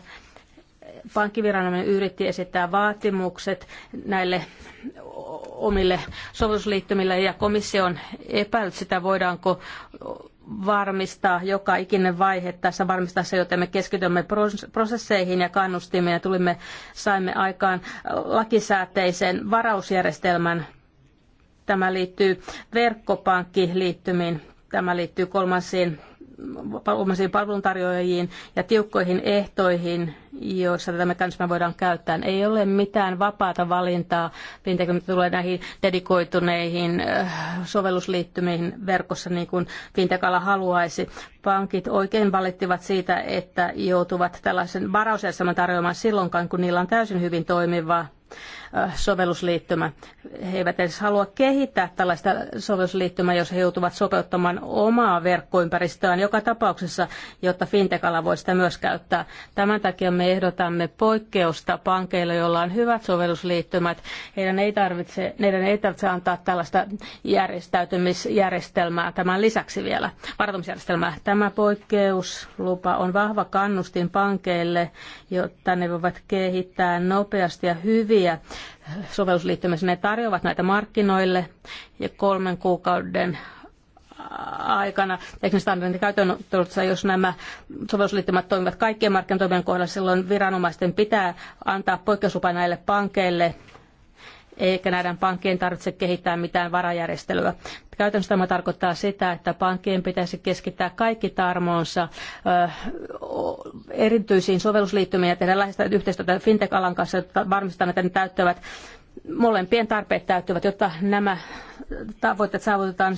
Pankkiviranomainen yritti esittää vaatimukset näille omille sovitusliittymille ja komissio on epäillyt sitä, voidaanko varmistaa joka ikinen vaihe tässä varmistaa se, joten me keskitymme prosesseihin ja kannustimme ja tulimme, saimme aikaan lakisääteisen varausjärjestelmän Tämä liittyy verkkopankkiliittymiin, tämä liittyy kolmansiin kolmansiin palveluntarjoajiin ja tiukkoihin ehtoihin, joissa tätä mekanismia voidaan käyttää. Ei ole mitään vapaata valintaa, mitä tulee näihin dedikoituneihin äh, sovellusliittymiin verkossa, niin kuin Fintekalla haluaisi. Pankit oikein valittivat siitä, että joutuvat tällaisen varausjärjestelmän tarjoamaan silloinkaan, kun niillä on täysin hyvin toimiva Äh, sovellusliittymä. He eivät edes halua kehittää tällaista sovellusliittymää, jos he joutuvat sopeuttamaan omaa verkkoympäristöään joka tapauksessa, jotta fintekala voi sitä myös käyttää. Tämän takia me ehdotamme poikkeusta pankeille, joilla on hyvät sovellusliittymät. Heidän ei tarvitse, heidän ei tarvitse antaa tällaista järjestäytymisjärjestelmää tämän lisäksi vielä, varautumisjärjestelmää. Tämä poikkeuslupa on vahva kannustin pankeille, jotta ne voivat kehittää nopeasti ja hyviä sovellusliittymässä. Ne tarjoavat näitä markkinoille ja kolmen kuukauden aikana teknisen standardin käyttöönotossa, jos nämä sovellusliittymät toimivat kaikkien markkinoiden kohdalla, silloin viranomaisten pitää antaa poikkeuslupa näille pankeille eikä näiden pankkien tarvitse kehittää mitään varajärjestelyä. Käytännössä tämä tarkoittaa sitä, että pankkien pitäisi keskittää kaikki tarmoonsa erityisiin sovellusliittymiin ja tehdä läheistä yhteistyötä fintech-alan kanssa, jotta varmistetaan, että ne täyttävät molempien tarpeet täyttävät, jotta nämä tavoitteet saavutetaan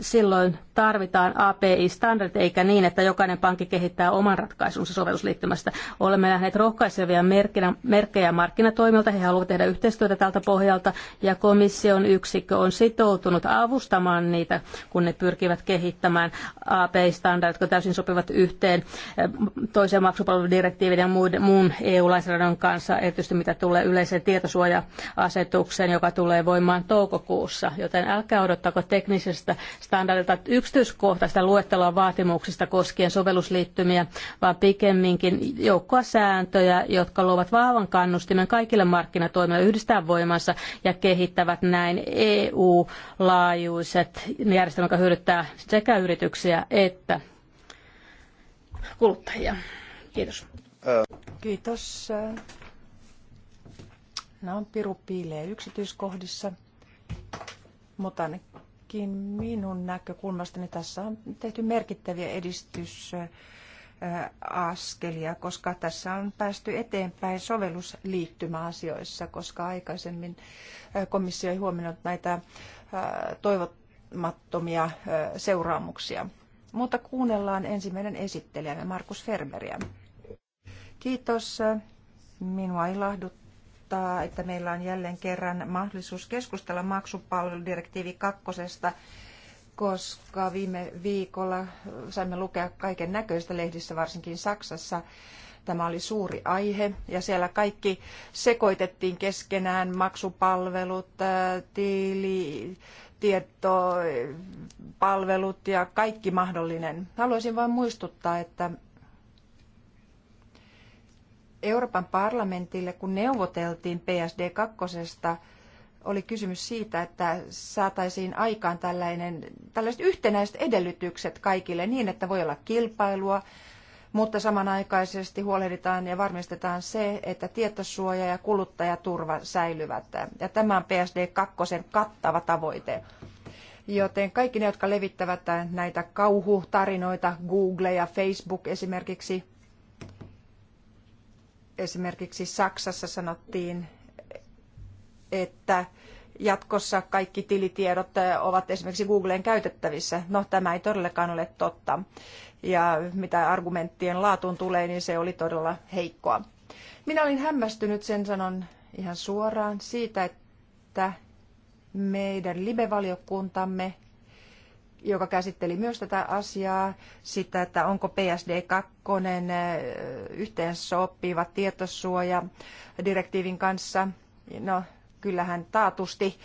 silloin tarvitaan API-standardit, eikä niin, että jokainen pankki kehittää oman ratkaisunsa sovellusliittymästä. Olemme nähneet rohkaisevia merkkinä, merkkejä markkinatoimilta. He haluavat tehdä yhteistyötä tältä pohjalta, ja komission yksikkö on sitoutunut avustamaan niitä, kun ne pyrkivät kehittämään API-standardit, jotka täysin sopivat yhteen eh, toisen maksupalveludirektiivin ja muun EU-lainsäädännön kanssa, erityisesti mitä tulee yleiseen tietosuoja-asetukseen, joka tulee voimaan toukokuussa. Joten älkää odottako teknisestä standardilta yksityiskohtaista luetteloa vaatimuksista koskien sovellusliittymiä, vaan pikemminkin joukkoa sääntöjä, jotka luovat vahvan kannustimen kaikille markkinatoimijoille yhdistää voimansa ja kehittävät näin EU-laajuiset järjestelmät, jotka hyödyttää sekä yrityksiä että kuluttajia. Kiitos. Kiitos. Nämä on piru piilee yksityiskohdissa, mutta ainakin minun näkökulmastani tässä on tehty merkittäviä edistysaskelia, koska tässä on päästy eteenpäin sovellusliittymäasioissa, koska aikaisemmin komissio ei huomioinut näitä toivottomattomia seuraamuksia. Mutta kuunnellaan ensimmäinen esittelijämme Markus Fermeriä. Kiitos. Minua ilahdut muistuttaa, että meillä on jälleen kerran mahdollisuus keskustella maksupalveludirektiivi kakkosesta, koska viime viikolla saimme lukea kaiken näköistä lehdissä, varsinkin Saksassa. Tämä oli suuri aihe ja siellä kaikki sekoitettiin keskenään maksupalvelut, äh, tili, tietopalvelut ja kaikki mahdollinen. Haluaisin vain muistuttaa, että Euroopan parlamentille, kun neuvoteltiin PSD2, oli kysymys siitä, että saataisiin aikaan tällainen, tällaiset yhtenäiset edellytykset kaikille niin, että voi olla kilpailua, mutta samanaikaisesti huolehditaan ja varmistetaan se, että tietosuoja ja kuluttajaturva säilyvät. Ja tämä on PSD2 kattava tavoite. Joten kaikki ne, jotka levittävät näitä kauhutarinoita, Google ja Facebook esimerkiksi, esimerkiksi Saksassa sanottiin, että jatkossa kaikki tilitiedot ovat esimerkiksi Googlen käytettävissä. No, tämä ei todellakaan ole totta. Ja mitä argumenttien laatuun tulee, niin se oli todella heikkoa. Minä olin hämmästynyt, sen sanon ihan suoraan, siitä, että meidän libevaliokuntamme joka käsitteli myös tätä asiaa, sitä, että onko PSD2 yhteensopiva tietosuoja direktiivin kanssa. No, kyllähän taatusti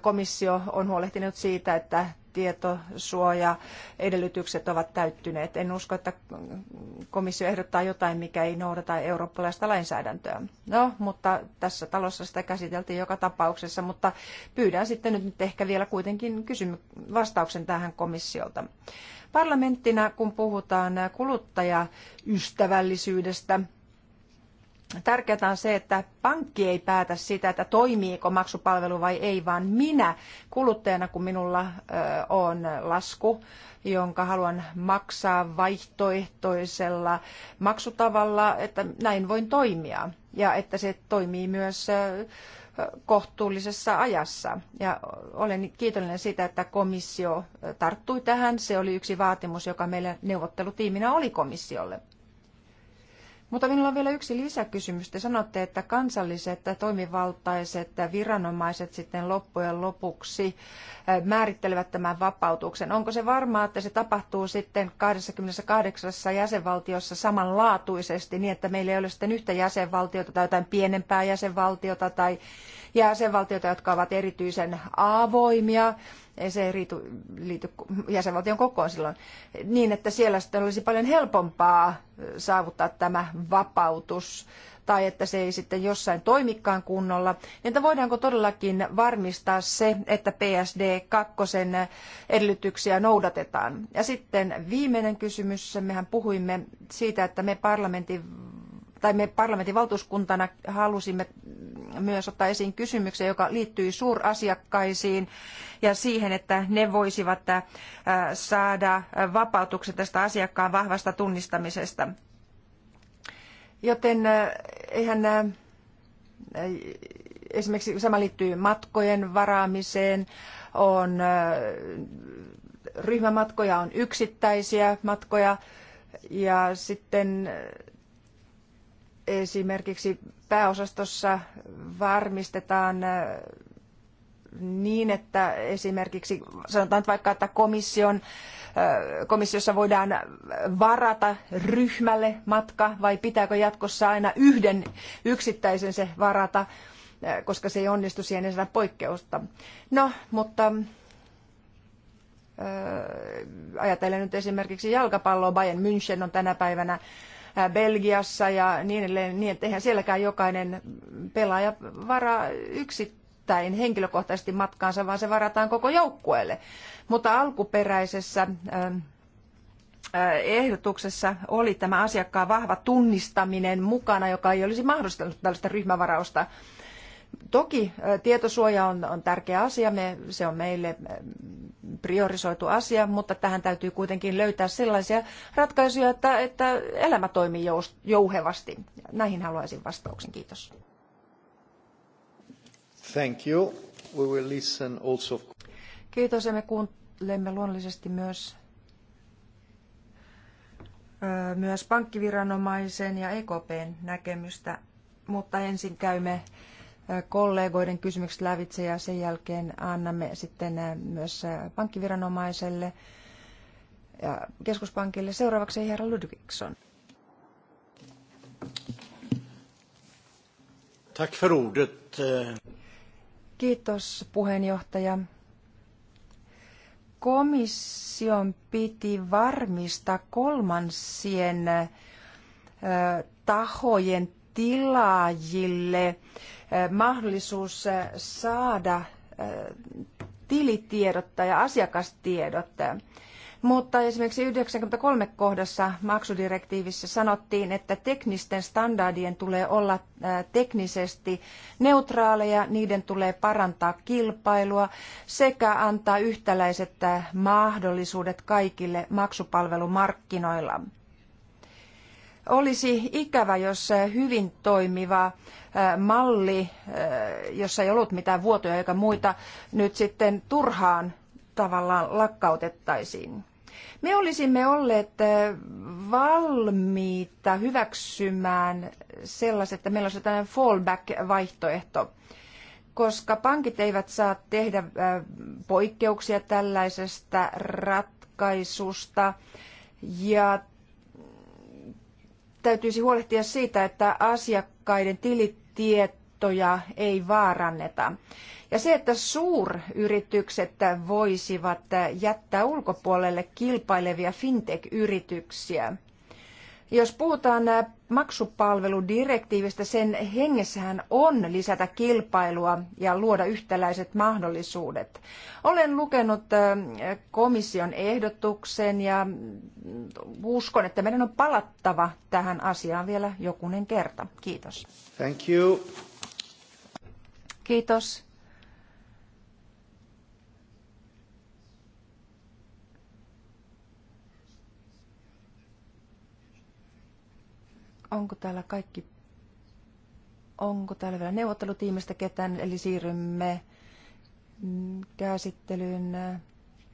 komissio on huolehtinut siitä, että tietosuoja edellytykset ovat täyttyneet. En usko, että komissio ehdottaa jotain, mikä ei noudata eurooppalaista lainsäädäntöä. No, mutta tässä talossa sitä käsiteltiin joka tapauksessa, mutta pyydän sitten nyt ehkä vielä kuitenkin kysymy- vastauksen tähän komissiolta. Parlamenttina, kun puhutaan kuluttajaystävällisyydestä, Tärkeää on se, että pankki ei päätä sitä, että toimiiko maksupalvelu vai ei, vaan minä kuluttajana, kun minulla on lasku, jonka haluan maksaa vaihtoehtoisella maksutavalla, että näin voin toimia ja että se toimii myös kohtuullisessa ajassa. Ja olen kiitollinen siitä, että komissio tarttui tähän. Se oli yksi vaatimus, joka meillä neuvottelutiiminä oli komissiolle. Mutta minulla on vielä yksi lisäkysymys. Te sanotte, että kansalliset toimivaltaiset viranomaiset sitten loppujen lopuksi eh, määrittelevät tämän vapautuksen. Onko se varmaa, että se tapahtuu sitten 28 jäsenvaltiossa samanlaatuisesti niin, että meillä ei ole sitten yhtä jäsenvaltiota tai jotain pienempää jäsenvaltiota tai jäsenvaltiota, jotka ovat erityisen avoimia ei se ei liity jäsenvaltion kokoon silloin, niin että siellä sitten olisi paljon helpompaa saavuttaa tämä vapautus tai että se ei sitten jossain toimikaan kunnolla, niin että voidaanko todellakin varmistaa se, että PSD 2 edellytyksiä noudatetaan. Ja sitten viimeinen kysymys, mehän puhuimme siitä, että me parlamentin tai me parlamentin valtuuskuntana halusimme myös ottaa esiin kysymyksen, joka liittyy suurasiakkaisiin ja siihen, että ne voisivat äh, saada vapautuksen tästä asiakkaan vahvasta tunnistamisesta. Joten äh, eihän äh, esimerkiksi sama liittyy matkojen varaamiseen, on ryhmämatkoja, on yksittäisiä matkoja ja sitten esimerkiksi pääosastossa varmistetaan äh, niin, että esimerkiksi sanotaan että vaikka, että komission, äh, komissiossa voidaan varata ryhmälle matka vai pitääkö jatkossa aina yhden yksittäisen se varata, äh, koska se ei onnistu siihen ei saada poikkeusta. No, mutta ajatellen nyt esimerkiksi jalkapalloa, Bayern München on tänä päivänä Belgiassa ja niin edelleen, niin että eihän sielläkään jokainen pelaaja varaa yksittäin henkilökohtaisesti matkaansa, vaan se varataan koko joukkueelle. Mutta alkuperäisessä ehdotuksessa oli tämä asiakkaan vahva tunnistaminen mukana, joka ei olisi mahdollistanut tällaista ryhmävarausta Toki tietosuoja on, on tärkeä asia, me, se on meille priorisoitu asia, mutta tähän täytyy kuitenkin löytää sellaisia ratkaisuja, että, että elämä toimii jouhevasti. Näihin haluaisin vastauksen. Kiitos. Thank you. We will listen also. Kiitos ja me kuuntelemme luonnollisesti myös, myös pankkiviranomaisen ja EKPn näkemystä, mutta ensin käymme kollegoiden kysymykset lävitse ja sen jälkeen annamme sitten myös pankkiviranomaiselle ja keskuspankille. Seuraavaksi herra Ludvigsson. Tack för ordet. Kiitos puheenjohtaja. Komission piti varmistaa kolmansien tahojen tilaajille eh, mahdollisuus eh, saada eh, tilitiedot tai asiakastiedot. Mutta esimerkiksi 93 kohdassa maksudirektiivissä sanottiin, että teknisten standardien tulee olla teknisesti neutraaleja, niiden tulee parantaa kilpailua sekä antaa yhtäläiset mahdollisuudet kaikille maksupalvelumarkkinoilla. Olisi ikävä, jos hyvin toimiva äh, malli, äh, jossa ei ollut mitään vuotoja eikä muita, nyt sitten turhaan tavallaan lakkautettaisiin. Me olisimme olleet äh, valmiita hyväksymään sellaiset, että meillä olisi tällainen fallback-vaihtoehto, koska pankit eivät saa tehdä poikkeuksia tällaisesta ratkaisusta ja täytyisi huolehtia siitä, että asiakkaiden tilitietoja ei vaaranneta. Ja se, että suuryritykset voisivat jättää ulkopuolelle kilpailevia fintech-yrityksiä, jos puhutaan äh, maksupalveludirektiivistä, sen hengessähän on lisätä kilpailua ja luoda yhtäläiset mahdollisuudet. Olen lukenut äh, komission ehdotuksen ja mm, uskon, että meidän on palattava tähän asiaan vielä jokunen kerta. Kiitos. Thank you. Kiitos. Onko täällä kaikki, onko täällä vielä neuvottelutiimistä ketään, eli siirrymme käsittelyyn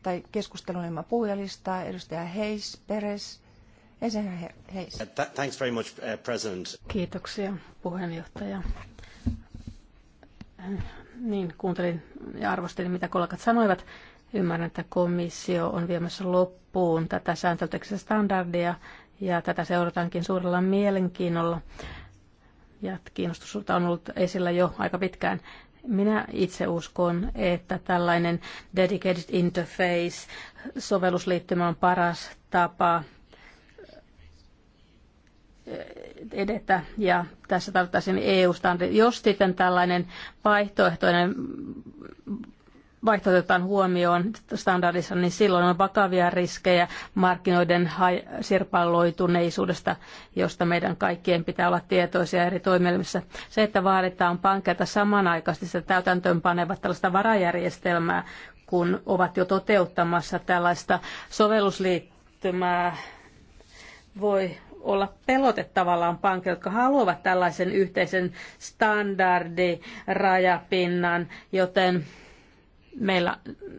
tai keskustelun ilman puhujalistaa. Edustaja Heis, Peres. Ensin Heis. Thanks very much, uh, President. Kiitoksia, puheenjohtaja. Niin, kuuntelin ja arvostelin, mitä kollegat sanoivat. Ymmärrän, että komissio on viemässä loppuun tätä sääntöteksistä standardia ja tätä seurataankin suurella mielenkiinnolla. Ja kiinnostus on ollut esillä jo aika pitkään. Minä itse uskon, että tällainen Dedicated Interface-sovellusliittymä on paras tapa edetä ja tässä tarvittaisiin EU-standardi. Jos sitten tällainen vaihtoehtoinen otetaan huomioon standardissa, niin silloin on vakavia riskejä markkinoiden sirpaloituneisuudesta, josta meidän kaikkien pitää olla tietoisia eri toimielimissä. Se, että vaaditaan pankkeilta samanaikaisesti sitä täytäntöönpanevat tällaista varajärjestelmää, kun ovat jo toteuttamassa tällaista sovellusliittymää, voi olla pelote tavallaan pankkeja, jotka haluavat tällaisen yhteisen standardirajapinnan, joten meillä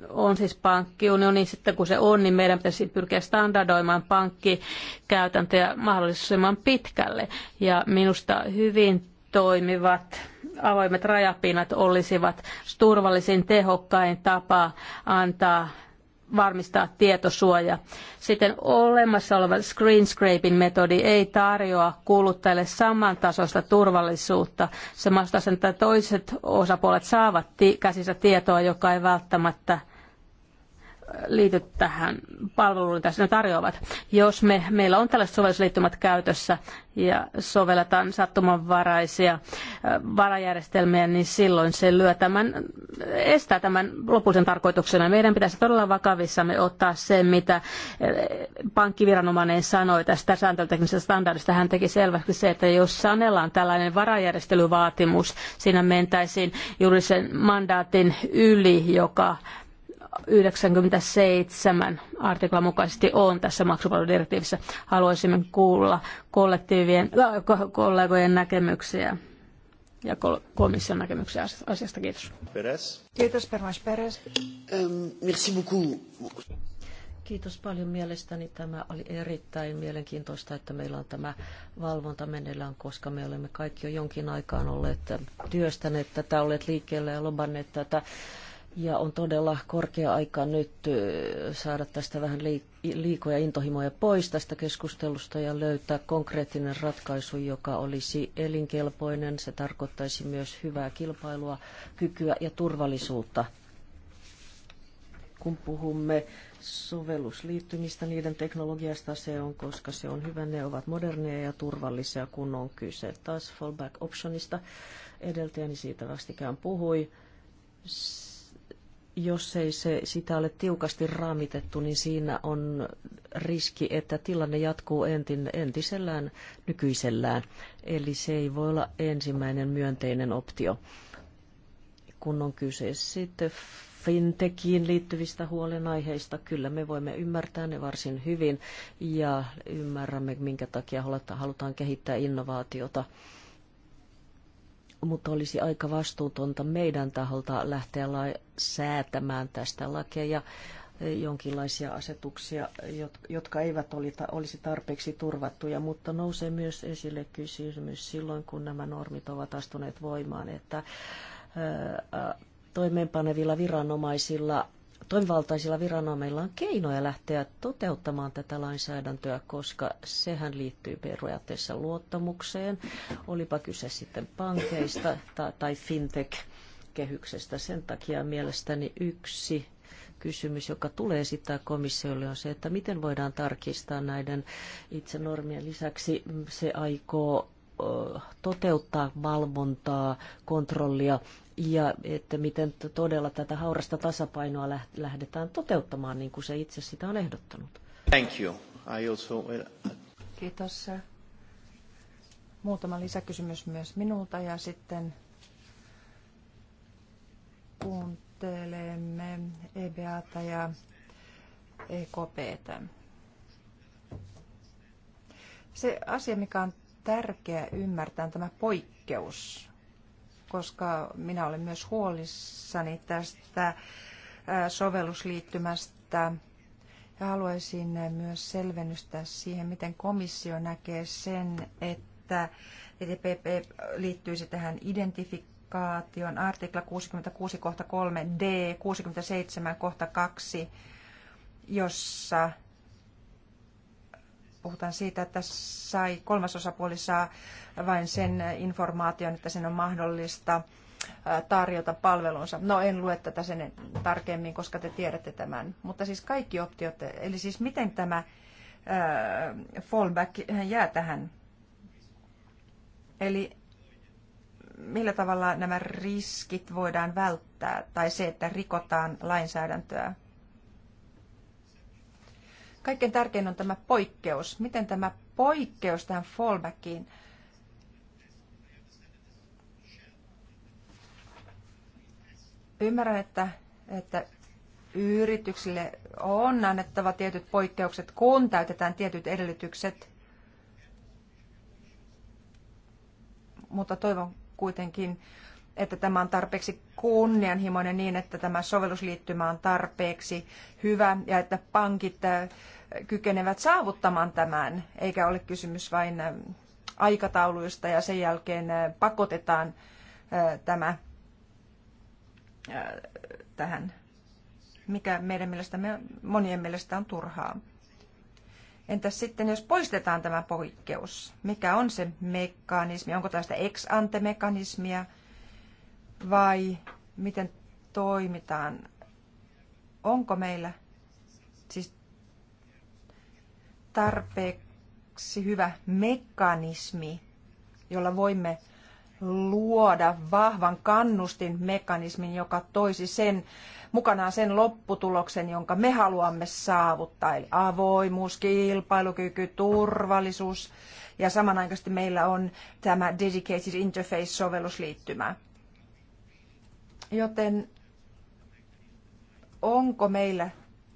on siis pankkiunioni, niin sitten kun se on, niin meidän pitäisi pyrkiä standardoimaan pankkikäytäntöjä mahdollisimman pitkälle. Ja minusta hyvin toimivat avoimet rajapinnat olisivat turvallisin tehokkain tapa antaa varmistaa tietosuoja. Sitten olemassa oleva screen scraping metodi ei tarjoa kuluttajille samantasoista turvallisuutta. Se mahdollistaa sen, että toiset osapuolet saavat käsissä tietoa, joka ei välttämättä – liity tähän palveluun, mitä ne tarjoavat. Jos me, meillä on tällaiset sovellusliittymät käytössä ja sovelletaan sattumanvaraisia varajärjestelmiä, niin silloin se lyö tämän, estää tämän lopullisen tarkoituksena. Meidän pitäisi todella vakavissamme ottaa se, mitä pankkiviranomainen sanoi tästä sääntöteknisestä standardista. Hän teki selväksi se, että jos sanellaan tällainen varajärjestelyvaatimus, siinä mentäisiin juuri sen mandaatin yli, joka 97 artiklan mukaisesti on tässä maksupalveludirektiivissä. Haluaisimme kuulla kollektiivien, äh, kollegojen näkemyksiä ja komission näkemyksiä asiasta. Kiitos. Peres. Kiitos, permais Peres. Ähm, merci beaucoup. Kiitos paljon mielestäni. Tämä oli erittäin mielenkiintoista, että meillä on tämä valvonta meneillään, koska me olemme kaikki jo jonkin aikaan olleet työstäneet tätä, olleet liikkeellä ja lobanneet tätä ja on todella korkea aika nyt saada tästä vähän liikoja intohimoja pois tästä keskustelusta ja löytää konkreettinen ratkaisu, joka olisi elinkelpoinen. Se tarkoittaisi myös hyvää kilpailua, kykyä ja turvallisuutta. Kun puhumme sovellusliittymistä niiden teknologiasta se on, koska se on hyvä, ne ovat moderneja ja turvallisia, kun on kyse taas fallback optionista. Edeltäjäni siitä vastikään puhui jos ei se, sitä ole tiukasti raamitettu, niin siinä on riski, että tilanne jatkuu entin, entisellään nykyisellään. Eli se ei voi olla ensimmäinen myönteinen optio, kun on kyse sitten fintekiin liittyvistä huolenaiheista. Kyllä me voimme ymmärtää ne varsin hyvin ja ymmärrämme, minkä takia halutaan kehittää innovaatiota mutta olisi aika vastuutonta meidän taholta lähteä la- säätämään tästä lakeja jonkinlaisia asetuksia, jotka eivät olisi tarpeeksi turvattuja, mutta nousee myös esille kysymys silloin, kun nämä normit ovat astuneet voimaan, että toimeenpanevilla viranomaisilla toimivaltaisilla viranomailla on keinoja lähteä toteuttamaan tätä lainsäädäntöä, koska sehän liittyy periaatteessa luottamukseen, olipa kyse sitten pankeista tai, tai fintech-kehyksestä. Sen takia mielestäni yksi kysymys, joka tulee esittää komissiolle, on se, että miten voidaan tarkistaa näiden itse normien lisäksi se aikoo toteuttaa valvontaa, kontrollia ja että miten todella tätä haurasta tasapainoa lähdetään toteuttamaan niin kuin se itse sitä on ehdottanut. Thank you. I also... Kiitos. Muutama lisäkysymys myös minulta ja sitten kuuntelemme EBAta ja EKPtä. Se asia, mikä on tärkeä ymmärtää, on tämä poikkeus koska minä olen myös huolissani tästä äh, sovellusliittymästä ja haluaisin myös selvennystä siihen, miten komissio näkee sen, että EDPP liittyisi tähän identifikaation artikla 66 kohta 3 D, 67 kohta 2, jossa puhutaan siitä, että sai kolmas osapuoli saa vain sen informaation, että sen on mahdollista tarjota palvelunsa. No en lue tätä sen tarkemmin, koska te tiedätte tämän. Mutta siis kaikki optiot, eli siis miten tämä fallback jää tähän? Eli millä tavalla nämä riskit voidaan välttää tai se, että rikotaan lainsäädäntöä? Kaikkein tärkein on tämä poikkeus. Miten tämä poikkeus tähän fallbackiin Ymmärrän, että, että yrityksille on annettava tietyt poikkeukset, kun täytetään tietyt edellytykset. Mutta toivon kuitenkin että tämä on tarpeeksi kunnianhimoinen niin, että tämä sovellusliittymä on tarpeeksi hyvä ja että pankit äh, kykenevät saavuttamaan tämän, eikä ole kysymys vain äh, aikatauluista ja sen jälkeen äh, pakotetaan tämä tähän, mikä meidän mielestä, monien mielestä on turhaa. Entäs sitten, jos poistetaan tämä poikkeus, mikä on se mekanismi? Onko tästä ex-ante-mekanismia? mekanismia vai miten toimitaan? Onko meillä siis tarpeeksi hyvä mekanismi, jolla voimme luoda vahvan kannustin mekanismin, joka toisi sen mukanaan sen lopputuloksen, jonka me haluamme saavuttaa. Eli avoimuus, kilpailukyky, turvallisuus ja samanaikaisesti meillä on tämä Dedicated Interface-sovellusliittymä. Joten onko meillä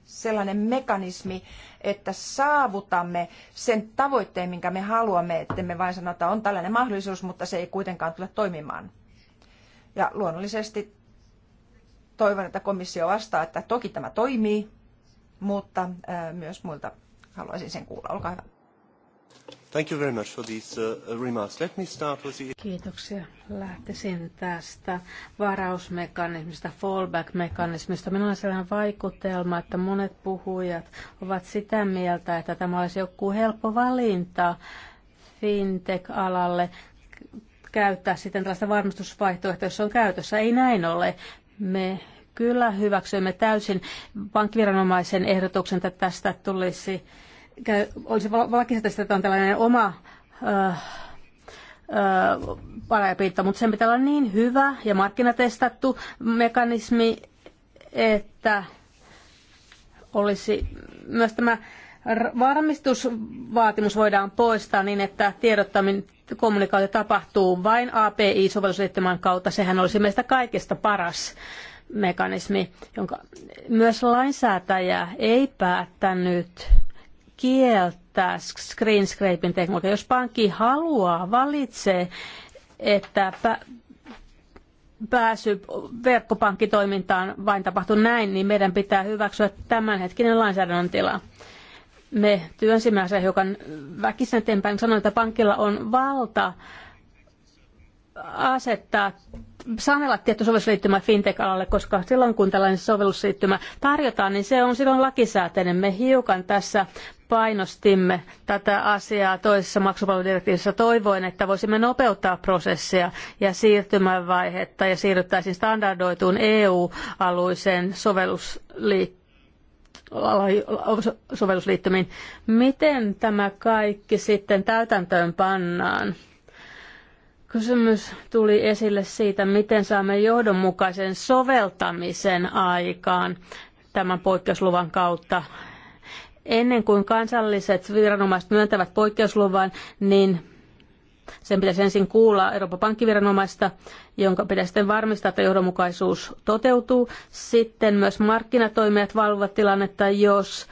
sellainen mekanismi, että saavutamme sen tavoitteen, minkä me haluamme, että me vain sanota, että on tällainen mahdollisuus, mutta se ei kuitenkaan tule toimimaan. Ja luonnollisesti toivon, että komissio vastaa, että toki tämä toimii, mutta myös muilta haluaisin sen kuulla. Olkaa hyvä. Kiitoksia. Lähtisin tästä varausmekanismista, fallback-mekanismista. Minulla on sellainen vaikutelma, että monet puhujat ovat sitä mieltä, että tämä olisi joku helppo valinta fintech-alalle käyttää sitten tällaista varmistusvaihtoehtoa, jos on käytössä. Ei näin ole. Me kyllä hyväksyimme täysin pankkiviranomaisen ehdotuksen, että tästä tulisi käy, olisi lakista, että on tällainen oma öö, öö, parajapiitto, mutta sen pitää olla niin hyvä ja markkinatestattu mekanismi, että olisi myös tämä varmistusvaatimus voidaan poistaa niin, että tiedottaminen kommunikaatio tapahtuu vain API-sovellusliittymän kautta. Sehän olisi meistä kaikista paras mekanismi, jonka myös lainsäätäjä ei päättänyt kieltää screen scraping teknologia. Jos pankki haluaa, valitsee, että pääsy verkkopankkitoimintaan vain tapahtuu näin, niin meidän pitää hyväksyä tämänhetkinen lainsäädännön tila. Me työnsimme asiaa hiukan väkisin eteenpäin. Sanoin, että pankilla on valta asettaa sanella tietty sovellusliittymä fintech-alalle, koska silloin kun tällainen sovellusliittymä tarjotaan, niin se on silloin lakisääteinen. Me hiukan tässä painostimme tätä asiaa toisessa maksupalveludirektiivissä toivoen, että voisimme nopeuttaa prosessia ja siirtymävaihetta ja siirryttäisiin standardoituun EU-aluiseen sovellusliittymiin. Miten tämä kaikki sitten täytäntöön pannaan? Kysymys tuli esille siitä, miten saamme johdonmukaisen soveltamisen aikaan tämän poikkeusluvan kautta. Ennen kuin kansalliset viranomaiset myöntävät poikkeusluvan, niin sen pitäisi ensin kuulla Euroopan pankkiviranomaista, jonka pitäisi sitten varmistaa, että johdonmukaisuus toteutuu. Sitten myös markkinatoimijat valvovat tilannetta, jos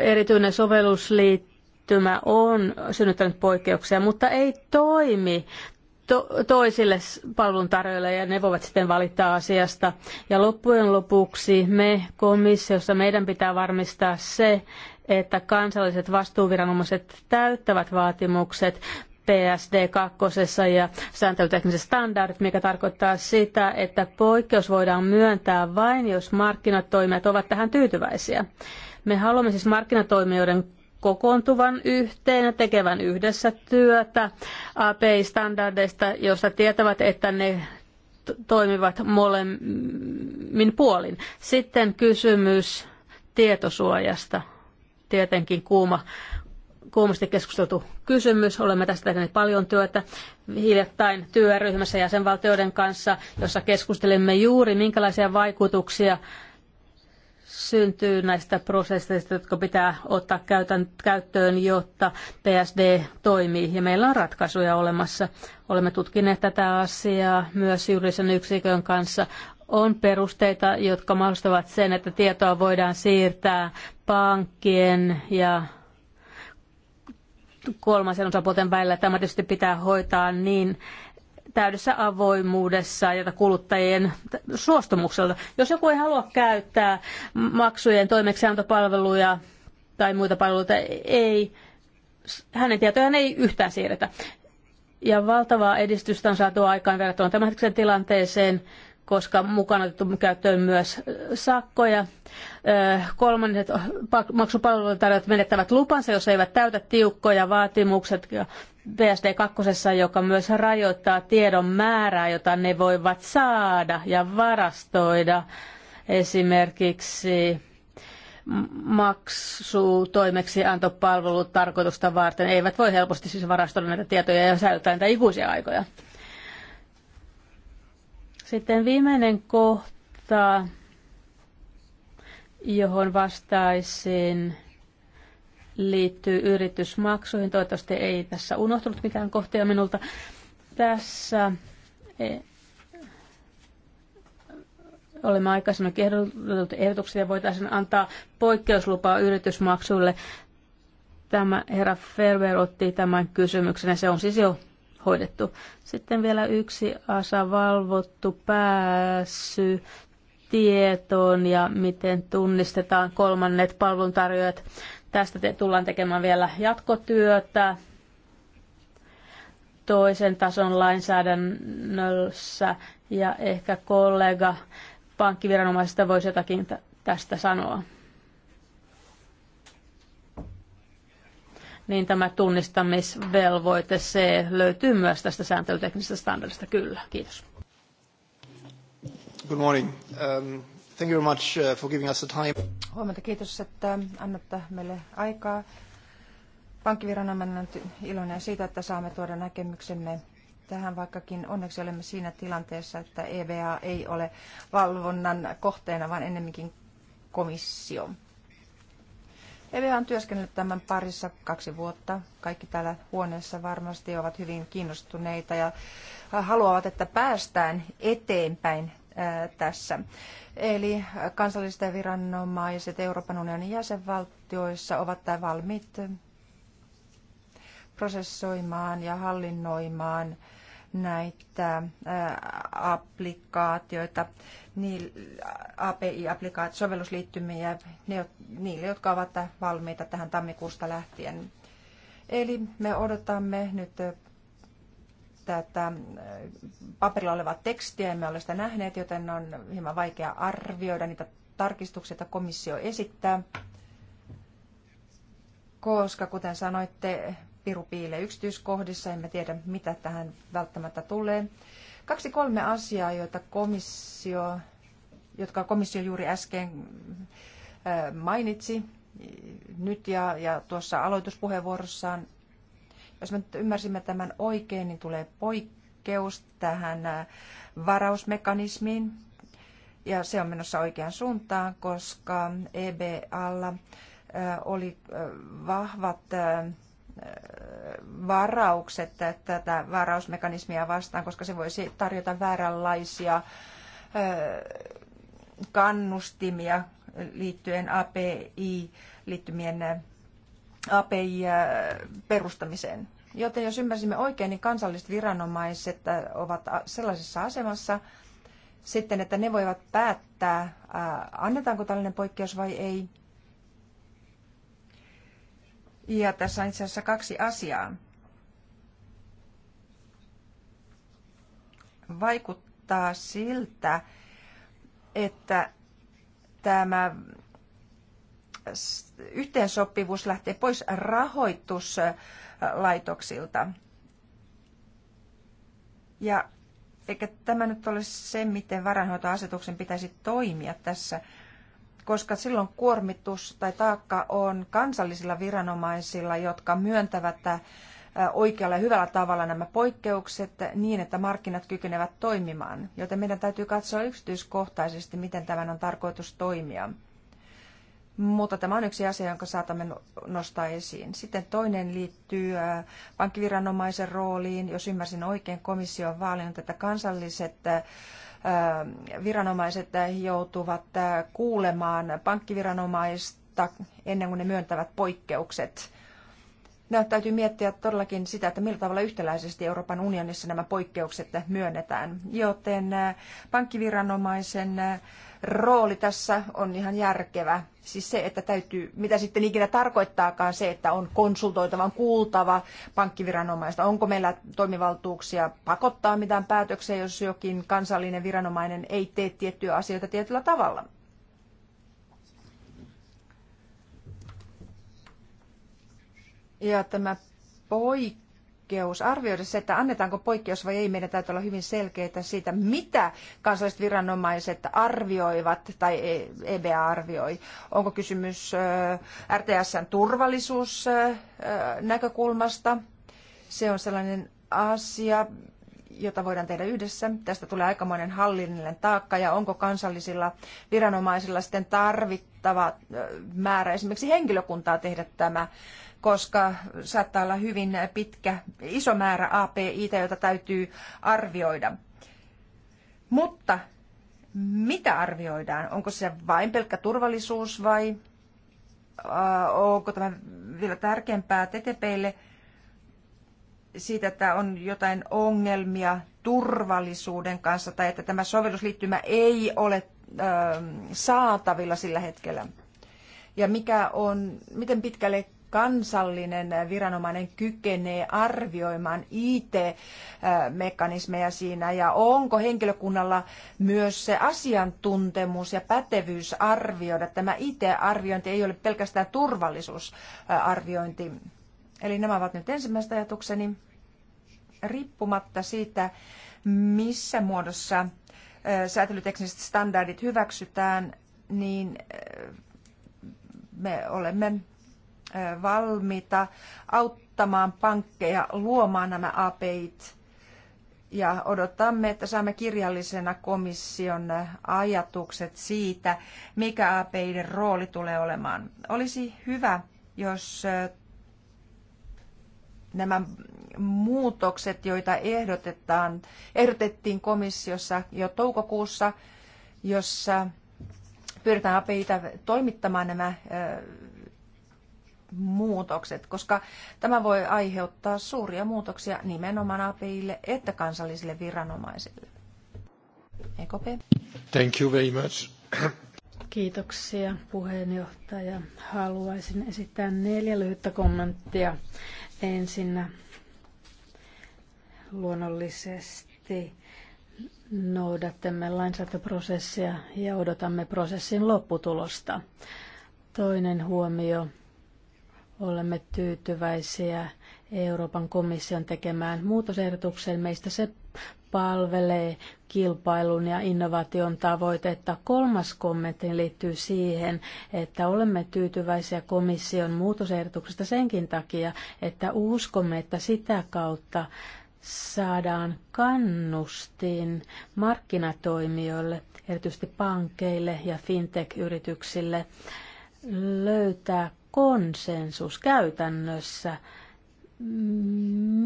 erityinen sovellusliittymä on synnyttänyt poikkeuksia, mutta ei toimi to- toisille palveluntarjoajille ja ne voivat sitten valittaa asiasta. Ja loppujen lopuksi me komissiossa meidän pitää varmistaa se, että kansalliset vastuuviranomaiset täyttävät vaatimukset PSD2 ja sääntelytekniset standardit, mikä tarkoittaa sitä, että poikkeus voidaan myöntää vain, jos markkinatoimijat ovat tähän tyytyväisiä. Me haluamme siis markkinatoimijoiden kokoontuvan yhteen ja tekevän yhdessä työtä API-standardeista, joista tietävät, että ne toimivat molemmin puolin. Sitten kysymys tietosuojasta. Tietenkin kuuma, kuumasti keskusteltu kysymys. Olemme tästä tehneet paljon työtä hiljattain työryhmässä jäsenvaltioiden kanssa, jossa keskustelimme juuri minkälaisia vaikutuksia syntyy näistä prosesseista, jotka pitää ottaa käyttöön, jotta PSD toimii. Ja meillä on ratkaisuja olemassa. Olemme tutkineet tätä asiaa myös juridisen yksikön kanssa. On perusteita, jotka mahdollistavat sen, että tietoa voidaan siirtää pankkien ja kolmasen osapuolten välillä. Tämä tietysti pitää hoitaa niin, täydessä avoimuudessa ja kuluttajien suostumuksella. Jos joku ei halua käyttää maksujen toimeksiantopalveluja tai muita palveluita, ei, hänen tietojaan ei yhtään siirretä. Ja valtavaa edistystä on saatu aikaan verrattuna tämänhetkiseen tilanteeseen, koska mukana otettu käyttöön myös sakkoja. Kolmannet maksupalvelujen menettävät lupansa, jos eivät täytä tiukkoja vaatimukset PSD 2, joka myös rajoittaa tiedon määrää, jota ne voivat saada ja varastoida esimerkiksi maksutoimeksiantopalvelut tarkoitusta varten eivät voi helposti siis varastoida näitä tietoja ja säilyttää näitä ikuisia aikoja. Sitten viimeinen kohta, johon vastaisin, liittyy yritysmaksuihin. Toivottavasti ei tässä unohtunut mitään kohtia minulta. Tässä e, olemme aikaisemmin ehdotetut ehdotuksia, voitaisiin antaa poikkeuslupaa yritysmaksuille. Tämä herra Ferber otti tämän kysymyksen ja se on siis jo hoidettu. Sitten vielä yksi asa valvottu pääsy tietoon ja miten tunnistetaan kolmannet palveluntarjoajat. Tästä te tullaan tekemään vielä jatkotyötä toisen tason lainsäädännössä ja ehkä kollega pankkiviranomaisista voisi jotakin tästä sanoa. niin tämä tunnistamisvelvoite, se löytyy myös tästä sääntelyteknisestä standardista, kyllä. Kiitos. Good morning. Um, thank you very much uh, for giving us the time. Huomenta, kiitos, että annatte meille aikaa. Pankkiviranomainen on iloinen siitä, että saamme tuoda näkemyksemme tähän, vaikkakin onneksi olemme siinä tilanteessa, että EBA ei ole valvonnan kohteena, vaan ennemminkin komissio. Eve on työskennellyt tämän parissa kaksi vuotta. Kaikki täällä huoneessa varmasti ovat hyvin kiinnostuneita ja haluavat, että päästään eteenpäin tässä. Eli kansallisten viranomaiset Euroopan unionin jäsenvaltioissa ovat valmiit prosessoimaan ja hallinnoimaan näitä applikaatioita niin, API-sovellusliittymiä niille, jotka ovat valmiita tähän tammikuusta lähtien. Eli me odotamme nyt tätä paperilla olevaa tekstiä, emme ole sitä nähneet, joten on hieman vaikea arvioida niitä tarkistuksia, joita komissio esittää, koska kuten sanoitte, piru piilee yksityiskohdissa, emme tiedä mitä tähän välttämättä tulee. Kaksi kolme asiaa, joita komissio jotka komissio juuri äsken mainitsi nyt ja, ja tuossa aloituspuheenvuorossaan. Jos me nyt ymmärsimme tämän oikein, niin tulee poikkeus tähän varausmekanismiin. Ja se on menossa oikeaan suuntaan, koska EBAlla oli vahvat varaukset tätä varausmekanismia vastaan, koska se voisi tarjota vääränlaisia kannustimia liittyen API-liittymien eh, API-perustamiseen. Eh, Joten jos ymmärsimme oikein, niin kansalliset viranomaiset eh, ovat sellaisessa asemassa sitten, että ne voivat päättää, annetaanko tällainen poikkeus vai ei. Ja tässä on itse asiassa kaksi asiaa. Vaikuttaa siltä, että tämä yhteensopivuus lähtee pois rahoituslaitoksilta. Ja eikä tämä nyt ole se, miten varainhoitoasetuksen pitäisi toimia tässä, koska silloin kuormitus tai taakka on kansallisilla viranomaisilla, jotka myöntävät oikealla ja hyvällä tavalla nämä poikkeukset niin, että markkinat kykenevät toimimaan. Joten meidän täytyy katsoa yksityiskohtaisesti, miten tämän on tarkoitus toimia. Mutta tämä on yksi asia, jonka saatamme no-, nostaa esiin. Sitten toinen liittyy pankkiviranomaisen rooliin. Jos ymmärsin oikein, komissio on vaalinut, että kansalliset viranomaiset joutuvat kuulemaan pankkiviranomaista ennen kuin ne myöntävät poikkeukset nämä no, täytyy miettiä todellakin sitä, että millä tavalla yhtäläisesti Euroopan unionissa nämä poikkeukset myönnetään. Joten äh, pankkiviranomaisen äh, rooli tässä on ihan järkevä. Siis se, että täytyy, mitä sitten ikinä tarkoittaakaan se, että on konsultoitava, on kuultava pankkiviranomaista. Onko meillä toimivaltuuksia pakottaa mitään päätöksiä, jos jokin kansallinen viranomainen ei tee tiettyjä asioita tietyllä tavalla? Ja tämä poikkeus, arvioida se, että annetaanko poikkeus vai ei, meidän täytyy olla hyvin selkeitä siitä, mitä kansalliset viranomaiset arvioivat tai EBA e arvioi. Onko kysymys RTSn turvallisuusnäkökulmasta? Se on sellainen asia, jota voidaan tehdä yhdessä. Tästä tulee aikamoinen hallinnollinen taakka ja onko kansallisilla viranomaisilla sitten tarvittava määrä esimerkiksi henkilökuntaa tehdä tämä koska saattaa olla hyvin pitkä, iso määrä api jota täytyy arvioida. Mutta mitä arvioidaan? Onko se vain pelkkä turvallisuus vai äh, onko tämä vielä tärkeämpää TTPille siitä, että on jotain ongelmia turvallisuuden kanssa tai että tämä sovellusliittymä ei ole äh, saatavilla sillä hetkellä? Ja mikä on, miten pitkälle kansallinen viranomainen kykenee arvioimaan IT-mekanismeja siinä ja onko henkilökunnalla myös se asiantuntemus ja pätevyys arvioida. Tämä IT-arviointi ei ole pelkästään turvallisuusarviointi. Eli nämä ovat nyt ensimmäiset ajatukseni. Riippumatta siitä, missä muodossa säätelytekniset standardit hyväksytään, niin me olemme valmiita auttamaan pankkeja luomaan nämä APIt. Ja odotamme, että saamme kirjallisena komission ajatukset siitä, mikä apeiden rooli tulee olemaan. Olisi hyvä, jos nämä muutokset, joita ehdotetaan, ehdotettiin komissiossa jo toukokuussa, jossa pyritään apeita toimittamaan nämä muutokset, koska tämä voi aiheuttaa suuria muutoksia nimenomaan APIille että kansallisille viranomaisille. EKP. Thank you very much. Kiitoksia puheenjohtaja. Haluaisin esittää neljä lyhyttä kommenttia. Ensinnä luonnollisesti noudatamme lainsäädäntöprosessia ja odotamme prosessin lopputulosta. Toinen huomio Olemme tyytyväisiä Euroopan komission tekemään muutosehdotukseen. Meistä se palvelee kilpailun ja innovaation tavoitetta. Kolmas kommentti liittyy siihen, että olemme tyytyväisiä komission muutosehdotuksesta senkin takia, että uskomme, että sitä kautta saadaan kannustin markkinatoimijoille, erityisesti pankeille ja fintech-yrityksille, löytää konsensus käytännössä?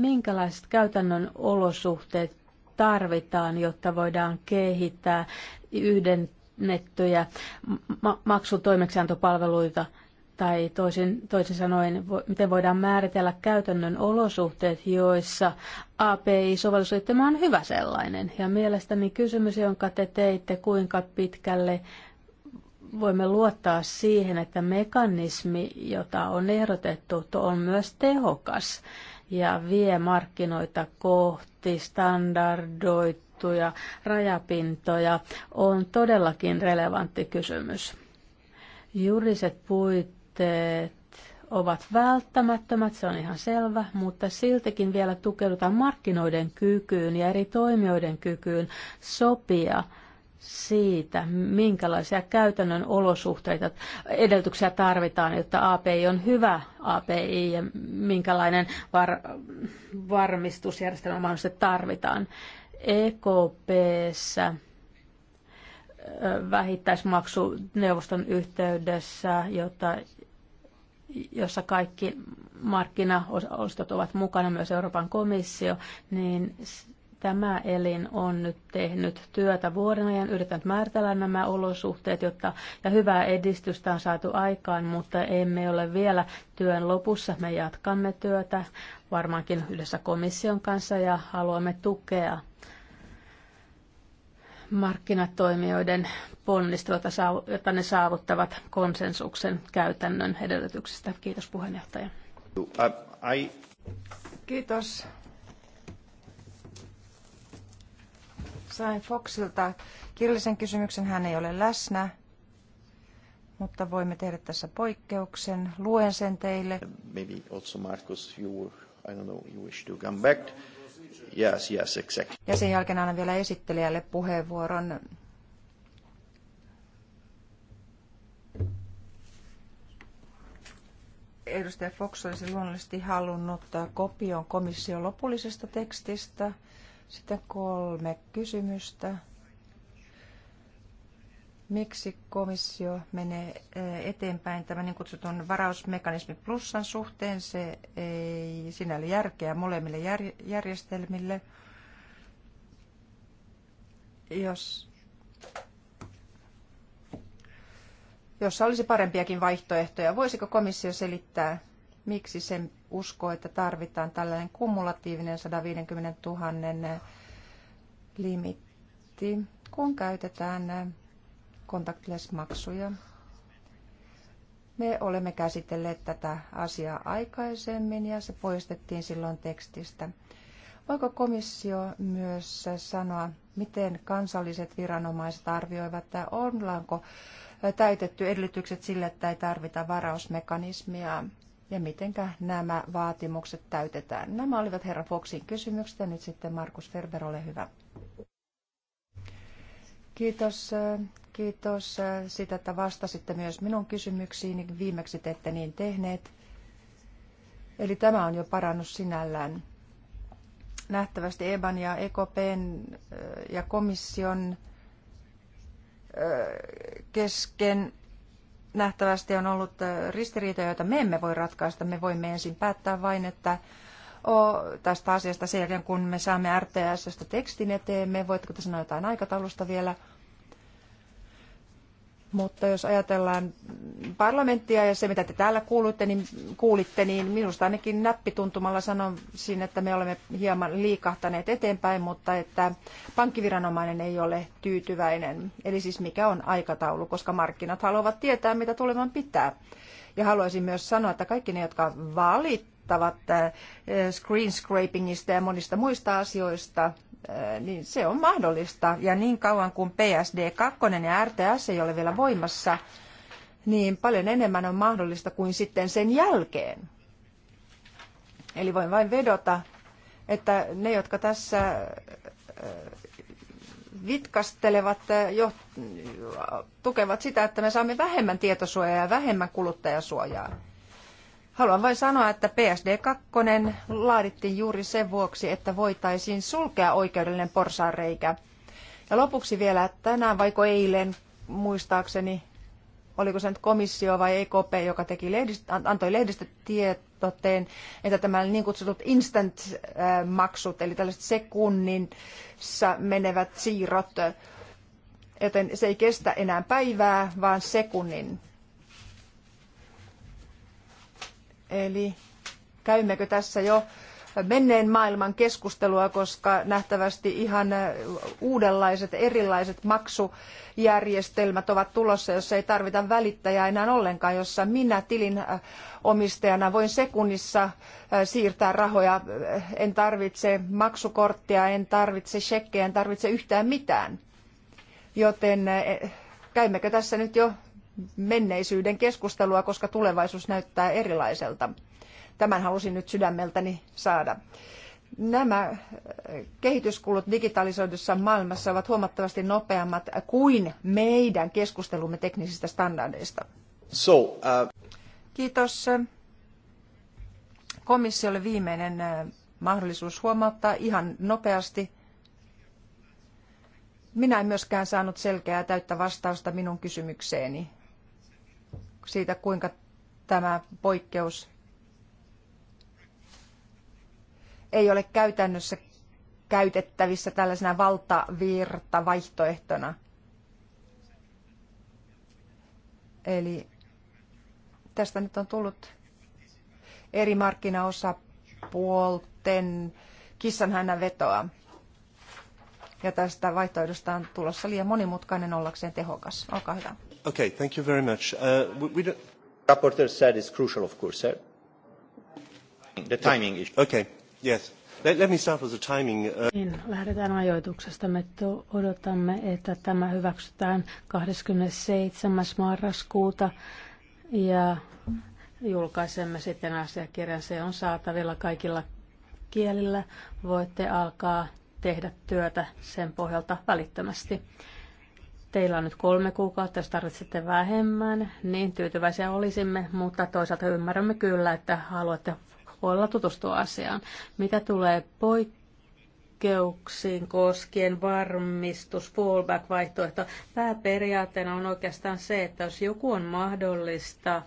Minkälaiset käytännön olosuhteet tarvitaan, jotta voidaan kehittää yhdennettyjä ma- maksutoimeksiantopalveluita? Tai toisin, toisin sanoen, vo, miten voidaan määritellä käytännön olosuhteet, joissa API-sovellusliittymä on hyvä sellainen. Ja mielestäni kysymys, jonka te teitte, kuinka pitkälle voimme luottaa siihen, että mekanismi, jota on ehdotettu, on myös tehokas ja vie markkinoita kohti standardoituja rajapintoja, on todellakin relevantti kysymys. Juriset puitteet ovat välttämättömät, se on ihan selvä, mutta siltikin vielä tukeudutaan markkinoiden kykyyn ja eri toimijoiden kykyyn sopia – siitä, minkälaisia käytännön olosuhteita, edellytyksiä tarvitaan, jotta API on hyvä API ja minkälainen var, varmistusjärjestelmä mahdollisesti tarvitaan. EKPssä vähittäismaksuneuvoston yhteydessä, jota, jossa kaikki markkinaostot ovat mukana, myös Euroopan komissio, niin Tämä elin on nyt tehnyt työtä vuoden ajan, yrittänyt määritellä nämä olosuhteet, jotta, ja hyvää edistystä on saatu aikaan, mutta emme ole vielä työn lopussa. Me jatkamme työtä varmaankin yhdessä komission kanssa ja haluamme tukea markkinatoimijoiden ponnistelua, jotta ne saavuttavat konsensuksen käytännön edellytyksistä. Kiitos puheenjohtaja. Kiitos. Sain Foxilta kirjallisen kysymyksen, hän ei ole läsnä, mutta voimme tehdä tässä poikkeuksen. Luen sen teille. Maybe also Marcus, you were, I don't know, you wish to come back. Yes, yes, exactly. Ja sen jälkeen annan vielä esittelijälle puheenvuoron. Edustaja Fox olisi luonnollisesti halunnut kopion komission lopullisesta tekstistä – sitten kolme kysymystä. Miksi komissio menee eh, eteenpäin tämän niin kutsutun varausmekanismi plussan suhteen? Se ei sinällä järkeä molemmille järjestelmille. Jos jossa olisi parempiakin vaihtoehtoja. Voisiko komissio selittää, miksi sen usko, että tarvitaan tällainen kumulatiivinen 150 000 limitti, kun käytetään kontaktless-maksuja. Me olemme käsitelleet tätä asiaa aikaisemmin ja se poistettiin silloin tekstistä. Voiko komissio myös sanoa, miten kansalliset viranomaiset arvioivat, että ollaanko täytetty edellytykset sille, että ei tarvita varausmekanismia ja mitenkä nämä vaatimukset täytetään. Nämä olivat herra Foxin kysymykset ja nyt sitten Markus Ferber, ole hyvä. Kiitos, kiitos sitä, että vastasitte myös minun kysymyksiini. Viimeksi te ette niin tehneet. Eli tämä on jo parannus sinällään. Nähtävästi EBAN ja EKPn ja komission kesken nähtävästi on ollut ristiriitoja, joita me emme voi ratkaista. Me voimme ensin päättää vain, että tästä asiasta sen jälkeen, kun me saamme RTSstä tekstin eteen, me voitko te sanoa jotain aikataulusta vielä – mutta jos ajatellaan parlamenttia ja se, mitä te täällä kuulitte, niin, kuulitte, niin minusta ainakin näppituntumalla sanon siinä, että me olemme hieman liikahtaneet eteenpäin, mutta että pankkiviranomainen ei ole tyytyväinen. Eli siis mikä on aikataulu, koska markkinat haluavat tietää, mitä tulevan pitää. Ja haluaisin myös sanoa, että kaikki ne, jotka valittavat eh, screen scrapingista ja monista muista asioista, niin se on mahdollista. Ja niin kauan kuin PSD2 ja RTS ei ole vielä voimassa, niin paljon enemmän on mahdollista kuin sitten sen jälkeen. Eli voin vain vedota, että ne, jotka tässä vitkastelevat, jo, tukevat sitä, että me saamme vähemmän tietosuojaa ja vähemmän kuluttajasuojaa. Haluan vain sanoa, että PSD2 laadittiin juuri sen vuoksi, että voitaisiin sulkea oikeudellinen porsaanreikä. Ja lopuksi vielä tänään, vaiko eilen, muistaakseni, oliko se nyt komissio vai EKP, joka teki lehdist, antoi lehdistötietoteen, että tämä niin kutsutut instant-maksut, äh, eli tällaiset sekunnissa menevät siirrot, joten se ei kestä enää päivää, vaan sekunnin Eli käymmekö tässä jo menneen maailman keskustelua, koska nähtävästi ihan uudenlaiset, erilaiset maksujärjestelmät ovat tulossa, jos ei tarvita välittäjää enää ollenkaan, jossa minä tilin äh, omistajana voin sekunnissa äh, siirtää rahoja. En tarvitse maksukorttia, en tarvitse shekkejä, en tarvitse yhtään mitään. Joten äh, käymmekö tässä nyt jo menneisyyden keskustelua, koska tulevaisuus näyttää erilaiselta. Tämän halusin nyt sydämeltäni saada. Nämä äh, kehityskulut digitalisoidussa maailmassa ovat huomattavasti nopeammat kuin meidän keskustelumme teknisistä standardeista. So, uh... Kiitos. Komissiolle viimeinen äh, mahdollisuus huomauttaa ihan nopeasti. Minä en myöskään saanut selkeää täyttä vastausta minun kysymykseeni siitä, kuinka tämä poikkeus ei ole käytännössä käytettävissä tällaisena valtavirta vaihtoehtona. Eli tästä nyt on tullut eri markkinaosapuolten kissanhännän vetoa. Ja tästä vaihtoehdosta on tulossa liian monimutkainen ollakseen tehokas. Olkaa hyvä. Okay, thank you very much. Uh, we, we don't... Rapporteur said it's crucial, of course, sir. The timing issue. Okay, yes. Let, let me start with the timing. Uh... Niin, lähdetään ajoituksesta. Me odotamme, että tämä hyväksytään 27. marraskuuta ja julkaisemme sitten asiakirjan. Se on saatavilla kaikilla kielillä. Voitte alkaa tehdä työtä sen pohjalta välittömästi. Teillä on nyt kolme kuukautta, jos tarvitsette vähemmän, niin tyytyväisiä olisimme, mutta toisaalta ymmärrämme kyllä, että haluatte olla tutustua asiaan. Mitä tulee poikkeuksiin koskien varmistus, fallback-vaihtoehto, pääperiaatteena on oikeastaan se, että jos joku on mahdollista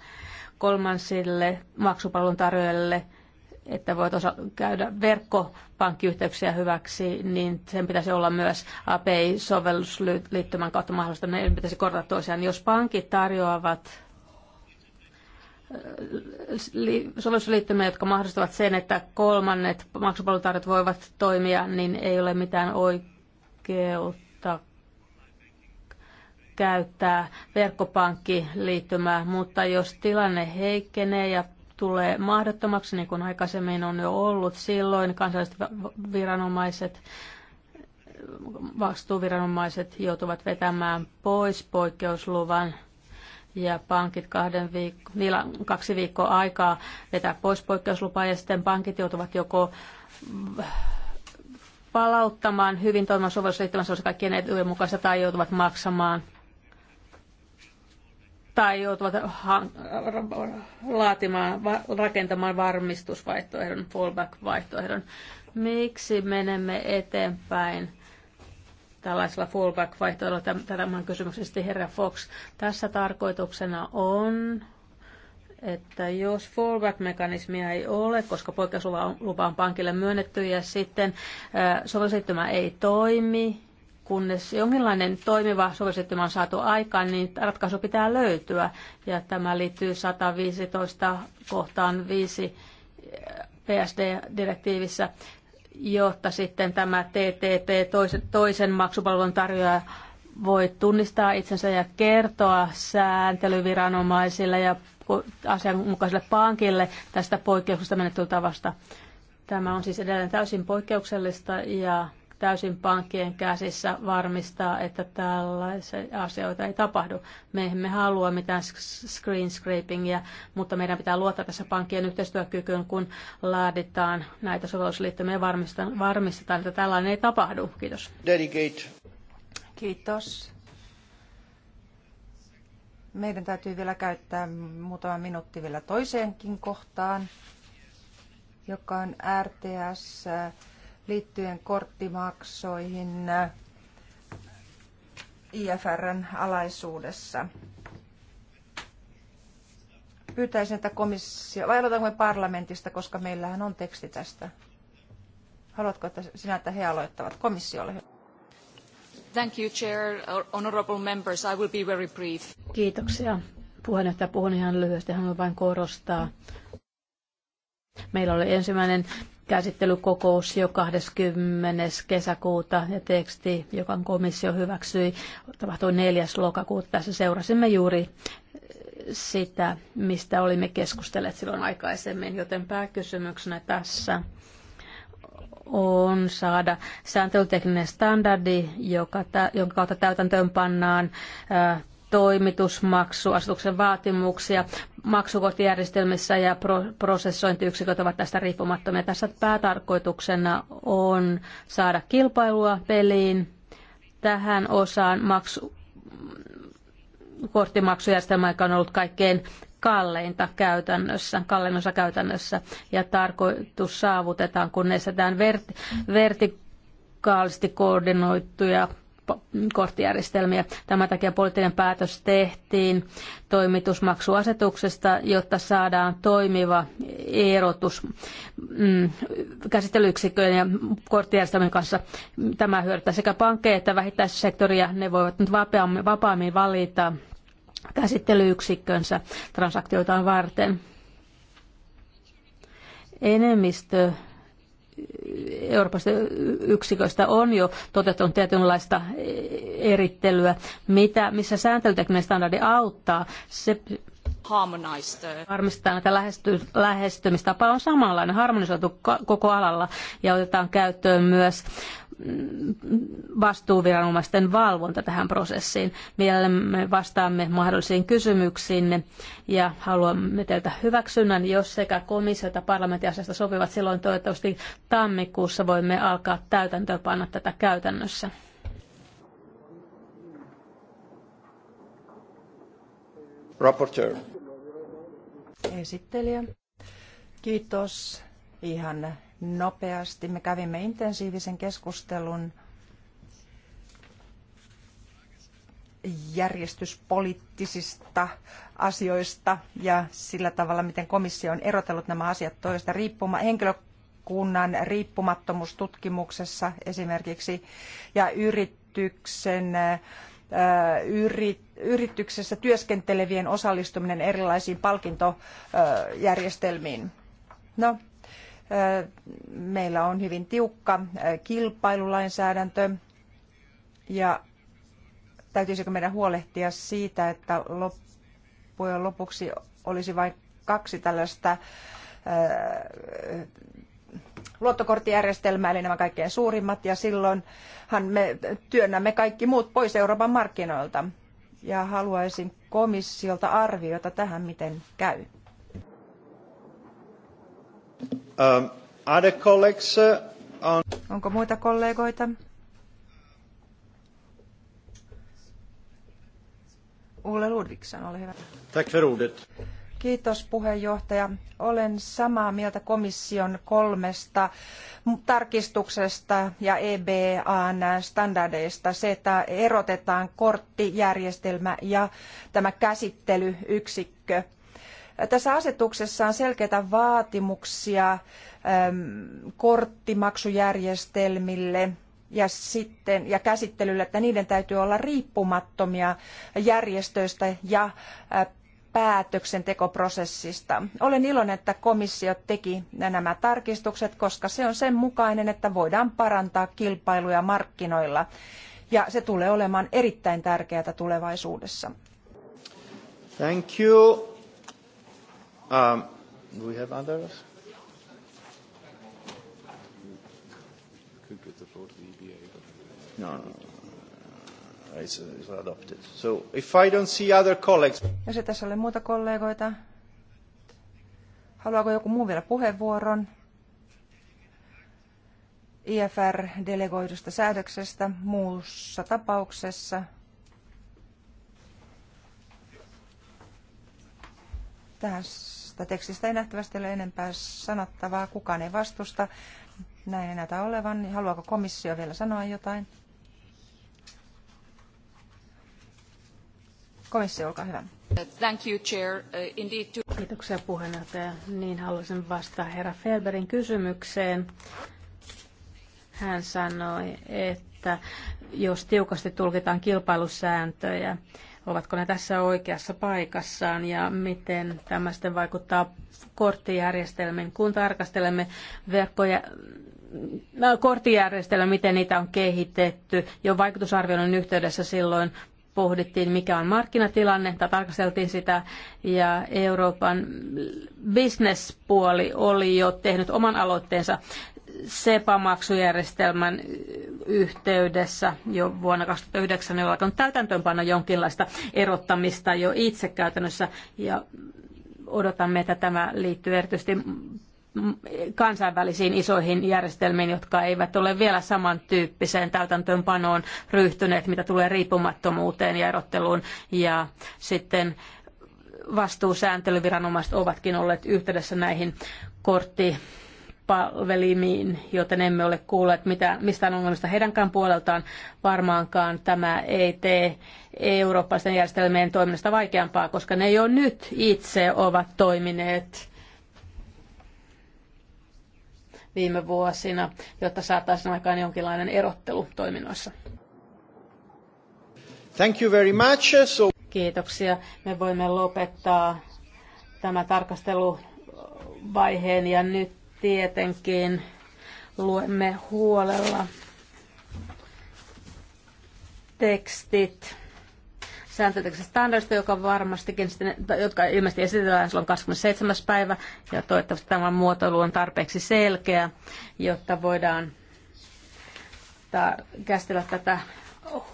kolmansille maksupalvelun tarjoajille – että voit osa- käydä verkkopankkiyhteyksiä hyväksi, niin sen pitäisi olla myös API-sovellusliittymän kautta mahdollista. Ne pitäisi korjata toisiaan. Jos pankit tarjoavat äh, sovellusliittymiä, jotka mahdollistavat sen, että kolmannet maksupalvelutarjot voivat toimia, niin ei ole mitään oikeutta käyttää verkkopankkiliittymää, mutta jos tilanne heikkenee ja tulee mahdottomaksi, niin kuin aikaisemmin on jo ollut. Silloin kansalliset viranomaiset, vastuuviranomaiset joutuvat vetämään pois poikkeusluvan ja pankit kahden viikko, niillä on kaksi viikkoa aikaa vetää pois poikkeuslupaa ja sitten pankit joutuvat joko palauttamaan hyvin toimivan sovellusliittymän, se olisi kaikkien etujen mukaista, tai joutuvat maksamaan tai joutuvat laatimaan, rakentamaan varmistusvaihtoehdon, fallback-vaihtoehdon. Miksi menemme eteenpäin tällaisella fallback-vaihtoehdolla? Tämän kysymyksestä herra Fox. Tässä tarkoituksena on että jos fallback-mekanismia ei ole, koska poikkeuslupa on pankille myönnetty ja sitten sovellusliittymä ei toimi, kunnes jonkinlainen toimiva sovellusjärjestelmä on saatu aikaan, niin ratkaisu pitää löytyä. Ja tämä liittyy 115 kohtaan 5 eh, PSD-direktiivissä, jotta sitten tämä TTP, toisen, toisen maksupalvelun tarjoaja, voi tunnistaa itsensä ja kertoa sääntelyviranomaisille ja asianmukaiselle pankille tästä poikkeuksesta menettelytavasta. Tämä on siis edelleen täysin poikkeuksellista ja täysin pankkien käsissä varmistaa, että tällaisia asioita ei tapahdu. Me emme halua mitään screen scrapingia, mutta meidän pitää luottaa tässä pankkien yhteistyökykyyn, kun laaditaan näitä sovellusliittymiä ja varmistetaan, että tällainen ei tapahdu. Kiitos. Dedicate. Kiitos. Meidän täytyy vielä käyttää muutama minuutti vielä toiseenkin kohtaan, joka on RTS liittyen korttimaksoihin IFRn alaisuudessa. Pyytäisin, että komissio, vai me parlamentista, koska meillähän on teksti tästä. Haluatko, että sinä, että he aloittavat komissiolle? Thank you, Chair. Honorable members, I will be very brief. Kiitoksia. Puheenjohtaja, puhun ihan lyhyesti. Haluan vain korostaa. Meillä oli ensimmäinen käsittelykokous jo 20. kesäkuuta ja teksti, joka komissio hyväksyi, tapahtui 4. lokakuuta. Tässä seurasimme juuri sitä, mistä olimme keskustelleet silloin aikaisemmin, joten pääkysymyksenä tässä on saada sääntelytekninen standardi, joka, jonka kautta täytäntöön pannaan toimitusmaksuasetuksen vaatimuksia maksukorttijärjestelmissä ja prosessointiyksiköt ovat tästä riippumattomia. Tässä päätarkoituksena on saada kilpailua peliin tähän osaan maksu, korttimaksujärjestelmä, joka on ollut kaikkein kalleinta käytännössä, kallein osa käytännössä, ja tarkoitus saavutetaan, kun estetään vert, vertikaalisti koordinoituja korttijärjestelmiä. Tämän takia poliittinen päätös tehtiin toimitusmaksuasetuksesta, jotta saadaan toimiva erotus mm, käsittelyyksikköjen ja korttijärjestelmien kanssa. Tämä hyödyttää sekä pankkeja että vähittäissektoria. Ne voivat nyt vapaammin, vapaammin valita käsittelyyksikkönsä transaktioitaan varten. Enemmistö Euroopasta yksiköistä on jo toteutunut tietynlaista erittelyä. Mitä, missä sääntelytekninen standardi auttaa, se varmistetaan, että lähesty, lähestymistapa on samanlainen, harmonisoitu koko alalla ja otetaan käyttöön myös vastuuviranomaisten valvonta tähän prosessiin. Mielemme vastaamme mahdollisiin kysymyksiinne ja haluamme teiltä hyväksynnän, jos sekä komissio että parlamentti asiasta sopivat. Silloin toivottavasti tammikuussa voimme alkaa täytäntöönpanna tätä käytännössä. Rapporteur. Esittelijä. Kiitos ihan nopeasti. Me kävimme intensiivisen keskustelun järjestyspoliittisista asioista ja sillä tavalla, miten komissio on erotellut nämä asiat toista riippuma henkilökunnan riippumattomuustutkimuksessa esimerkiksi ja yrityksen yrityksessä työskentelevien osallistuminen erilaisiin palkintojärjestelmiin. No, Meillä on hyvin tiukka kilpailulainsäädäntö ja täytyisikö meidän huolehtia siitä, että loppujen lopuksi olisi vain kaksi tällaista luottokorttijärjestelmää, eli nämä kaikkein suurimmat, ja silloinhan me työnnämme kaikki muut pois Euroopan markkinoilta. Ja haluaisin komissiolta arviota tähän, miten käy other um, colleagues uh, on... Onko muita kollegoita? Ulle Ludvigsson, ole hyvä. Tack för ordet. Kiitos puheenjohtaja. Olen samaa mieltä komission kolmesta tarkistuksesta ja EBAn standardeista. Se, että erotetaan korttijärjestelmä ja tämä käsittelyyksikkö tässä asetuksessa on selkeitä vaatimuksia korttimaksujärjestelmille ja, sitten, ja käsittelylle, että niiden täytyy olla riippumattomia järjestöistä ja päätöksentekoprosessista. Olen iloinen, että komissio teki nämä tarkistukset, koska se on sen mukainen, että voidaan parantaa kilpailuja markkinoilla. Ja se tulee olemaan erittäin tärkeää tulevaisuudessa. Thank you. Um, do we have others? Could get the the EBA, but no, no, no. no, no, no. It's, uh, it's adopted. So if I don't see other colleagues... Jos ei tässä ole muuta kollegoita, haluaako joku muu vielä puheenvuoron? IFR-delegoidusta säädöksestä muussa tapauksessa Tästä tekstistä ei nähtävästi ole enempää sanottavaa. Kukaan ei vastusta. Näin ei näytä olevan. Haluaako komissio vielä sanoa jotain? Komissio, olkaa hyvä. Thank you, Chair. Uh, indeed to... Kiitoksia puheenjohtaja. Niin haluaisin vastata herra Felberin kysymykseen. Hän sanoi, että jos tiukasti tulkitaan kilpailusääntöjä, ovatko ne tässä oikeassa paikassaan ja miten tämä sitten vaikuttaa korttijärjestelmiin, kun tarkastelemme verkkoja, no, korttijärjestelmä, miten niitä on kehitetty. Jo vaikutusarvioinnin yhteydessä silloin pohdittiin, mikä on markkinatilanne, tai tarkasteltiin sitä, ja Euroopan bisnespuoli oli jo tehnyt oman aloitteensa SEPA-maksujärjestelmän yhteydessä jo vuonna 2009 on alkanut täytäntöönpanna jonkinlaista erottamista jo itse käytännössä ja odotamme, että tämä liittyy erityisesti kansainvälisiin isoihin järjestelmiin, jotka eivät ole vielä samantyyppiseen täytäntöönpanoon ryhtyneet, mitä tulee riippumattomuuteen ja erotteluun. Ja sitten vastuusääntelyviranomaiset ovatkin olleet yhteydessä näihin kortti palvelimiin, joten emme ole kuulleet mitä, mistään ongelmista heidänkään puoleltaan. Varmaankaan tämä ei tee eurooppalaisten järjestelmien toiminnasta vaikeampaa, koska ne jo nyt itse ovat toimineet viime vuosina, jotta saataisiin aikaan jonkinlainen erottelu toiminnoissa. Thank you very much. So... Kiitoksia. Me voimme lopettaa tämä tarkastelu vaiheen ja nyt tietenkin luemme huolella tekstit sääntötekstistä standardista, joka varmastikin sitten, jotka ilmeisesti esitellään silloin 27. päivä, ja toivottavasti tämä muotoilu on tarpeeksi selkeä, jotta voidaan ta- käsitellä tätä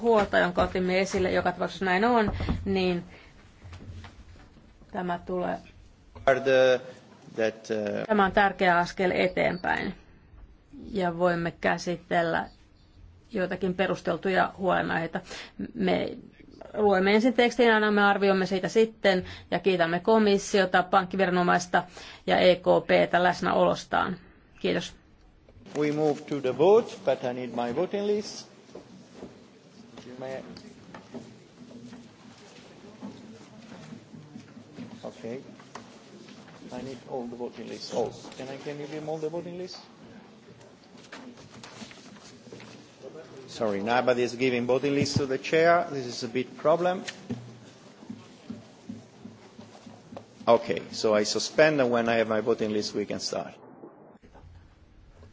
huolta, jonka otimme esille, joka tapauksessa näin on, niin tämä tulee. The that, uh... Tämä on tärkeä askel eteenpäin ja voimme käsitellä joitakin perusteltuja huolenaiheita. Me luemme ensin tekstin ja me arvioimme siitä sitten ja kiitämme komissiota, pankkiviranomaista ja EKPtä läsnäolostaan. Kiitos. We move to the vote, but I need my voting list. Okay. I need all the voting lists. All. Can I can you give him all the voting lists? Sorry, nobody is giving voting lists to the chair. This is a big problem. Okay, so I suspend and when I have my voting list we can start.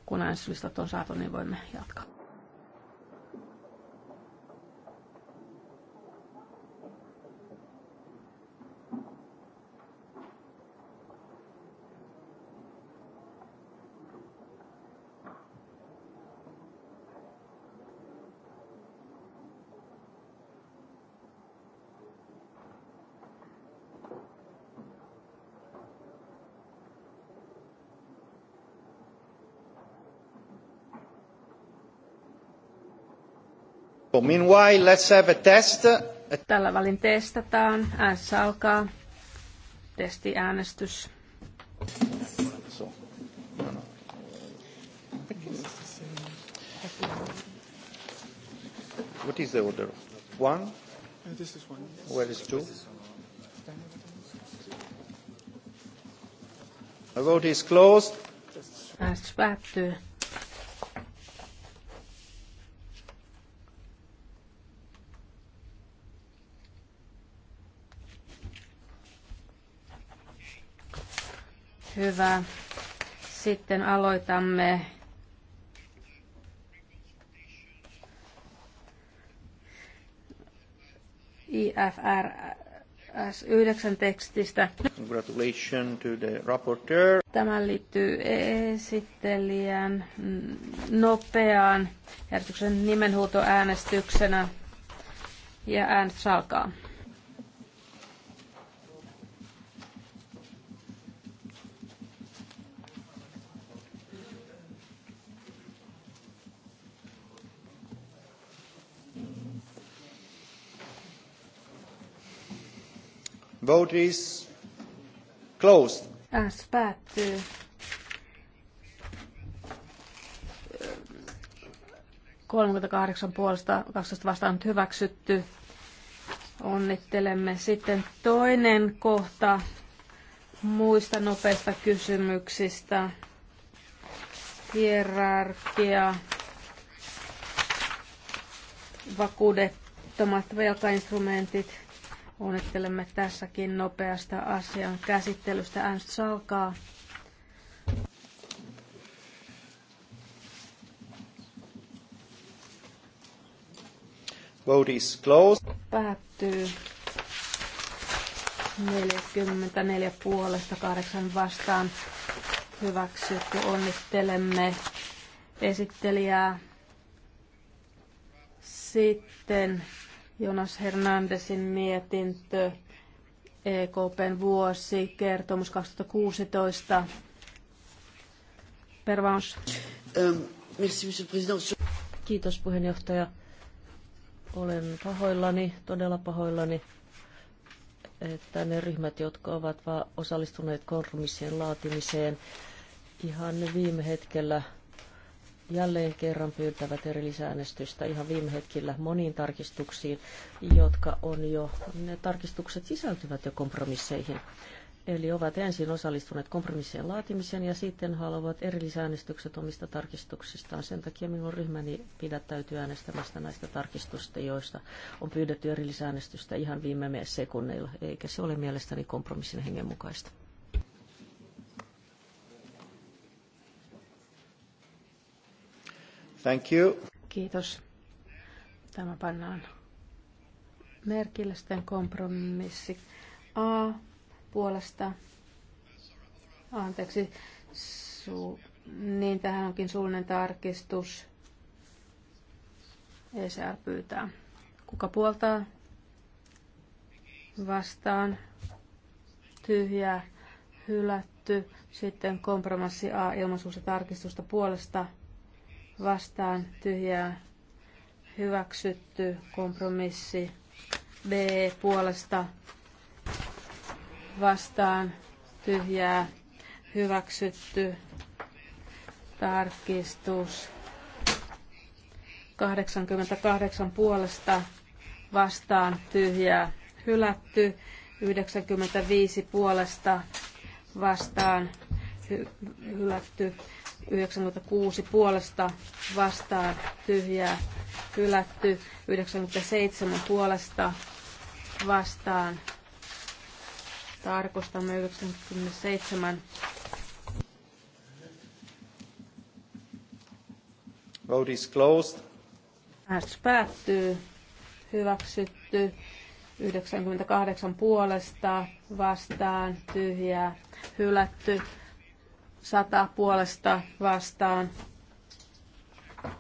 Kun äänestyslistat on saatu, niin voimme jatkaa. So meanwhile, let's have a test. Tällä välin testataan. Äänessä alkaa testiäänestys. So. What is the order? One? this is one. Where is two? The vote is closed. Äänestys päättyy. Hyvä. Sitten aloitamme IFRS 9 tekstistä. Congratulations to the rapporteur. Tämä liittyy esittelijän nopeaan järjestyksen nimenhuutoäänestyksenä ja äänestys alkaa. Vote is closed. Äänestys päättyy. Kolmekymmentäkahdeksan puolesta 12 vastaan nyt hyväksytty. Onnittelemme sitten toinen kohta muista nopeista kysymyksistä. Hierarkia, vakuudettomat velkainstrumentit, Onnittelemme tässäkin nopeasta asian käsittelystä. Äänestys alkaa. Vote is closed. Päättyy 44 puolesta 8 vastaan hyväksytty. Onnittelemme esittelijää. Sitten Jonas Hernandesin mietintö, EKPn vuosi, kertomus 2016. Pervans. Kiitos puheenjohtaja. Olen pahoillani, todella pahoillani, että ne ryhmät, jotka ovat osallistuneet kompromissien laatimiseen ihan viime hetkellä – jälleen kerran pyytävät erillisäänestystä ihan viime hetkillä moniin tarkistuksiin, jotka on jo, ne tarkistukset sisältyvät jo kompromisseihin. Eli ovat ensin osallistuneet kompromissien laatimiseen ja sitten haluavat erillisäänestykset omista tarkistuksistaan. Sen takia minun ryhmäni pidättäytyy äänestämästä näistä tarkistusta, joista on pyydetty erillisäänestystä ihan viime sekunneilla, eikä se ole mielestäni kompromissin hengen mukaista. Thank you. Kiitos. Tämä pannaan merkille sitten kompromissi. A puolesta, anteeksi, su, niin tähän onkin suullinen tarkistus. ECR pyytää. Kuka puoltaa? Vastaan. Tyhjä, Hylätty. Sitten kompromissi A ilmaisuus ja tarkistusta puolesta vastaan tyhjää hyväksytty kompromissi B puolesta vastaan tyhjää hyväksytty tarkistus 88 puolesta vastaan tyhjää hylätty 95 puolesta vastaan hy- hylätty 96 puolesta vastaan tyhjää hylätty. 97 puolesta vastaan. Tarkostamme 97. Vote is closed. Äänestys päättyy. Hyväksytty. 98 puolesta vastaan tyhjää hylätty sata puolesta vastaan.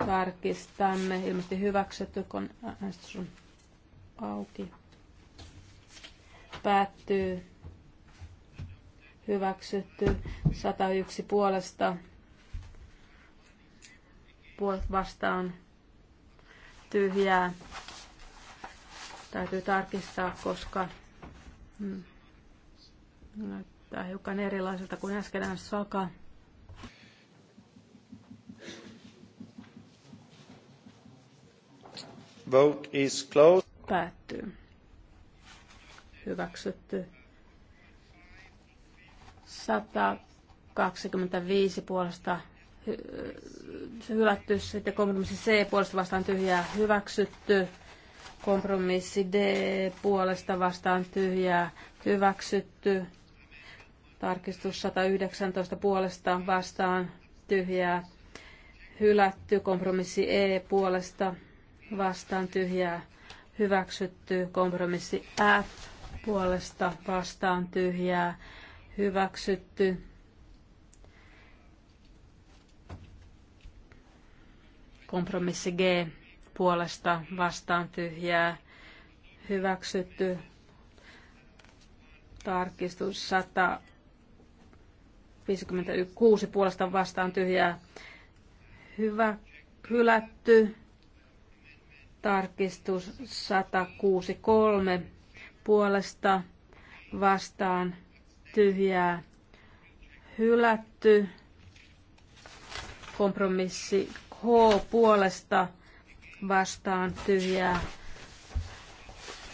Tarkistamme. Ilmeisesti hyväksytty, kun äänestys on auki. Päättyy. Hyväksytty. 101 puolesta. Puolet vastaan. Tyhjää. Täytyy tarkistaa, koska... Hmm näyttää hiukan erilaiselta kuin äsken Saka. Vote is closed. Päättyy. Hyväksytty. 125 puolesta hylätty, sitten kompromissi C puolesta vastaan tyhjää hyväksytty, kompromissi D puolesta vastaan tyhjää hyväksytty, Tarkistus 119 puolesta vastaan tyhjää. Hylätty kompromissi E puolesta vastaan tyhjää. Hyväksytty kompromissi F puolesta vastaan tyhjää. Hyväksytty. Kompromissi G puolesta vastaan tyhjää. Hyväksytty tarkistus 100 56 puolesta vastaan tyhjää hyvä hylätty. Tarkistus 163 puolesta vastaan tyhjää hylätty. Kompromissi K puolesta vastaan tyhjää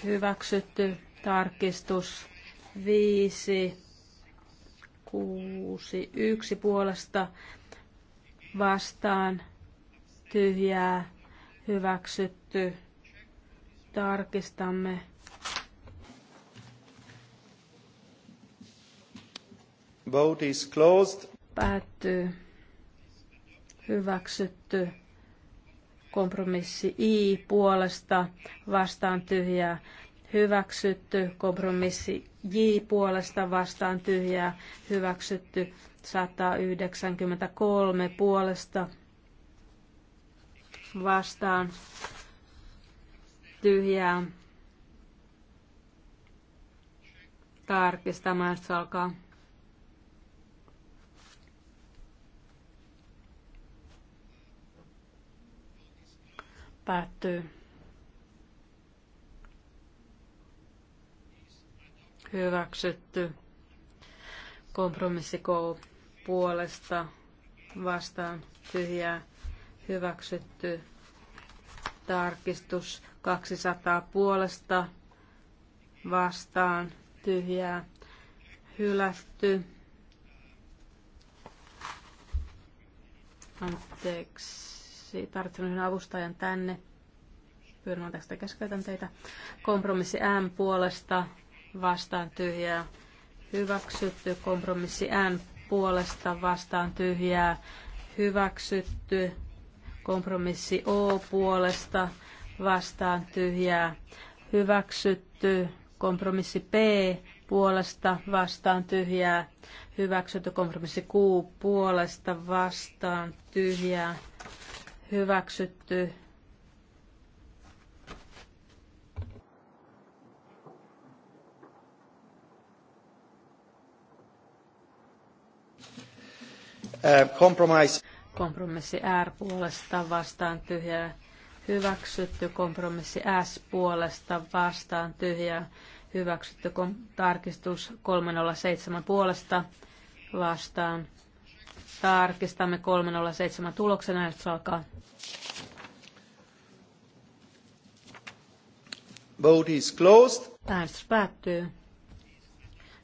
hyväksytty. Tarkistus 5 kuusi yksi puolesta vastaan tyhjää hyväksytty. Tarkistamme. Vote is closed. Päättyy. Hyväksytty. Kompromissi I puolesta vastaan tyhjää hyväksytty, kompromissi J puolesta vastaan tyhjää hyväksytty, 193 puolesta vastaan tyhjää. Tarkistamaan, se alkaa. Päättyy. Hyväksytty. Kompromissi K puolesta vastaan tyhjää. Hyväksytty. Tarkistus 200 puolesta vastaan tyhjää. Hylätty. Anteeksi, tarvitsen yhden avustajan tänne. Pyydän anteeksi, että keskeytän teitä. Kompromissi M puolesta vastaan tyhjää hyväksytty. Kompromissi N puolesta vastaan tyhjää hyväksytty. Kompromissi O puolesta vastaan tyhjää hyväksytty. Kompromissi P puolesta vastaan tyhjää hyväksytty. Kompromissi Q puolesta vastaan tyhjää hyväksytty. compromise. Kompromissi R puolesta vastaan tyhjää hyväksytty. Kompromissi S puolesta vastaan tyhjää hyväksytty. Kom- tarkistus 307 puolesta vastaan. Tarkistamme 307 tuloksen äänestys alkaa. Vote is closed. Äänestys päättyy.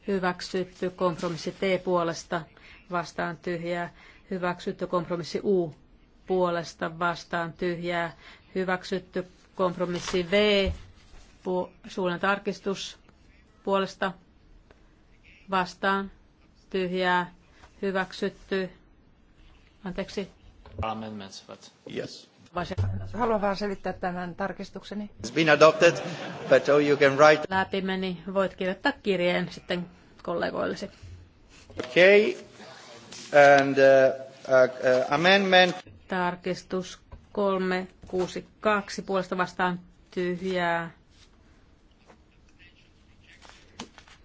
Hyväksytty kompromissi T puolesta vastaan tyhjää, hyväksytty kompromissi U puolesta vastaan tyhjää, hyväksytty kompromissi V pu- suunnan tarkistus puolesta vastaan tyhjää, hyväksytty, anteeksi. Amendments, but yes. Haluan vain selittää tämän tarkistukseni. It's been adopted, but oh, you can write. Läpi meni, voit kirjoittaa kirjeen sitten kollegoillesi. Okei, okay. And, uh, uh, amendment. Tarkistus 362 puolesta vastaan tyhjää.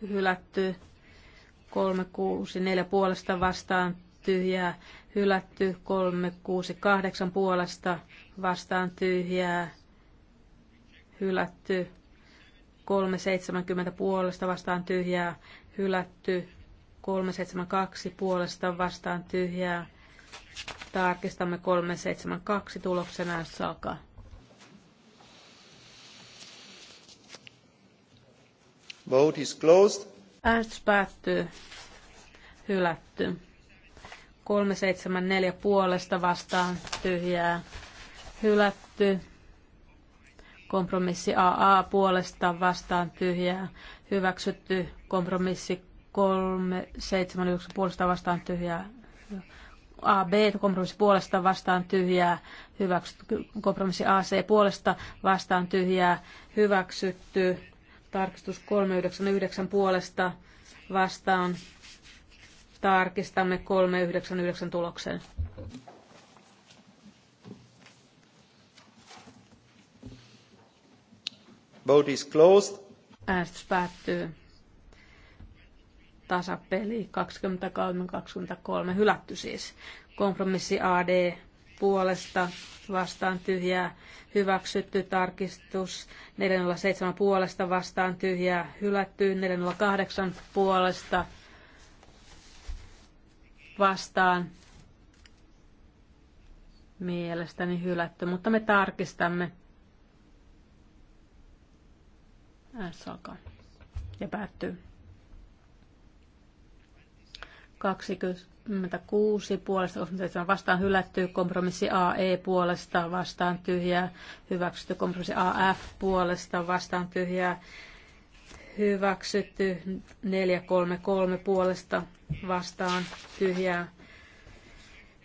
Hylätty 364 puolesta vastaan tyhjää. Hylätty 368 puolesta vastaan tyhjää. Hylätty 370 puolesta vastaan tyhjää. Hylätty 372 puolesta vastaan tyhjää. Tarkistamme 372 tuloksena, jos Vote is closed. Äänestys päättyy. Hylätty. 374 puolesta vastaan tyhjää. Hylätty. Kompromissi AA puolesta vastaan tyhjää. Hyväksytty kompromissi kolme seitsemän 9 puolesta vastaan tyhjää. AB, kompromissi puolesta vastaan tyhjää, hyväksytty. Kompromissi AC puolesta vastaan tyhjää, hyväksytty. Tarkistus 399 puolesta vastaan. Tarkistamme 399 tuloksen. Vote is closed. Äänestys päättyy tasapeli 23-23, hylätty siis. Kompromissi AD puolesta vastaan tyhjää, hyväksytty tarkistus 407 puolesta vastaan tyhjää, hylätty 408 puolesta vastaan mielestäni hylätty, mutta me tarkistamme. S alkaa ja päättyy. 26 puolesta, 27 vastaan hylätty, kompromissi AE puolesta vastaan tyhjää, hyväksytty kompromissi AF puolesta vastaan tyhjää, hyväksytty 433 puolesta vastaan tyhjää,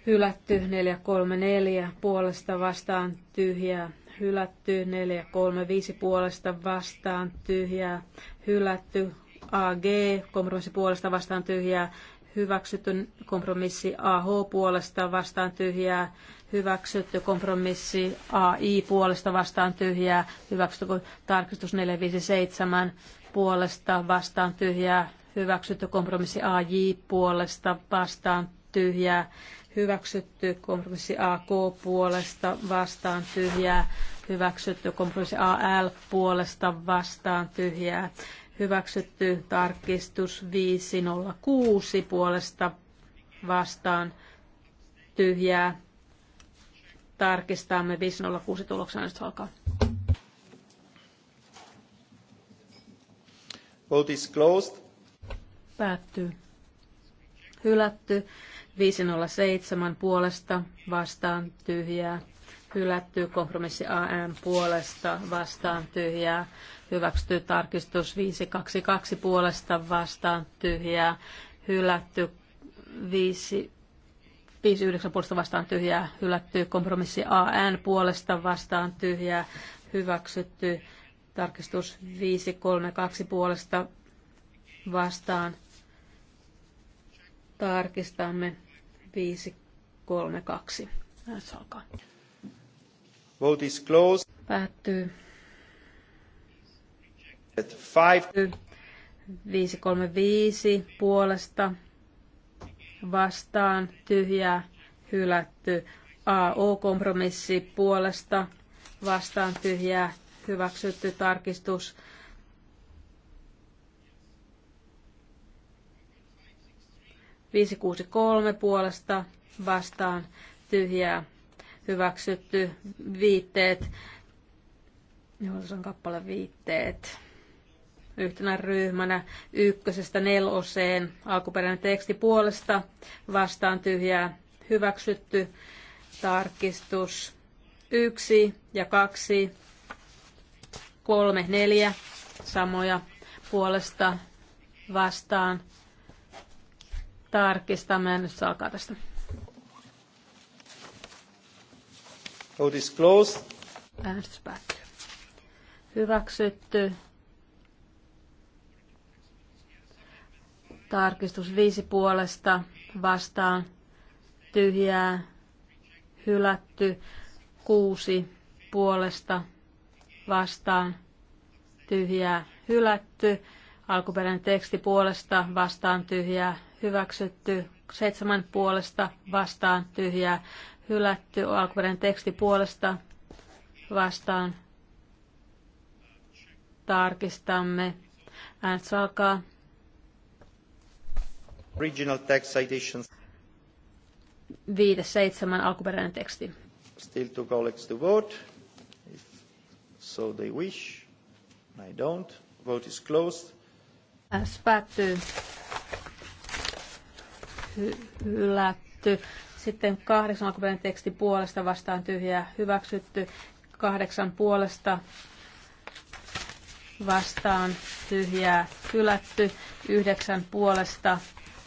hylätty 434 puolesta vastaan tyhjää, hylätty 435 puolesta vastaan tyhjää, hylätty AG, kompromissi puolesta vastaan tyhjää, Hyväksytyn kompromissi AH puolesta vastaan tyhjää, hyväksytty kompromissi AI puolesta vastaan tyhjää, hyväksytty tarkistus 457 puolesta vastaan tyhjää, hyväksytty kompromissi AJ puolesta vastaan tyhjää, hyväksytty kompromissi AK puolesta vastaan tyhjää, hyväksytty kompromissi AL puolesta vastaan tyhjää, hyväksytty tarkistus 506 puolesta vastaan tyhjää. Tarkistamme 506 tuloksen äänestys alkaa. Vote is closed. Päättyy. Hylätty. 507 puolesta vastaan tyhjää. Hylätty. Kompromissi AM puolesta vastaan tyhjää hyväksytty tarkistus 522 puolesta vastaan tyhjää, hylätty 5 59 puolesta vastaan tyhjää, hylätty kompromissi AN puolesta vastaan tyhjää, hyväksytty tarkistus 532 puolesta vastaan. Tarkistamme 532. Äänestys alkaa. Vote is closed. Päättyy. 535 puolesta vastaan tyhjää hylätty. AO-kompromissi puolesta vastaan tyhjää hyväksytty tarkistus. Viisi kuusi kolme puolesta vastaan tyhjää hyväksytty viitteet. on kappale viitteet yhtenä ryhmänä ykkösestä neloseen. Alkuperäinen teksti puolesta vastaan tyhjää hyväksytty. Tarkistus yksi ja kaksi, kolme, neljä samoja puolesta vastaan. Tarkistamme nyt alkaa tästä. Vote is closed. Äänestys päättyy. Hyväksytty. Tarkistus viisi puolesta vastaan tyhjää hylätty. Kuusi puolesta vastaan tyhjää hylätty. Alkuperäinen teksti puolesta vastaan tyhjää hyväksytty. Seitsemän puolesta vastaan tyhjää hylätty. Alkuperäinen teksti puolesta vastaan tarkistamme. Äänestys alkaa. Original text citations. Viite seitsemän alkuperäinen teksti. Still to colleagues to vote. If so they wish. I don't. Vote is closed. Äänestys päättyy. Hy- hylätty. Sitten kahdeksan alkuperäinen teksti puolesta vastaan tyhjää hyväksytty. Kahdeksan puolesta vastaan tyhjää hylätty. Yhdeksän puolesta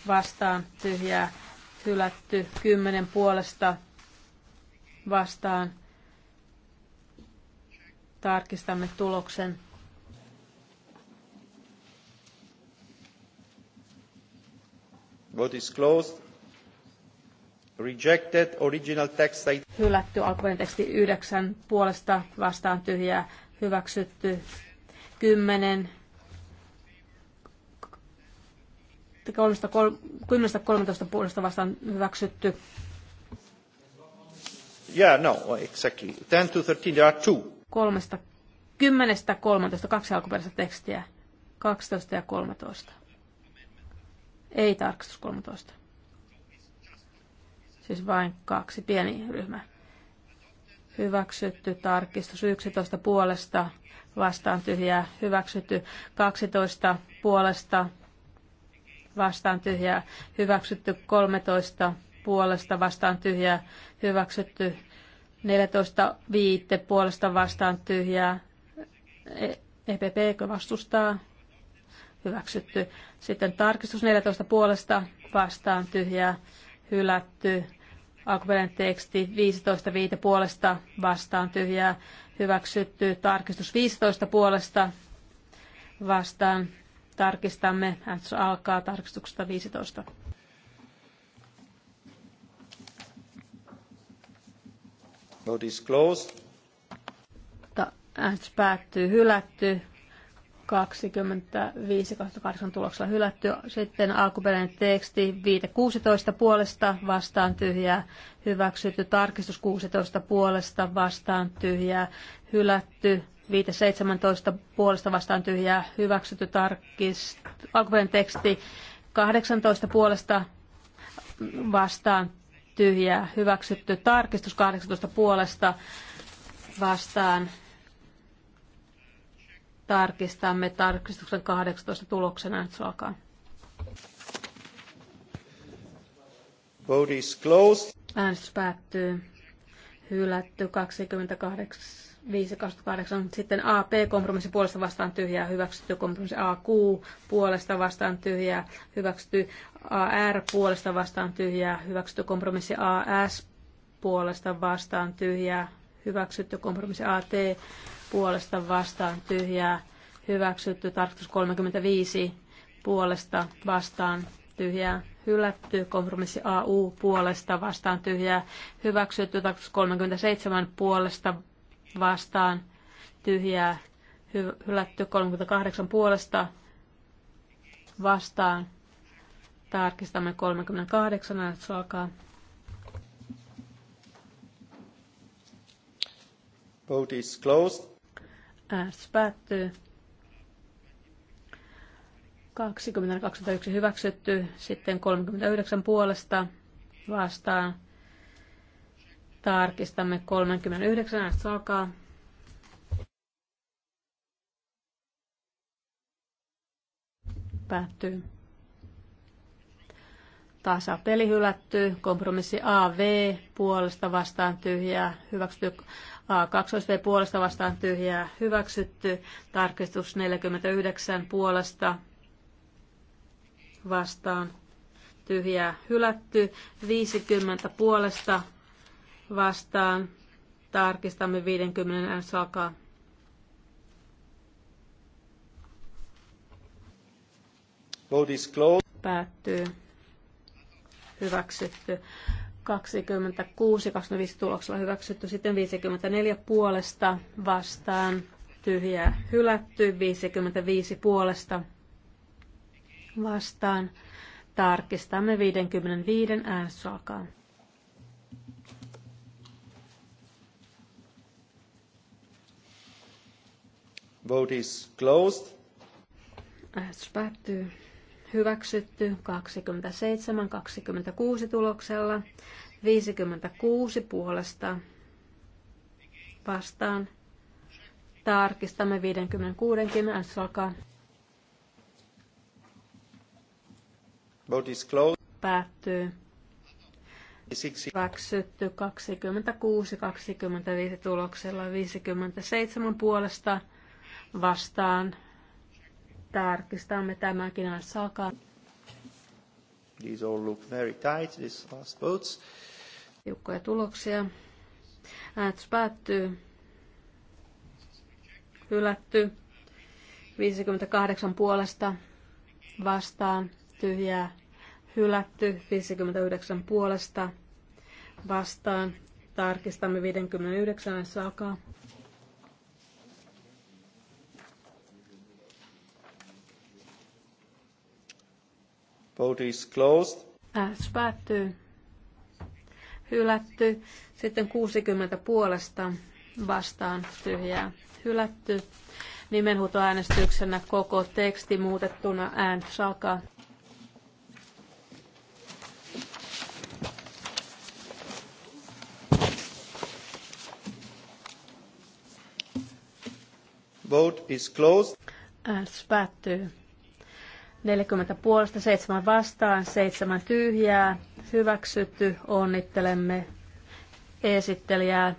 vastaan tyhjää hylätty, kymmenen puolesta vastaan. Tarkistamme tuloksen. Vote is closed. Rejected original text. Hylätty alkuperäinen teksti yhdeksän puolesta vastaan tyhjää hyväksytty 10 10-13 puolesta vastaan hyväksytty. Yeah, no, exactly. 10 13, there are two. Kolmesta, kymmenestä kolmantoista, kaksi alkuperäistä tekstiä, 12 ja 13. Ei tarkastus 13. Siis vain kaksi, pieni ryhmä. Hyväksytty tarkistus 11 puolesta, vastaan tyhjää, hyväksytty 12 puolesta, vastaan tyhjää, hyväksytty 13 puolesta vastaan tyhjää, hyväksytty 14 viitte puolesta vastaan tyhjää, EPP e vastustaa, hyväksytty. Sitten tarkistus 14 puolesta vastaan tyhjää, hylätty. Alkuperäinen teksti 15 viite puolesta vastaan tyhjää, hyväksytty. Tarkistus 15 puolesta vastaan Tarkistamme. Äänestys alkaa tarkistuksesta 15. Vote is closed. Äänestys päättyy hylätty. 25-28 tuloksella hylätty. Sitten alkuperäinen teksti 5.16 puolesta vastaan tyhjää, hyväksytty. Tarkistus 16 puolesta vastaan tyhjää, hylätty. 5.17 puolesta vastaan tyhjää hyväksytty tarkist, alkuperäinen teksti 18 puolesta vastaan tyhjää hyväksytty tarkistus 18 puolesta vastaan tarkistamme tarkistuksen 18 tuloksena nyt alkaa. Vote is closed. Äänestys päättyy. Hylätty 28 5.28. Sitten AP-kompromissi puolesta vastaan tyhjää hyväksytty. Kompromissi AQ puolesta vastaan tyhjää hyväksytty. AR puolesta vastaan tyhjää hyväksytty. Kompromissi AS puolesta vastaan tyhjää hyväksytty. Kompromissi AT puolesta vastaan tyhjää hyväksytty. tarkoitus 35 puolesta vastaan tyhjää hylätty, kompromissi AU puolesta vastaan tyhjää hyväksytty, tarkoitus 37 puolesta vastaan tyhjää hylätty 38 puolesta vastaan. Tarkistamme 38, näet alkaa. Vote is closed. Äänestys päättyy. 2021 hyväksytty, sitten 39 puolesta vastaan Tarkistamme 39. Äänestys alkaa. Päättyy. peli hylätty. Kompromissi AV puolesta vastaan tyhjää. Hyväksytty. A2V puolesta vastaan tyhjää. Hyväksytty. Tarkistus 49 puolesta vastaan tyhjää hylätty, 50 puolesta vastaan. Tarkistamme 50 sakaa. Päättyy. Hyväksytty. 26, 25 tuloksella hyväksytty. Sitten 54 puolesta vastaan. Tyhjää hylätty. 55 puolesta vastaan. Tarkistamme 55 äänestys Vote is closed. Äänestys päättyy. Hyväksytty 27-26 tuloksella. 56 puolesta vastaan. Tarkistamme 56. Äänestys alkaa. Vote is closed. Päättyy. Hyväksytty 26-25 tuloksella 57 puolesta vastaan. Tarkistamme tämänkin alkaa. These all look very tight, these last votes. Tiukkoja tuloksia. Äänestys päättyy. Hylätty. 58 puolesta vastaan. Tyhjää. Hylätty. 59 puolesta vastaan. Tarkistamme 59 sakaa. Vote is closed. Äänestys päättyy. Hylätty. Sitten 60 puolesta vastaan tyhjää. Hylätty. Nimenhuutoäänestyksenä koko teksti muutettuna äänestys alkaa. Vote is closed. Äänestys päättyy. 40 puolesta, 7 vastaan, 7 tyhjää. Hyväksytty. Onnittelemme esittelijää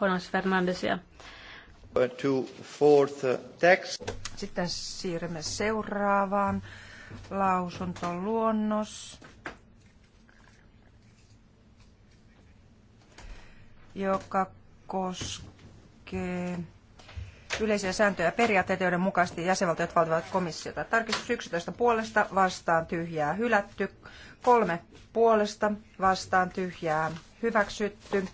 Jonas Fernandesia. Uh, Sitten siirrymme seuraavaan lausuntoluonnos, joka koskee yleisiä sääntöjä ja periaatteita, joiden mukaisesti jäsenvaltiot valtavat komissiota. Tarkistus 11 puolesta vastaan tyhjää hylätty. Kolme puolesta vastaan tyhjää hyväksytty.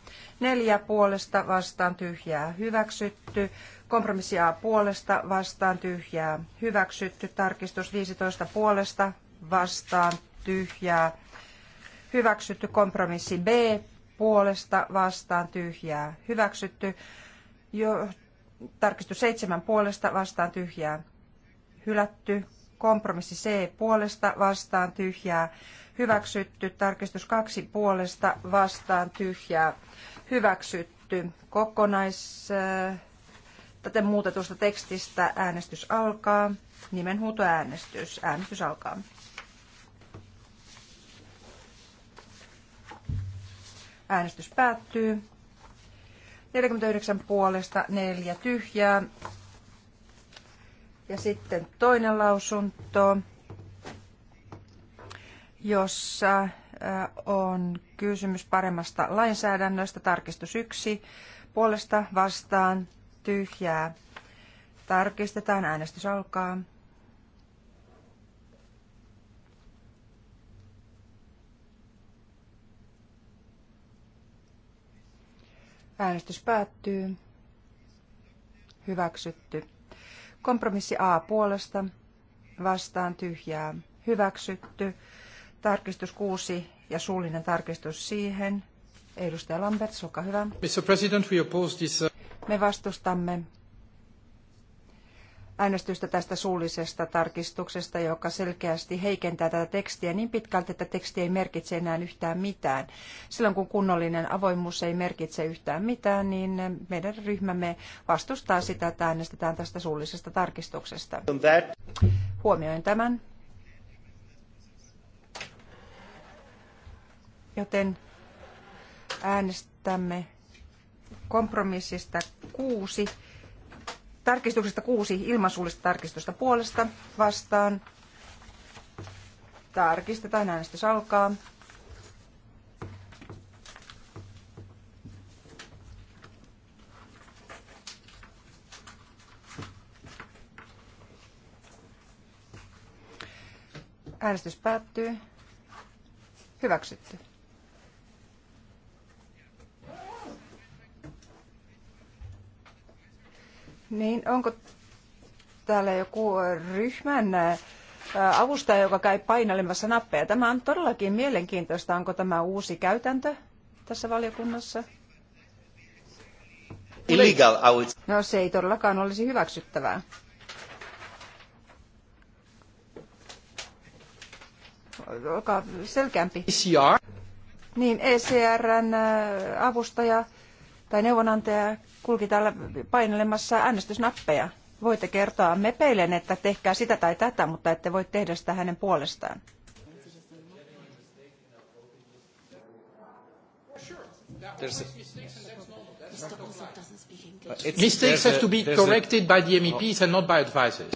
Neljä puolesta vastaan tyhjää hyväksytty. Kompromissi A puolesta vastaan tyhjää hyväksytty. Tarkistus 15 puolesta vastaan tyhjää hyväksytty. Kompromissi B puolesta vastaan tyhjää hyväksytty. Jo, Tarkistus 7 puolesta vastaan tyhjää hylätty. Kompromissi C puolesta vastaan tyhjää hyväksytty. Tarkistus 2 puolesta vastaan tyhjää hyväksytty. Kokonais äh, tätä muutetusta tekstistä äänestys alkaa. Nimenhuutoäänestys. Äänestys alkaa. Äänestys päättyy. 49 puolesta, neljä tyhjää. Ja sitten toinen lausunto, jossa äh, on kysymys paremmasta lainsäädännöstä, tarkistus 1, puolesta vastaan tyhjää. Tarkistetaan, äänestys alkaa. Äänestys päättyy. Hyväksytty. Kompromissi A puolesta. Vastaan tyhjää. Hyväksytty. Tarkistus 6 ja suullinen tarkistus siihen. Edustaja Lambert, olkaa hyvä. Mr. President, we oppose this, uh, Me vastustamme äänestystä tästä suullisesta tarkistuksesta, joka selkeästi heikentää tätä tekstiä niin pitkälti, että teksti ei merkitse enää yhtään mitään. Silloin kun kunnollinen avoimuus ei merkitse yhtään mitään, niin meidän ryhmämme vastustaa sitä, että äänestetään tästä suullisesta tarkistuksesta. Huomioin tämän. Joten äänestämme kompromissista kuusi Tarkistuksesta kuusi ilmansuullista tarkistusta puolesta vastaan. Tarkistetaan, äänestys alkaa. Äänestys päättyy. Hyväksytty. Niin, onko täällä joku ryhmän avustaja, joka käy painelemassa nappeja? Tämä on todellakin mielenkiintoista. Onko tämä uusi käytäntö tässä valiokunnassa? Illegal, No se ei todellakaan olisi hyväksyttävää. Olkaa selkeämpi. ECR. Niin, ECRn avustaja tai neuvonantaja kulki täällä painelemassa äänestysnappeja. Voitte kertoa mepeillen, että tehkää sitä tai tätä, mutta ette voi tehdä sitä hänen puolestaan. Mistakes have to be corrected by the MEPs and not by advisors.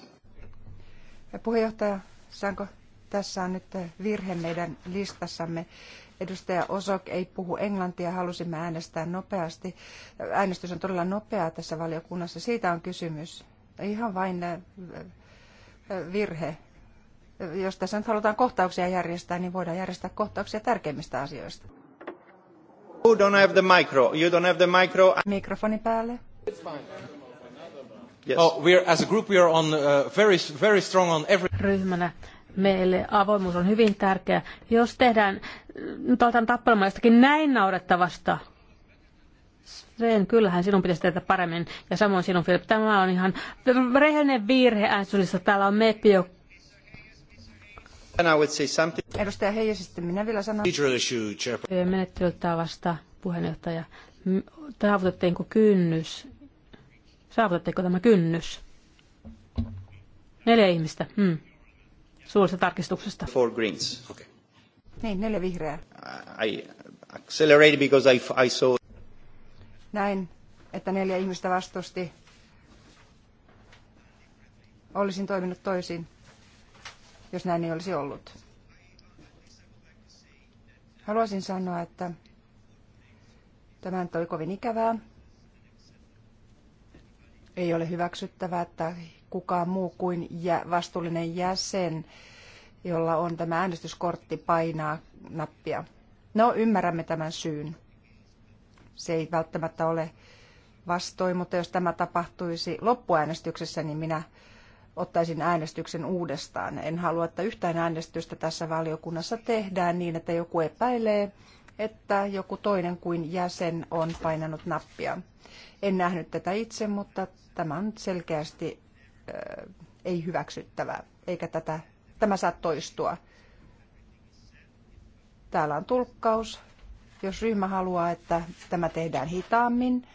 Puheenjohtaja, saanko tässä on nyt virhe meidän listassamme. Edustaja Osok ei puhu englantia, halusimme äänestää nopeasti. Äänestys on todella nopeaa tässä valiokunnassa, siitä on kysymys. Ihan vain äh, virhe. Jos tässä nyt halutaan kohtauksia järjestää, niin voidaan järjestää kohtauksia tärkeimmistä asioista. You don't have the micro. You don't have the micro. Mikrofoni päälle. Yes. Oh, we're, as a group we are on uh, very, very strong on every... Ryhmänä Meille avoimuus on hyvin tärkeä. Jos tehdään, nyt aletaan tappelemaan jostakin näin naurettavasta, Sven, kyllähän sinun pitäisi tehdä paremmin. Ja samoin sinun, Filip. Tämä on ihan rehellinen virhe äänestyslista. Täällä on meppi, jo. Edustaja Heijäs, siis sitten minä vielä sanon. Menettelyltä vasta puheenjohtaja. Saavutettiinko kynnys? Saavutettiinko tämä kynnys? Neljä ihmistä. Hmm suullisesta tarkistuksesta. Four greens. Okay. Niin, neljä vihreää. I accelerated because I, I saw... Näin, että neljä ihmistä vastusti. Olisin toiminut toisin, jos näin ei olisi ollut. Haluaisin sanoa, että tämä toi kovin ikävää. Ei ole hyväksyttävää, että kukaan muu kuin vastuullinen jäsen, jolla on tämä äänestyskortti, painaa nappia. No, ymmärrämme tämän syyn. Se ei välttämättä ole vastoin, mutta jos tämä tapahtuisi loppuäänestyksessä, niin minä ottaisin äänestyksen uudestaan. En halua, että yhtään äänestystä tässä valiokunnassa tehdään niin, että joku epäilee, että joku toinen kuin jäsen on painanut nappia. En nähnyt tätä itse, mutta tämä on selkeästi ei hyväksyttävä, eikä tätä, tämä saa toistua. Täällä on tulkkaus. Jos ryhmä haluaa, että tämä tehdään hitaammin,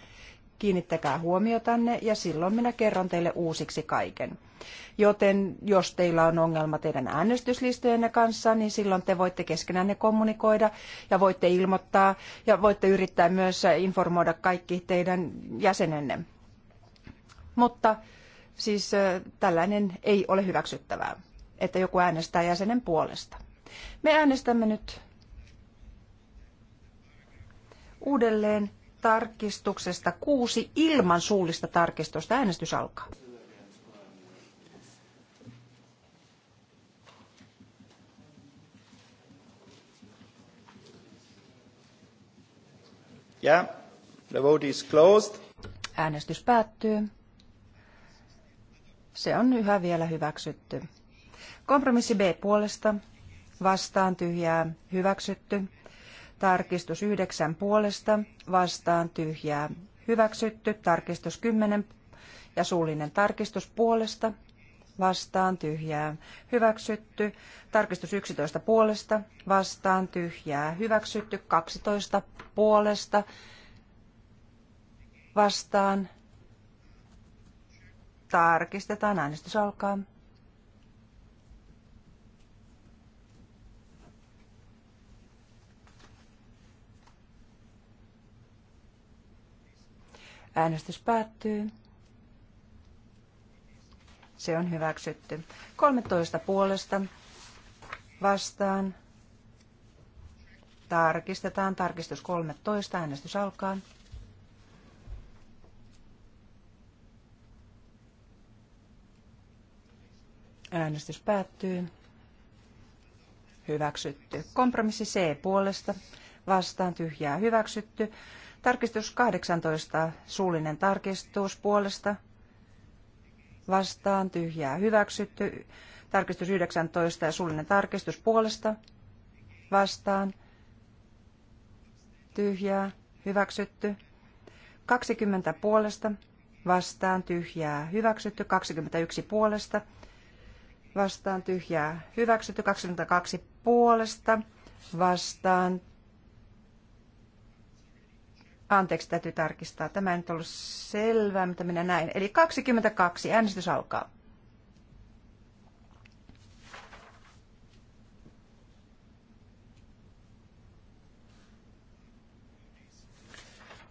kiinnittäkää huomiotanne ja silloin minä kerron teille uusiksi kaiken. Joten jos teillä on ongelma teidän äänestyslistojenne kanssa, niin silloin te voitte ne kommunikoida ja voitte ilmoittaa ja voitte yrittää myös informoida kaikki teidän jäsenenne. Mutta Siis tällainen ei ole hyväksyttävää, että joku äänestää jäsenen puolesta. Me äänestämme nyt uudelleen tarkistuksesta kuusi ilman suullista tarkistusta. Äänestys alkaa. Yeah, the vote is closed. Äänestys päättyy. Se on yhä vielä hyväksytty. Kompromissi B puolesta, vastaan tyhjää, hyväksytty. Tarkistus 9 puolesta, vastaan tyhjää, hyväksytty. Tarkistus 10 ja suullinen tarkistus puolesta, vastaan tyhjää, hyväksytty. Tarkistus 11 puolesta, vastaan tyhjää, hyväksytty. 12 puolesta, vastaan Tarkistetaan. Äänestys alkaa. Äänestys päättyy. Se on hyväksytty. 13 puolesta vastaan. Tarkistetaan. Tarkistus 13. Äänestys alkaa. Äänestys päättyy. Hyväksytty. Kompromissi C puolesta. Vastaan tyhjää hyväksytty. Tarkistus 18. Suullinen tarkistus puolesta. Vastaan tyhjää hyväksytty. Tarkistus 19 suullinen tarkistus puolesta. Vastaan tyhjää hyväksytty. 20 puolesta. Vastaan tyhjää hyväksytty. 21 puolesta vastaan tyhjää hyväksytty, 22 puolesta vastaan. Anteeksi, täytyy tarkistaa. Tämä ei nyt ollut selvää, mitä minä näin. Eli 22, äänestys alkaa.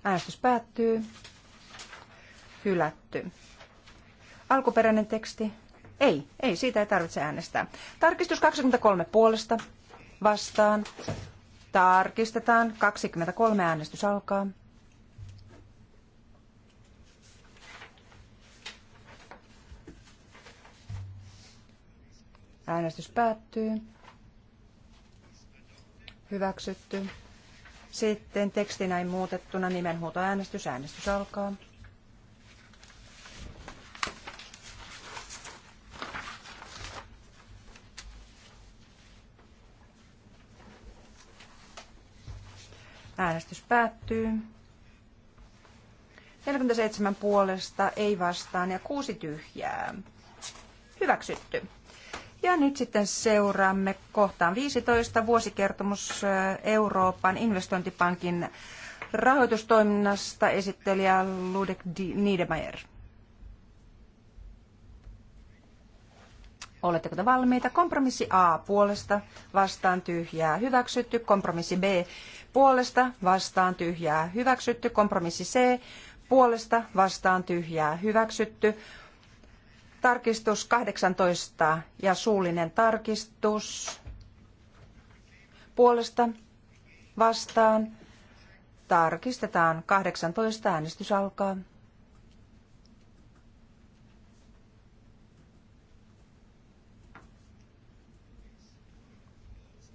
Äänestys päättyy. Hylätty. Alkuperäinen teksti ei, ei, siitä ei tarvitse äänestää. Tarkistus 23 puolesta vastaan. Tarkistetaan. 23 äänestys alkaa. Äänestys päättyy. Hyväksytty. Sitten tekstinä ei muutettuna nimenhuutoäänestys. Äänestys alkaa. Äänestys päättyy. 47 puolesta, ei vastaan ja kuusi tyhjää. Hyväksytty. Ja nyt sitten seuraamme kohtaan 15 vuosikertomus äh, Euroopan investointipankin rahoitustoiminnasta esittelijä Ludek Niedemeyer. Oletteko te valmiita? Kompromissi A puolesta vastaan tyhjää hyväksytty. Kompromissi B puolesta vastaan tyhjää hyväksytty. Kompromissi C puolesta vastaan tyhjää hyväksytty. Tarkistus 18 ja suullinen tarkistus puolesta vastaan. Tarkistetaan 18 äänestys alkaa.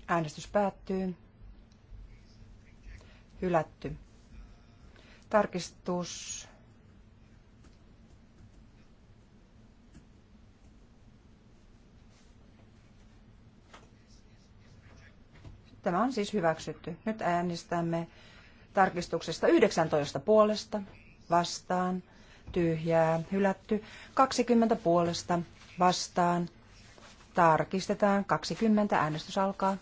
Äänestys päättyy. Hylätty. Tarkistus. Tämä on siis hyväksytty. Nyt äänestämme tarkistuksesta 19 puolesta, vastaan, tyhjää, hylätty, 20 puolesta, vastaan, tarkistetaan, 20, äänestys alkaa.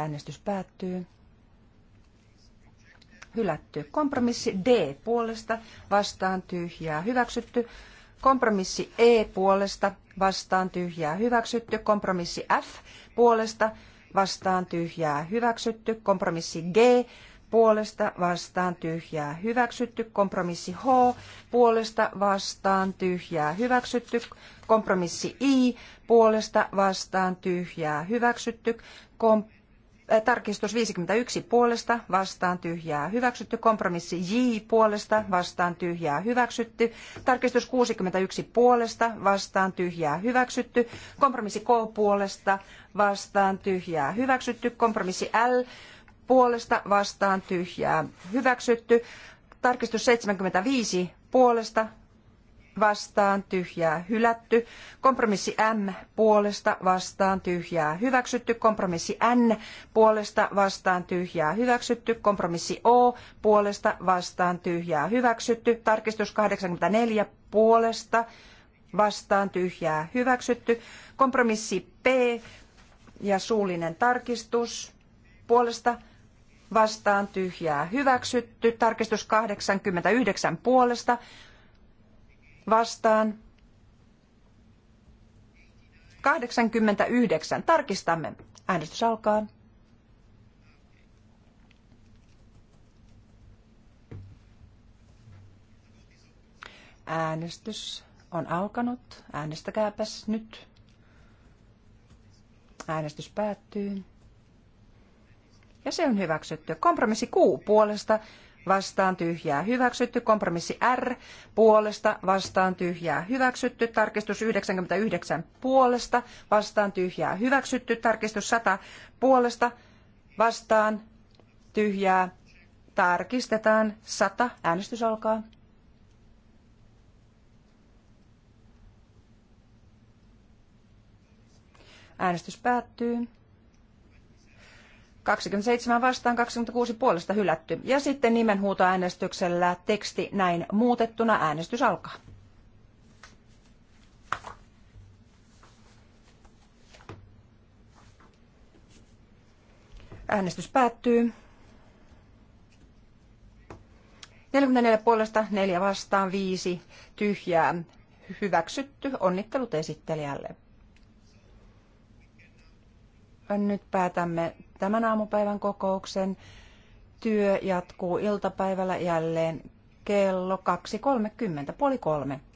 Äänestys päättyy. Hylätty. Kompromissi D puolesta vastaan tyhjää hyväksytty. Kompromissi E puolesta vastaan tyhjää hyväksytty. Kompromissi F puolesta vastaan tyhjää hyväksytty. Kompromissi G puolesta vastaan tyhjää hyväksytty. Kompromissi H puolesta vastaan tyhjää hyväksytty. Kompromissi I puolesta vastaan tyhjää hyväksytty. Kompromissi Tarkistus 51 puolesta vastaan tyhjää hyväksytty. Kompromissi J puolesta vastaan tyhjää hyväksytty. Tarkistus 61 puolesta vastaan tyhjää hyväksytty. Kompromissi K puolesta vastaan tyhjää hyväksytty. Kompromissi L puolesta vastaan tyhjää hyväksytty. Tarkistus 75 puolesta vastaan tyhjää hylätty. Kompromissi M puolesta vastaan tyhjää hyväksytty. Kompromissi N puolesta vastaan tyhjää hyväksytty. Kompromissi O puolesta vastaan tyhjää hyväksytty. Tarkistus 84 puolesta vastaan tyhjää hyväksytty. Kompromissi P ja suullinen tarkistus puolesta vastaan tyhjää hyväksytty. Tarkistus 89 puolesta vastaan. 89. Tarkistamme. Äänestys alkaa. Äänestys on alkanut. Äänestäkääpäs nyt. Äänestys päättyy. Ja se on hyväksytty. Kompromissi Q puolesta vastaan tyhjää hyväksytty. Kompromissi R puolesta vastaan tyhjää hyväksytty. Tarkistus 99 puolesta vastaan tyhjää hyväksytty. Tarkistus 100 puolesta vastaan tyhjää. Tarkistetaan 100. Äänestys alkaa. Äänestys päättyy. 27 vastaan 26 puolesta hylätty. Ja sitten nimenhuutoäänestyksellä teksti näin muutettuna äänestys alkaa. Äänestys päättyy. 44 puolesta, 4 vastaan, 5 tyhjää. Hyväksytty. Onnittelut esittelijälle nyt päätämme tämän aamupäivän kokouksen. Työ jatkuu iltapäivällä jälleen kello 2.30, puoli kolme.